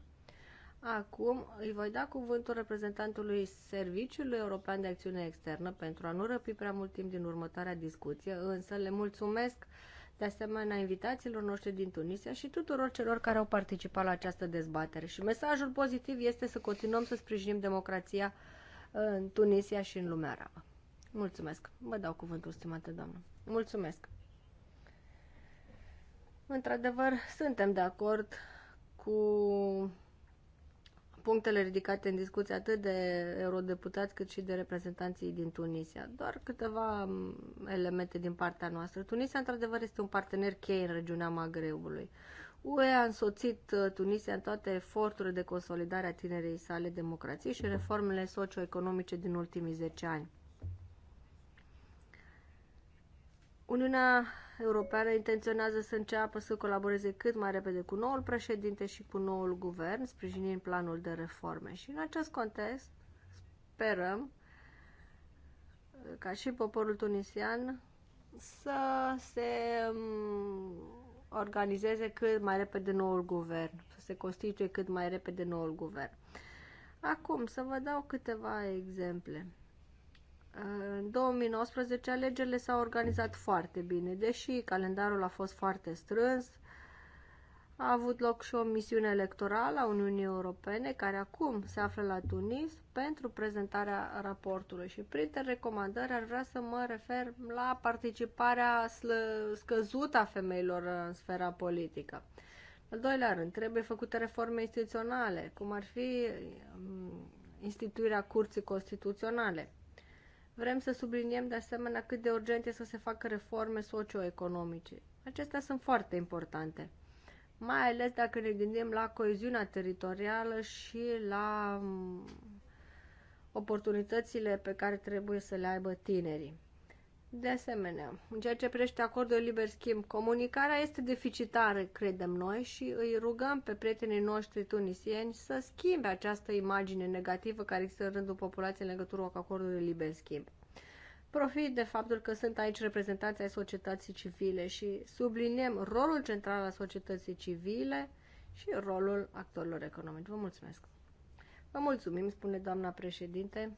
Acum îi voi da cuvântul reprezentantului Serviciului European de Acțiune Externă pentru a nu răpi prea mult timp din următoarea discuție, însă le mulțumesc de asemenea invitațiilor noștri din Tunisia și tuturor celor care au participat la această dezbatere. Și mesajul pozitiv este să continuăm să sprijinim democrația în Tunisia și în lumea arabă. Mulțumesc. Vă dau cuvântul, stimată doamnă. Mulțumesc. Într-adevăr, suntem de acord cu punctele ridicate în discuție atât de eurodeputați cât și de reprezentanții din Tunisia. Doar câteva elemente din partea noastră. Tunisia, într-adevăr, este un partener cheie în regiunea Magrebului. UE a însoțit uh, Tunisia în toate eforturile de consolidare a tinerei sale democrației și reformele socioeconomice din ultimii 10 ani. Uniunea Europeană intenționează să înceapă să colaboreze cât mai repede cu noul președinte și cu noul guvern, sprijinind planul de reforme. Și în acest context sperăm ca și poporul tunisian să se um, organizeze cât mai repede noul guvern, să se constituie cât mai repede noul guvern. Acum, să vă dau câteva exemple. În 2019 alegerile s-au organizat foarte bine, deși calendarul a fost foarte strâns. A avut loc și o misiune electorală a Uniunii Europene, care acum se află la Tunis pentru prezentarea raportului. Și printre recomandări ar vrea să mă refer la participarea scăzută a femeilor în sfera politică. Al doilea rând, trebuie făcute reforme instituționale, cum ar fi mm, instituirea Curții Constituționale. Vrem să subliniem de asemenea cât de urgente să se facă reforme socioeconomice. Acestea sunt foarte importante, mai ales dacă ne gândim la coeziunea teritorială și la mm, oportunitățile pe care trebuie să le aibă tinerii. De asemenea, în ceea ce privește acordul liber schimb, comunicarea este deficitară, credem noi, și îi rugăm pe prietenii noștri tunisieni să schimbe această imagine negativă care există în rândul populației în legătură cu acordul liber schimb. Profit de faptul că sunt aici reprezentanții ai societății civile și subliniem rolul central al societății civile și rolul actorilor economici. Vă mulțumesc! Vă mulțumim, spune doamna președinte.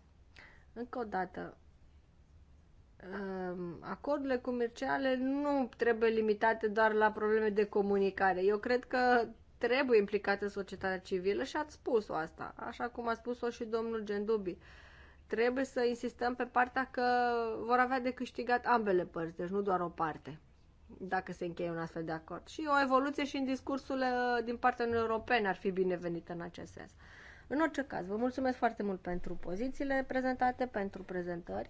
Încă o dată, Ehm, acordurile comerciale nu trebuie limitate doar la probleme de comunicare. Eu cred că trebuie implicată societatea civilă și ați spus-o asta, așa cum a spus-o și domnul Gendubi. Trebuie să insistăm pe partea că vor avea de câștigat ambele părți, deci nu doar o parte, dacă se încheie un astfel de acord. Și o evoluție și în discursul uh, din partea Uniunii Europene ar fi binevenită în acest sens. În orice caz, vă mulțumesc foarte mult pentru pozițiile prezentate, pentru prezentări.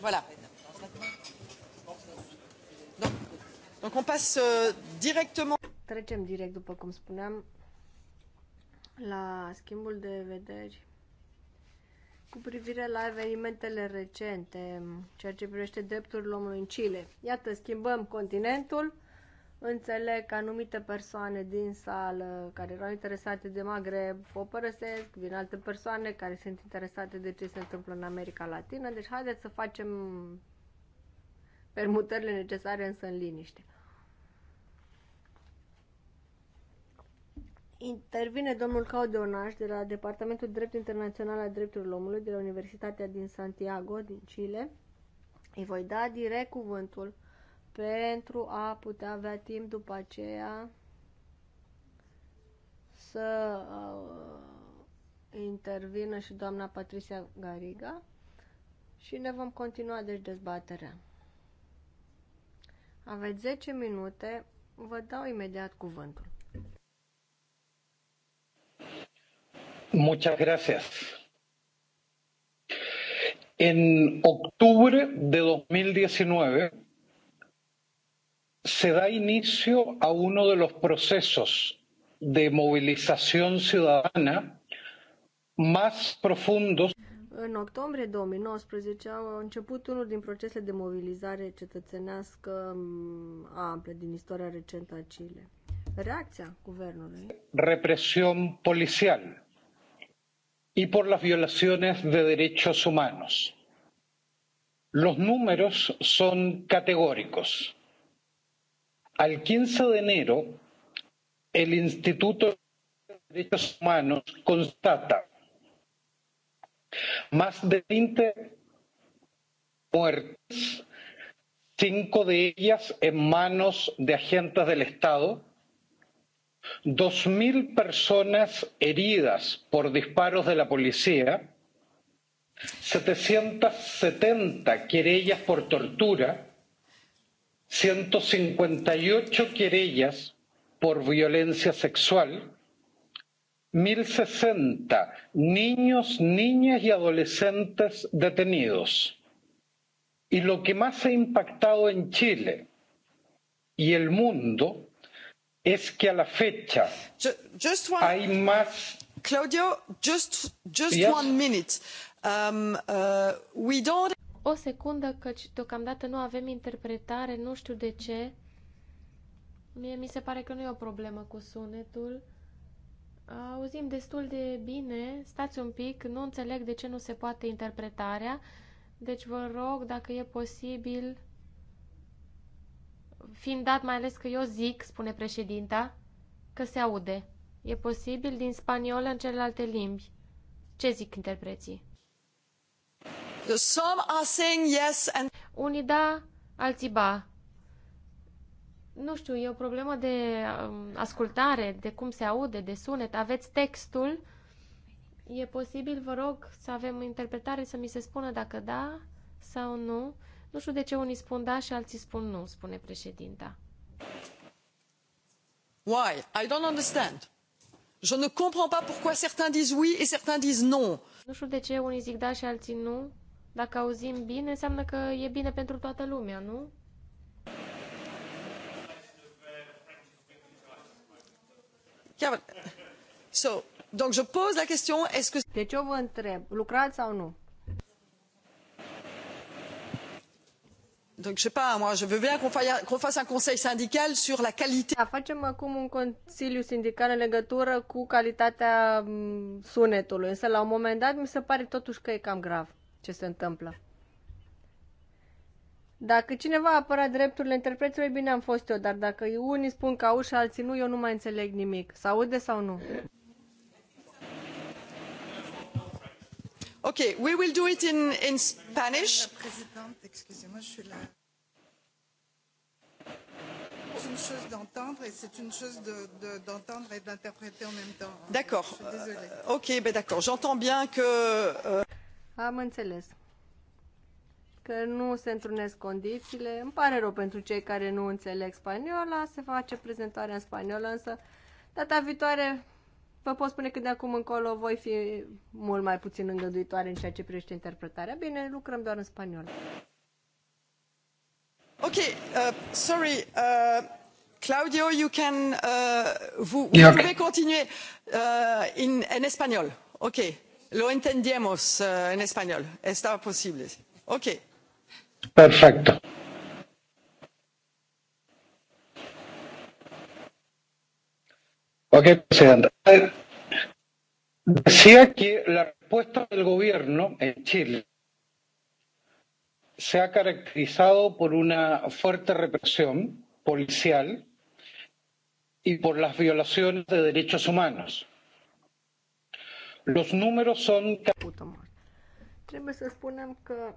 Voilà. Donc, donc on passe euh, directement. Trecem direct, după cum spuneam, la schimbul de vederi cu privire la evenimentele recente, ceea ce privește drepturile omului în Chile. Iată, schimbăm continentul Înțeleg că anumite persoane din sală care erau interesate de Maghreb o părăsesc, vin alte persoane care sunt interesate de ce se întâmplă în America Latină, deci haideți să facem permutările necesare însă în liniște. Intervine domnul Naș de la Departamentul Drept Internațional al Drepturilor Omului de la Universitatea din Santiago, din Chile. Îi voi da direct cuvântul pentru a putea avea timp după aceea să uh, intervină și doamna Patricia Gariga și ne vom continua deci dezbaterea. Aveți 10 minute, vă dau imediat cuvântul. Muchas gracias. En octubre de 2019 se da inicio a uno de los procesos de movilización ciudadana más profundos. În octombrie 2019 au început unul din procesele de mobilizare cetățenească mm, ample din istoria recentă a Chile. Reacția guvernului. Represiune policial y por las violaciones de derechos humanos. Los números son categóricos al 15 de enero, el Instituto de Derechos Humanos constata más de 20 muertes, cinco de ellas en manos de agentes del Estado, 2.000 personas heridas por disparos de la policía, 770 querellas por tortura, 158 querellas por violencia sexual, 1.060 niños, niñas y adolescentes detenidos. Y lo que más ha impactado en Chile y el mundo es que a la fecha just one, hay más. Claudio, just, just yes? one minute. Um, uh, we don't. O secundă, căci deocamdată nu avem interpretare, nu știu de ce. Mie mi se pare că nu e o problemă cu sunetul. Auzim destul de bine, stați un pic, nu înțeleg de ce nu se poate interpretarea, deci vă rog dacă e posibil, fiind dat mai ales că eu zic, spune președinta, că se aude. E posibil din spaniolă în celelalte limbi. Ce zic interpreții? Some are saying yes and... Unii da, alții ba. Nu știu, e o problemă de um, ascultare, de cum se aude, de sunet. Aveți textul. E posibil, vă rog, să avem interpretare, să mi se spună dacă da sau nu. Nu știu de ce unii spun da și alții spun nu, spune președinta. Why? I don't understand. Je ne comprends pas pourquoi certains disent oui et certains disent non. Nu știu de ce unii zic da și alții nu. Dacă auzim bine, înseamnă că e bine pentru toată lumea, nu? So, donc je pose la question, est-ce que... Deci eu vă întreb, lucrați sau nu? Donc je sais pas, moi je veux bien qu'on fasse un conseil syndical sur la qualité. Da, facem acum un consiliu sindical în legătură cu calitatea mm, sunetului, însă la un moment dat mi se pare totuși că e cam grav ce se întâmplă. Dacă cineva apăra drepturile interpreților, bine am fost eu, dar dacă unii spun că ușa, și alții nu, eu nu mai înțeleg nimic. Se aude sau nu? Ok, we will do it in, in Spanish. de, de, D'accord. ok, ben d'accord. J'entends bien que. Euh... Am înțeles că nu se întrunesc condițiile. Îmi pare rău pentru cei care nu înțeleg spaniola, se face prezentarea în spaniolă, însă data viitoare vă pot spune că de acum încolo voi fi mult mai puțin îngăduitoare în ceea ce privește interpretarea. Bine, lucrăm doar în spaniolă. Ok, uh, sorry, uh, Claudio, you can, uh, vous, vous okay. pouvez continuer uh, in, in espagnol. Ok. Lo entendemos uh, eh, en español. Estaba posible. Ok. Perfecto. Ok, presidente. Decía que la respuesta del gobierno en Chile se ha caracterizado por una fuerte represión policial y por las violaciones de derechos humanos Los números son... Trebuie să spunem că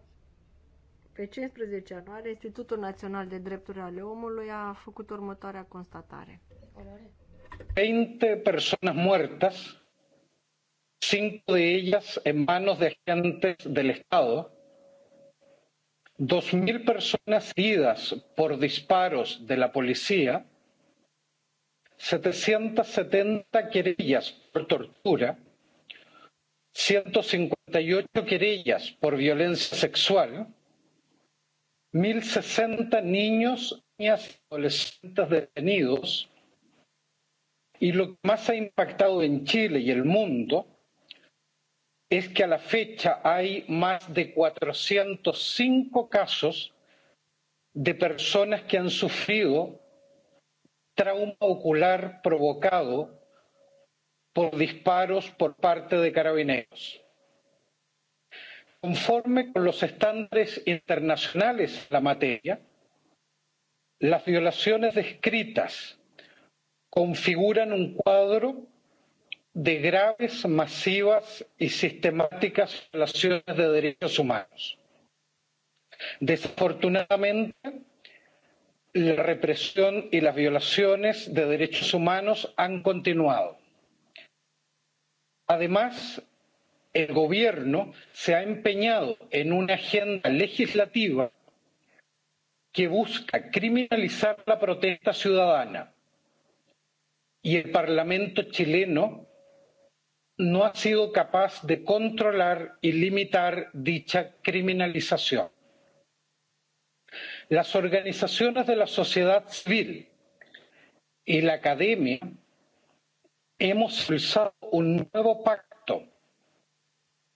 pe 15 ianuarie, Institutul Național de Drepturi ale Omului a făcut următoarea constatare. 20 persoane muertas, 5 de ellas en manos de agentes del Estado, 2.000 personas heridas por disparos de la policía, 770 querellas por tortura, 158 querellas por violencia sexual, 1.060 niños, niñas y adolescentes detenidos. Y lo que más ha impactado en Chile y el mundo es que a la fecha hay más de 405 casos de personas que han sufrido trauma ocular provocado por disparos por parte de carabineros. Conforme con los estándares internacionales en la materia, las violaciones descritas configuran un cuadro de graves, masivas y sistemáticas violaciones de derechos humanos. Desafortunadamente, la represión y las violaciones de derechos humanos han continuado además el gobierno se ha empeñado en una agenda legislativa que busca criminalizar la protesta ciudadana y el parlamento chileno no ha sido capaz de controlar y limitar dicha criminalización. Las organizaciones de la sociedad civil y la academia hemos realizado un nuevo pacto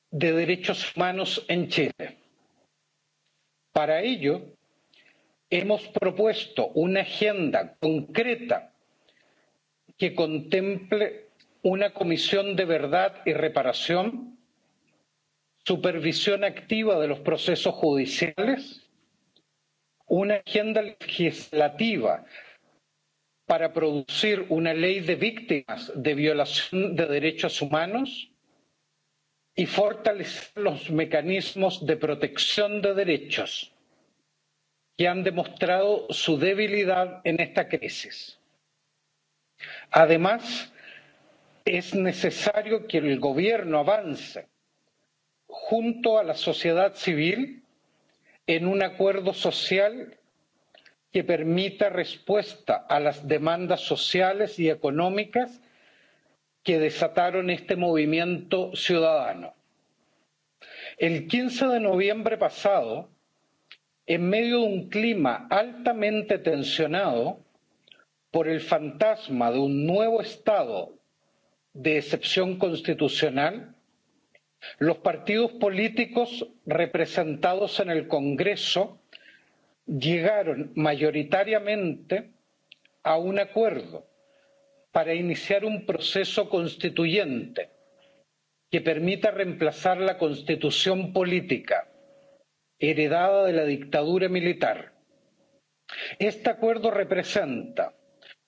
de derechos humanos en Chile. Para ello, hemos propuesto una agenda concreta que contemple una comisión de verdad y reparación, supervisión activa de los procesos judiciales, una agenda legislativa para producir una ley de víctimas de violación de derechos humanos y fortalecer los mecanismos de protección de derechos que han demostrado su debilidad en esta crisis. Además, es necesario que el gobierno avance junto a la sociedad civil en un acuerdo social que permita respuesta a las demandas sociales y económicas que desataron este movimiento ciudadano. El 15 de noviembre pasado, en medio de un clima altamente tensionado por el fantasma de un nuevo estado de excepción constitucional, los partidos políticos representados en el Congreso llegaron mayoritariamente a un acuerdo para iniciar un proceso constituyente que permita reemplazar la constitución política heredada de la dictadura militar. Este acuerdo representa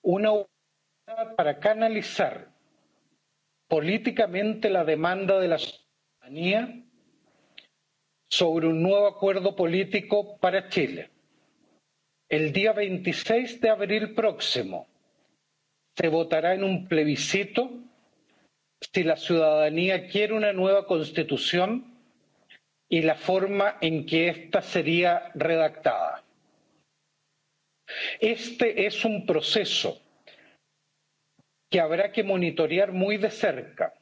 una oportunidad para canalizar políticamente la demanda de la ciudadanía sobre un nuevo acuerdo político para Chile el día 26 de abril próximo se votará en un plebiscito si la ciudadanía quiere una nueva constitución y la forma en que ésta sería redactada. Este es un proceso que habrá que monitorear muy de cerca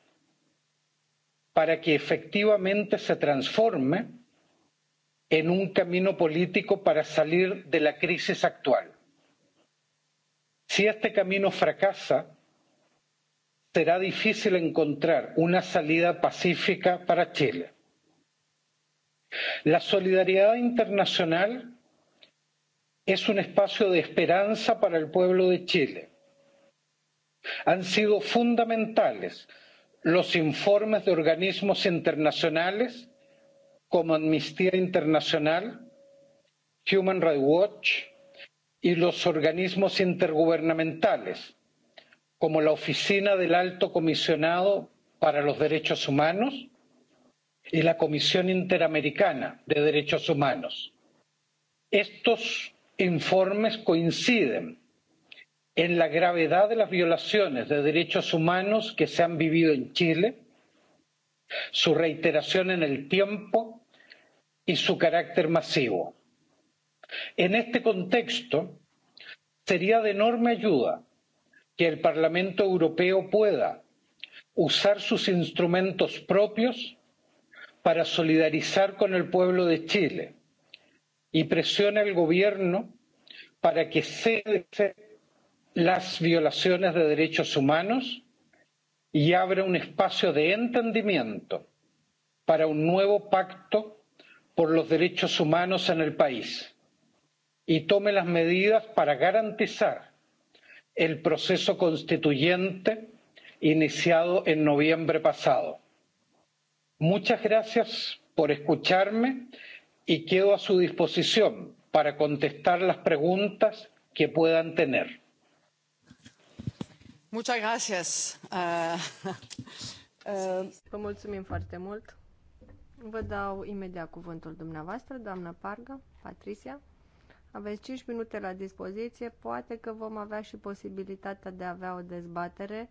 para que efectivamente se transforme en un camino político para salir de la crisis actual. Si este camino fracasa, será difícil encontrar una salida pacífica para Chile. La solidaridad internacional es un espacio de esperanza para el pueblo de Chile. Han sido fundamentales los informes de organismos internacionales como Amnistía Internacional, Human Rights Watch y los organismos intergubernamentales, como la Oficina del Alto Comisionado para los Derechos Humanos y la Comisión Interamericana de Derechos Humanos. Estos informes coinciden en la gravedad de las violaciones de derechos humanos que se han vivido en Chile su reiteración en el tiempo y su carácter masivo. En este contexto, sería de enorme ayuda que el Parlamento Europeo pueda usar sus instrumentos propios para solidarizar con el pueblo de Chile y presione al gobierno para que cese las violaciones de derechos humanos y abre un espacio de entendimiento para un nuevo pacto por los derechos humanos en el país y tome las medidas para garantizar el proceso constituyente iniciado en noviembre pasado. Muchas gracias por escucharme y quedo a su disposición para contestar las preguntas que puedan tener. Eh, <laughs> eh, Vă mulțumim foarte mult. Vă dau imediat cuvântul dumneavoastră, doamna Parga, Patricia. Aveți 5 minute la dispoziție, poate că vom avea și posibilitatea de a avea o dezbatere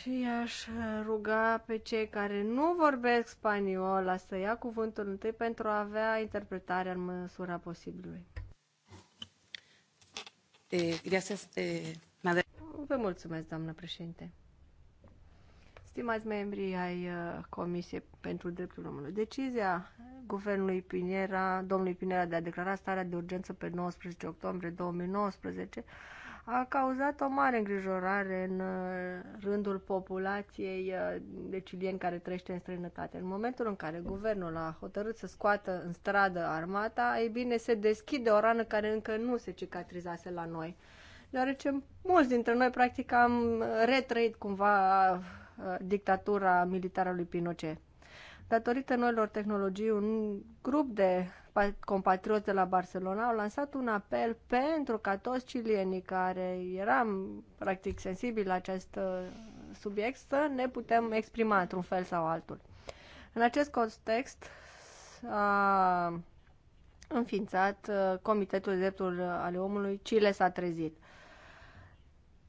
și aș ruga pe cei care nu vorbesc spaniola să ia cuvântul întâi pentru a avea interpretarea în măsura posibilului. Eh, gracias, eh, madre. Vă mulțumesc, doamnă președinte. Stimați membri ai uh, Comisiei pentru Dreptul Omului, decizia guvernului Pinera, domnului Pinera de a declara starea de urgență pe 19 octombrie 2019 a cauzat o mare îngrijorare în uh, rândul populației uh, de cilieni care trăiește în străinătate. În momentul în care guvernul a hotărât să scoată în stradă armata, ei bine, se deschide o rană care încă nu se cicatrizase la noi. Deoarece mulți dintre noi, practic, am retrăit cumva uh, dictatura militară lui Pinochet. Datorită noilor tehnologii, un grup de compatriot de la Barcelona au lansat un apel pentru ca toți cilienii care eram practic sensibili la acest uh, subiect să ne putem exprima într-un fel sau altul. În acest context a înființat uh, Comitetul de Drepturi ale Omului, Chile s-a trezit.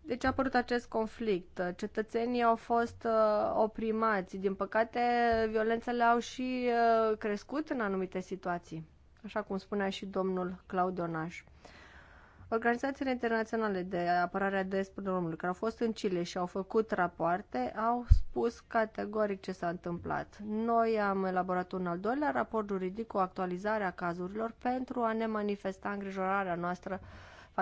Deci a apărut acest conflict. Cetățenii au fost uh, oprimați. Din păcate, violențele au și uh, crescut în anumite situații așa cum spunea și domnul Claudionaș. Organizațiile internaționale de apărare a drepturilor omului care au fost în Chile și au făcut rapoarte au spus categoric ce s-a întâmplat. Noi am elaborat un al doilea raport juridic cu actualizarea cazurilor pentru a ne manifesta îngrijorarea noastră uh,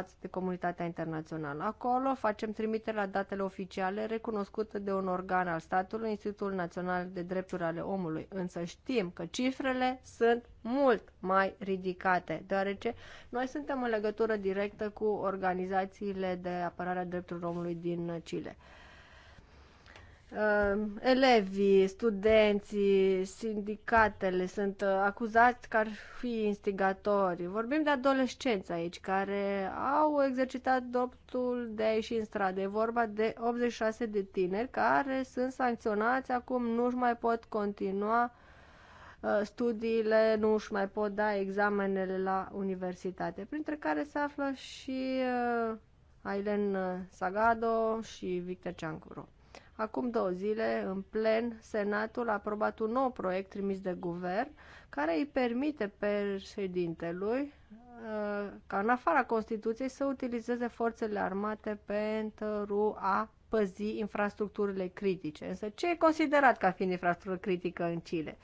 față de comunitatea internațională. Acolo facem trimitere la datele oficiale recunoscute de un organ al statului, Institutul Național de Drepturi ale Omului, însă știm că cifrele sunt mult mai ridicate, deoarece noi suntem în legătură directă cu organizațiile de apărare a drepturilor omului din Chile uh, elevii, studenții, sindicatele sunt uh, acuzați că ar fi instigatori. Vorbim de adolescenți aici care au exercitat dreptul de a ieși în stradă. E vorba de 86 de tineri care sunt sancționați acum, nu-și mai pot continua uh, studiile, nu își mai pot da examenele la universitate, printre care se află și uh, Ailen Sagado și Victor Ciancuro. Acum două zile, în plen, Senatul a aprobat un nou proiect trimis de guvern care îi permite președintelui, uh, ca în afara Constituției, să utilizeze forțele armate pentru a păzi infrastructurile critice. Însă ce e considerat ca fiind infrastructură critică în Chile?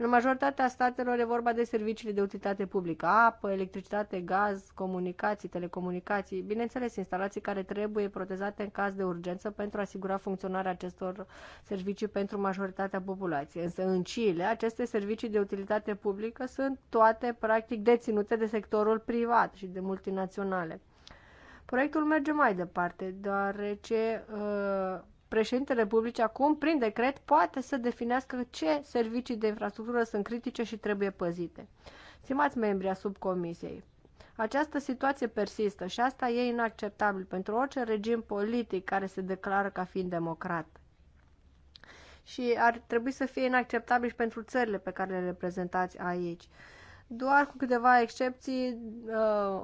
În majoritatea statelor e vorba de serviciile de utilitate publică, apă, electricitate, gaz, comunicații, telecomunicații, bineînțeles instalații care trebuie protezate în caz de urgență pentru a asigura funcționarea acestor servicii pentru majoritatea populației. Însă în Chile, aceste servicii de utilitate publică sunt toate practic deținute de sectorul privat și de multinaționale. Proiectul merge mai departe, deoarece uh, președintele Republicii acum, prin decret, poate să definească ce servicii de infrastructură sunt critice și trebuie păzite. Stimați membri a subcomisiei, această situație persistă și asta e inacceptabil pentru orice regim politic care se declară ca fiind democrat. Și ar trebui să fie inacceptabil și pentru țările pe care le reprezentați aici doar cu câteva excepții uh,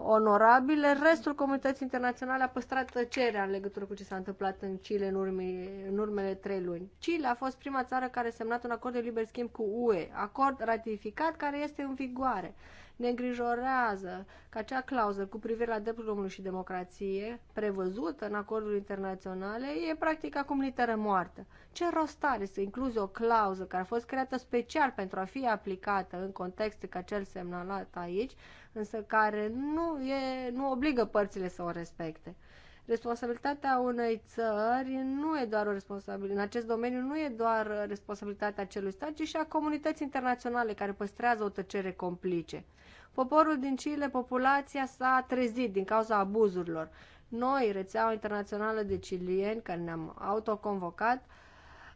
onorabile, restul comunității internaționale a păstrat tăcerea în legătură cu ce s-a întâmplat în Chile în, urme, în urmele trei luni. Chile a fost prima țară care a semnat un acord de liber schimb cu UE, acord ratificat care este în vigoare. Ne îngrijorează că acea clauză cu privire la dreptul omului și democrație, prevăzută în acordul internaționale, e practic acum literă moartă. Ce rost are să incluzi o clauză care a fost creată special pentru a fi aplicată în contexte ca cel semnalat aici, însă care nu, e, nu obligă părțile să o respecte? responsabilitatea unei țări nu e doar o responsabilitate, în acest domeniu nu e doar responsabilitatea acelui stat, ci și a comunității internaționale care păstrează o tăcere complice. Poporul din Chile, populația s-a trezit din cauza abuzurilor. Noi, rețeaua internațională de chilieni, care ne-am autoconvocat,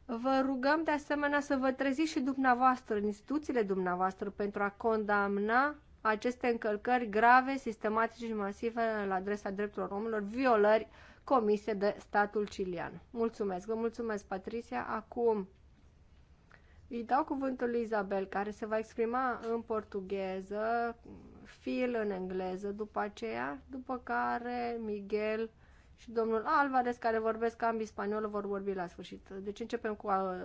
vă rugăm de asemenea să vă treziți și dumneavoastră, în instituțiile dumneavoastră, pentru a condamna aceste încălcări grave, sistematice și masive la adresa drepturilor omului, violări comise de statul cilian. Mulțumesc! Vă mulțumesc, Patricia! Acum îi dau cuvântul lui Isabel, care se va exprima în portugheză, fil în engleză după aceea, după care Miguel și domnul Alvarez, care vorbesc ambii spaniolă, vor vorbi la sfârșit. Deci începem cu uh,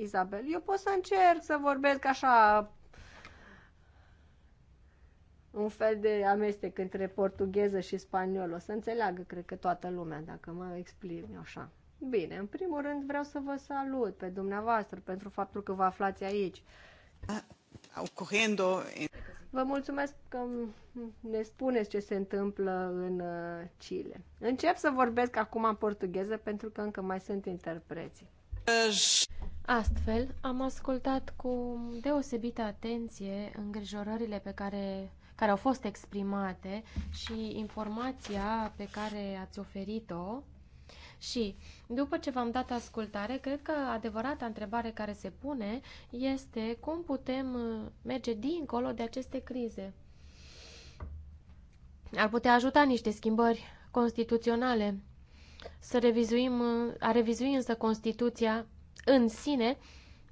Isabel. Eu pot să încerc să vorbesc așa un fel de amestec între portugheză și spaniolă. O să înțeleagă, cred că, toată lumea, dacă mă explic așa. Bine, în primul rând vreau să vă salut pe dumneavoastră pentru faptul că vă aflați aici. Ah, vă mulțumesc că ne spuneți ce se întâmplă în uh, Chile. Încep să vorbesc acum în portugheză pentru că încă mai sunt interpreții. Astfel, am ascultat cu deosebită atenție îngrijorările pe care, care au fost exprimate și informația pe care ați oferit-o și după ce v-am dat ascultare, cred că adevărata întrebare care se pune este cum putem uh, merge dincolo de aceste crize. Ar putea ajuta niște schimbări constituționale să revizuim, uh, a revizui însă Constituția în sine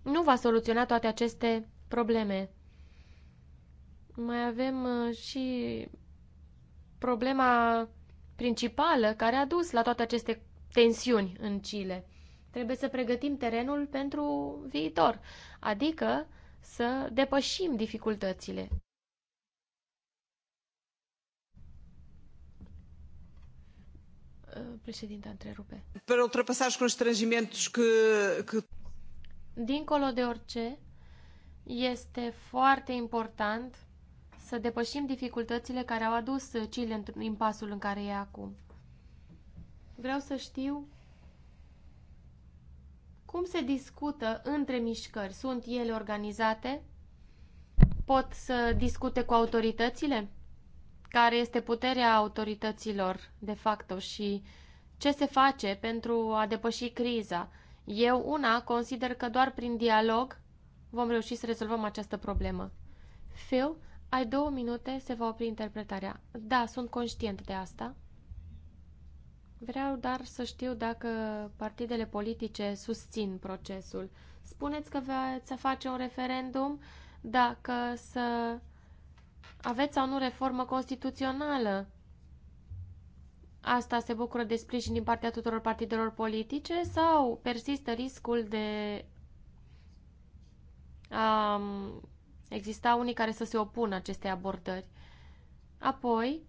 nu va soluționa toate aceste probleme. Mai avem uh, și problema principală care a dus la toate aceste tensiuni în Chile. Trebuie să pregătim terenul pentru viitor, adică să depășim dificultățile. Uh, președinte, întrerupe. Pentru ultrapassar os constrangimentos că, că... Dincolo de orice, este foarte important să depășim dificultățile care au adus Chile în impasul în care e acum. Vreau să știu cum se discută între mișcări. Sunt ele organizate? Pot să discute cu autoritățile? Care este puterea autorităților de facto și ce se face pentru a depăși criza? Eu, una, consider că doar prin dialog vom reuși să rezolvăm această problemă. Phil, ai două minute, se va opri interpretarea. Da, sunt conștient de asta. Vreau dar să știu dacă partidele politice susțin procesul. Spuneți că veți face un referendum dacă să aveți sau nu reformă constituțională. Asta se bucură de sprijin din partea tuturor partidelor politice sau persistă riscul de a um, exista unii care să se opună acestei abordări? Apoi,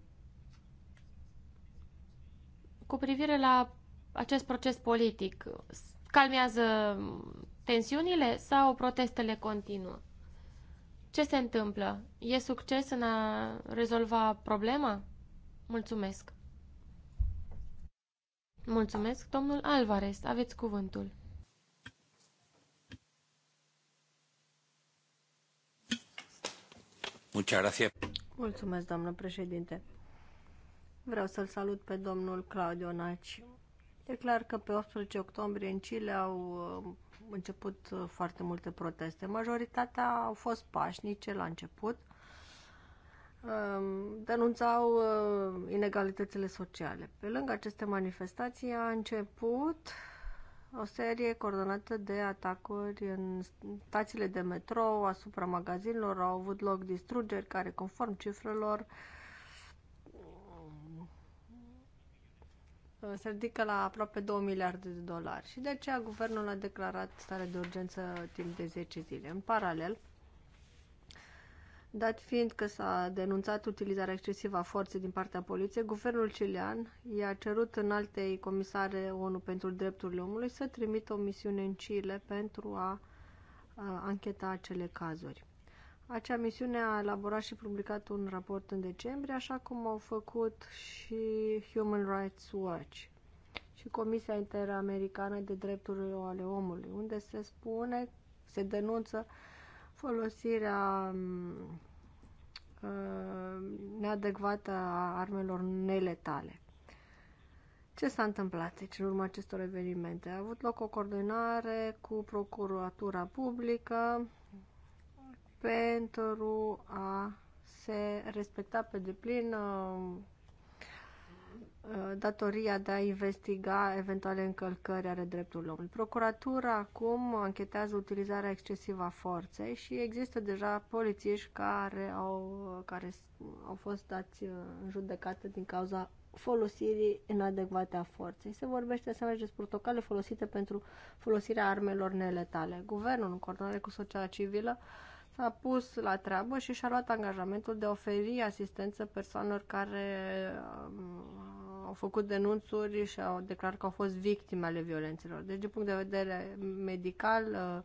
cu privire la acest proces politic. Calmează tensiunile sau protestele continuă? Ce se întâmplă? E succes în a rezolva problema? Mulțumesc! Mulțumesc, domnul Alvarez. Aveți cuvântul. Mulțumesc, domnul președinte. Vreau să-l salut pe domnul Claudio Naci. E clar că pe 18 octombrie în Chile au uh, început uh, foarte multe proteste. Majoritatea au fost pașnice la început. Um, denunțau uh, inegalitățile sociale. Pe lângă aceste manifestații a început o serie coordonată de atacuri în stațiile de metrou, asupra magazinelor, au avut loc distrugeri care, conform cifrelor, Uh, se ridică la aproape 2 miliarde de dolari și de aceea guvernul a declarat stare de urgență timp de 10 zile. În paralel, dat fiind că s-a denunțat utilizarea excesivă a forței din partea poliției, guvernul chilean i-a cerut în altei comisare ONU pentru drepturile omului să trimită o misiune în Chile pentru a ancheta acele cazuri. Acea misiune a elaborat și publicat un raport în decembrie, așa cum au făcut și Human Rights Watch și Comisia Interamericană de Drepturile ale Omului, unde se spune, se denunță folosirea mm, uh, neadecvată a armelor neletale. Ce s-a întâmplat deci, în urma acestor evenimente? A avut loc o coordonare cu Procuratura Publică, pentru a se respecta pe deplin uh, uh, datoria de a investiga eventuale încălcări ale drepturilor omului. Procuratura acum anchetează utilizarea excesivă a forței și există deja polițiști care au, care au fost dați uh, în judecată din cauza folosirii inadecvate a forței. Se vorbește asemenea despre protocole folosite pentru folosirea armelor neletale. Guvernul, în coordonare cu societatea civilă, s-a pus la treabă și și-a luat angajamentul de a oferi asistență persoanelor care um, au făcut denunțuri și au declarat că au fost victime ale violențelor. Deci, din punct de vedere medical, uh,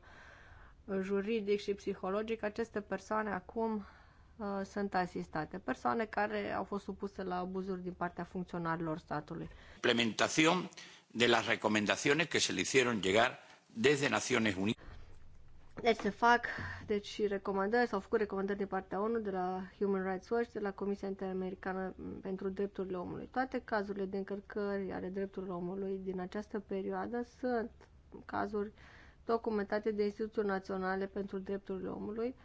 juridic și psihologic, aceste persoane acum uh, sunt asistate. Persoane care au fost supuse la abuzuri din partea funcționarilor statului. Implementación de las recomendaciones que se le hicieron llegar desde Naciones Unidas. Deci se fac deci, recomandări, s-au făcut recomandări din partea ONU, de la Human Rights Watch, de la Comisia Interamericană pentru Drepturile Omului. Toate cazurile de încălcări ale drepturilor omului din această perioadă sunt cazuri documentate de Institutul Naționale pentru Drepturile Omului,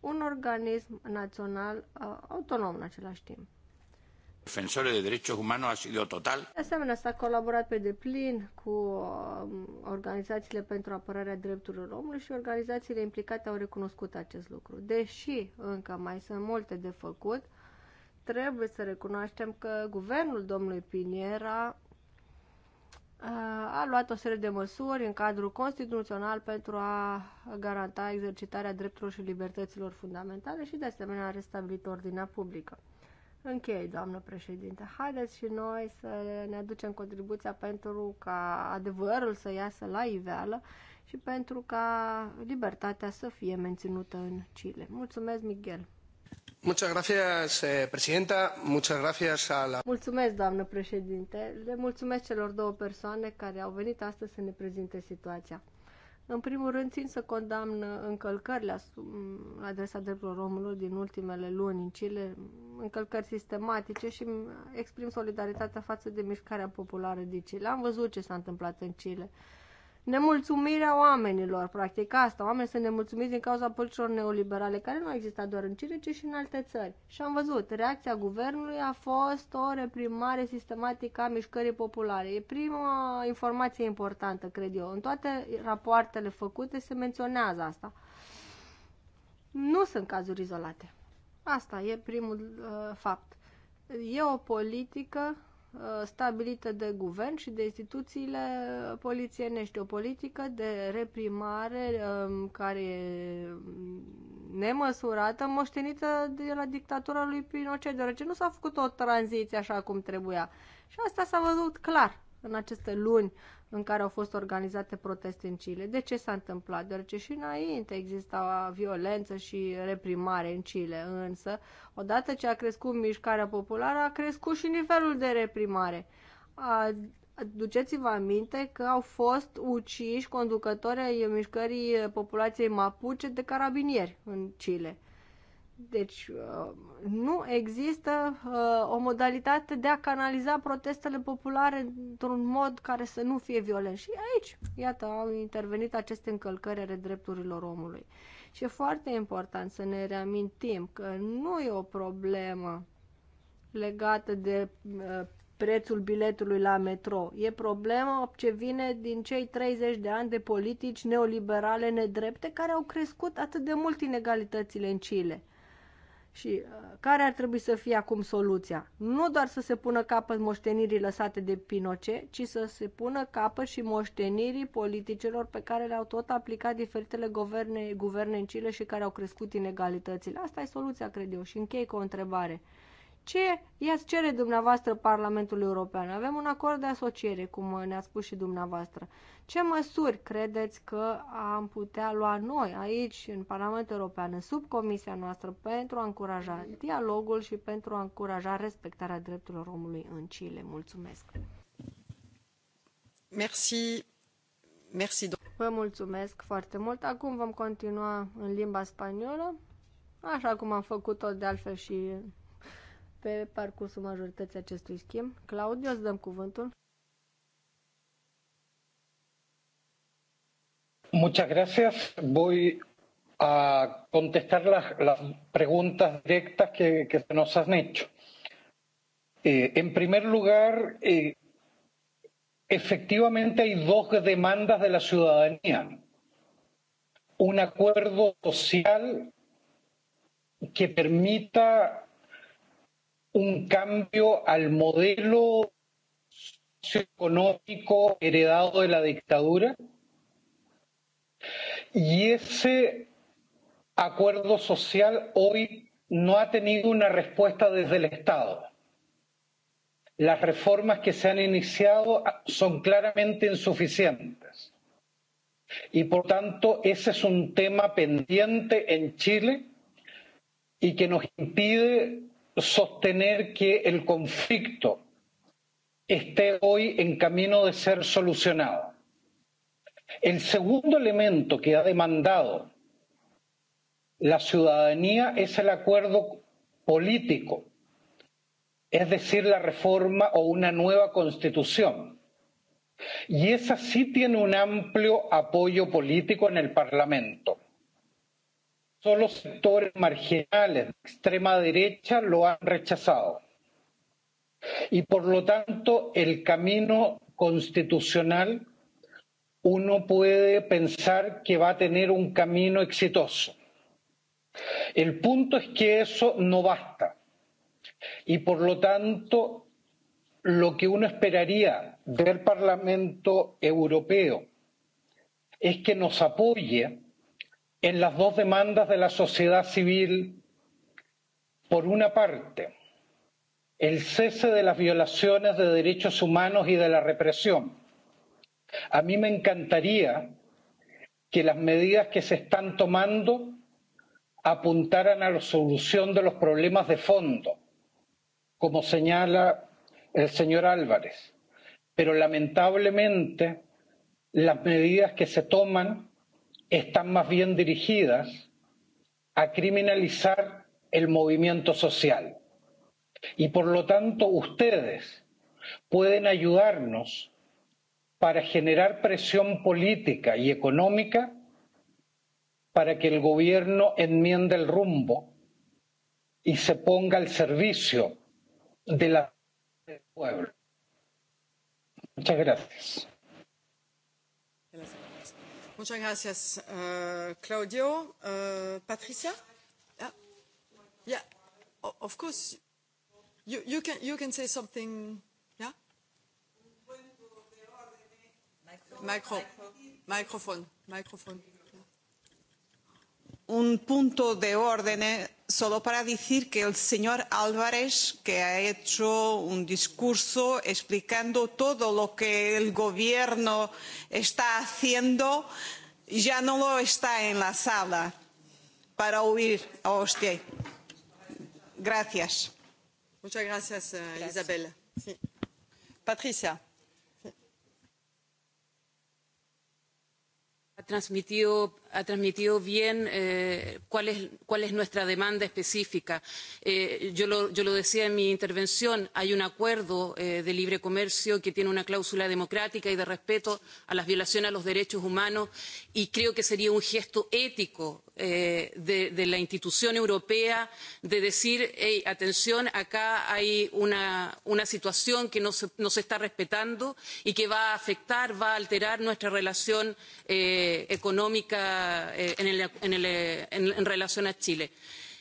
un organism național uh, autonom în același timp defensores de derechos humanos ha sido total. De asemenea, s-a colaborat pe deplin cu um, organizațiile pentru apărarea drepturilor omului și organizațiile implicate au recunoscut acest lucru. Deși încă mai sunt multe de făcut, trebuie să recunoaștem că guvernul domnului Piniera uh, a luat o serie de măsuri în cadrul constituțional pentru a garanta exercitarea drepturilor și libertăților fundamentale și de asemenea a restabilit ordinea publică. Închei, doamnă președinte. Haideți și noi să ne aducem contribuția pentru ca adevărul să iasă la iveală și pentru ca libertatea să fie menținută în Chile. Mulțumesc, Miguel. Muchas gracias, eh, presidenta. Muchas gracias a la... Mulțumesc, doamnă președinte. Le mulțumesc celor două persoane care au venit astăzi să ne prezinte situația. În primul rând, țin să condamn încălcările la adresa drepturilor omului din ultimele luni în Chile, încălcări sistematice și exprim solidaritatea față de mișcarea populară din Chile. Am văzut ce s-a întâmplat în Chile nemulțumirea oamenilor, practic asta, oamenii sunt nemulțumiți din cauza politicilor neoliberale, care nu există doar în Chile, ci și în alte țări. Și am văzut, reacția guvernului a fost o reprimare sistematică a mișcării populare. E prima informație importantă, cred eu. În toate rapoartele făcute se menționează asta. Nu sunt cazuri izolate. Asta e primul uh, fapt. E o politică Uh, stabilită de guvern și de instituțiile polițienești. O politică de reprimare um, care e nemăsurată, moștenită de la dictatura lui Pinochet, deoarece nu s-a făcut o tranziție așa cum trebuia. Și asta s-a văzut clar în aceste luni în care au fost organizate proteste în Chile. De ce s-a întâmplat? Deoarece și înainte exista violență și reprimare în Chile, însă odată ce a crescut mișcarea populară, a crescut și nivelul de reprimare. A, duceți-vă aminte că au fost uciși conducători ai mișcării populației mapuche de carabinieri în Chile. Deci uh, nu există uh, o modalitate de a canaliza protestele populare într-un mod care să nu fie violent. Și aici, iată, au intervenit aceste încălcări ale drepturilor omului. Și e foarte important să ne reamintim că nu e o problemă legată de uh, prețul biletului la metro. E problema ce vine din cei 30 de ani de politici neoliberale nedrepte care au crescut atât de mult inegalitățile în Chile. Și uh, care ar trebui să fie acum soluția? Nu doar să se pună capăt moștenirii lăsate de pinoce, ci să se pună capăt și moștenirii politicilor pe care le-au tot aplicat diferitele guverne, guverne în Chile și care au crescut inegalitățile. Asta e soluția, cred eu. Și închei cu o întrebare. Ce i-ați cere dumneavoastră Parlamentului European? Avem un acord de asociere, cum ne-a spus și dumneavoastră. Ce măsuri credeți că am putea lua noi aici, în Parlamentul European, în subcomisia noastră, pentru a încuraja dialogul și pentru a încuraja respectarea drepturilor omului în Chile? Mulțumesc! Merci. Merci. Vă mulțumesc foarte mult. Acum vom continua în limba spaniolă, așa cum am făcut-o de altfel și pe parcursul majorității acestui schimb. Claudiu, îți dăm cuvântul. Muchas gracias. Voy a contestar las, las preguntas directas que, que se nos han hecho. Eh, en primer lugar, eh, efectivamente hay dos demandas de la ciudadanía. Un acuerdo social que permita un cambio al modelo socioeconómico heredado de la dictadura y ese acuerdo social hoy no ha tenido una respuesta desde el Estado. Las reformas que se han iniciado son claramente insuficientes y por tanto ese es un tema pendiente en Chile y que nos impide sostener que el conflicto esté hoy en camino de ser solucionado. El segundo elemento que ha demandado la ciudadanía es el acuerdo político, es decir, la reforma o una nueva constitución. Y esa sí tiene un amplio apoyo político en el Parlamento. Solo sectores marginales de extrema derecha lo han rechazado. Y por lo tanto, el camino constitucional uno puede pensar que va a tener un camino exitoso. El punto es que eso no basta. Y por lo tanto, lo que uno esperaría del Parlamento Europeo es que nos apoye en las dos demandas de la sociedad civil, por una parte, el cese de las violaciones de derechos humanos y de la represión. A mí me encantaría que las medidas que se están tomando apuntaran a la solución de los problemas de fondo, como señala el señor Álvarez. Pero lamentablemente las medidas que se toman están más bien dirigidas a criminalizar el movimiento social. Y por lo tanto ustedes pueden ayudarnos para generar presión política y económica para que el gobierno enmiende el rumbo y se ponga al servicio de la del pueblo. Muchas gracias. Muchas uh, Claudio. Uh, Patricia? Ah, yeah. yeah. of course. You, you, can, you can say something. Yeah? Micro. Microphone. Microphone un punto de orden solo para decir que el señor Álvarez, que ha hecho un discurso explicando todo lo que el gobierno está haciendo, ya no lo está en la sala para oír a usted. Gracias. Muchas gracias, eh, gracias. Isabel. Sí. Patricia. Sí. Ha transmitido ha transmitido bien eh, cuál, es, cuál es nuestra demanda específica. Eh, yo, lo, yo lo decía en mi intervención, hay un acuerdo eh, de libre comercio que tiene una cláusula democrática y de respeto a las violaciones a los derechos humanos y creo que sería un gesto ético eh, de, de la institución europea de decir, hey, atención, acá hay una, una situación que no se, no se está respetando y que va a afectar, va a alterar nuestra relación eh, económica Eh, en, el, en, el, en, en relación a Chile.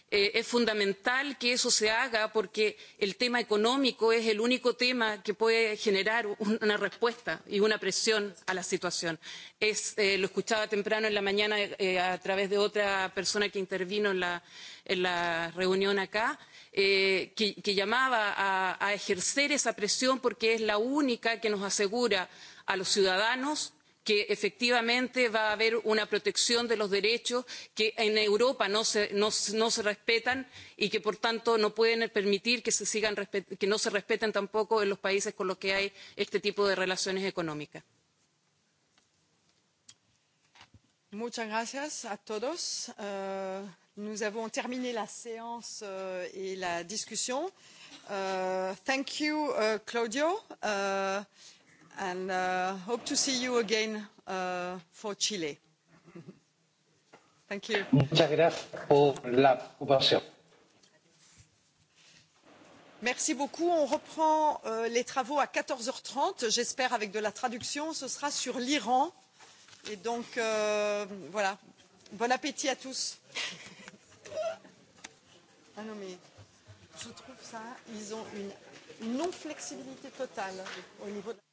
Eh, es fundamental que eso se haga porque el tema económico es el único tema que puede generar una respuesta y una presión a la situación. Es, eh, lo escuchaba temprano en la mañana eh, a través de otra persona que intervino en la, en la reunión acá. Eh, que, que llamaba a, a ejercer esa presión porque es la única que nos asegura a los ciudadanos que efectivamente va a haber una protección de los derechos que en Europa no se, no, no se respetan y que por tanto no pueden permitir que, se sigan, que no se respeten tampoco en los países con los que hay este tipo de relaciones económicas. Muchas gracias a todos. Uh, nous avons terminé la séance uh, et la discussion. Uh, thank you, uh, Claudio. Uh, and uh, hope to see you again uh, for Chile. Thank you. Muchas gracias por la ocupación. Merci beaucoup. On reprend euh, les travaux à 14h30, j'espère avec de la traduction. Ce sera sur l'Iran. Et donc, euh, voilà. Bon appétit à tous. ah non, mais je trouve ça, ils ont une non-flexibilité totale au niveau de...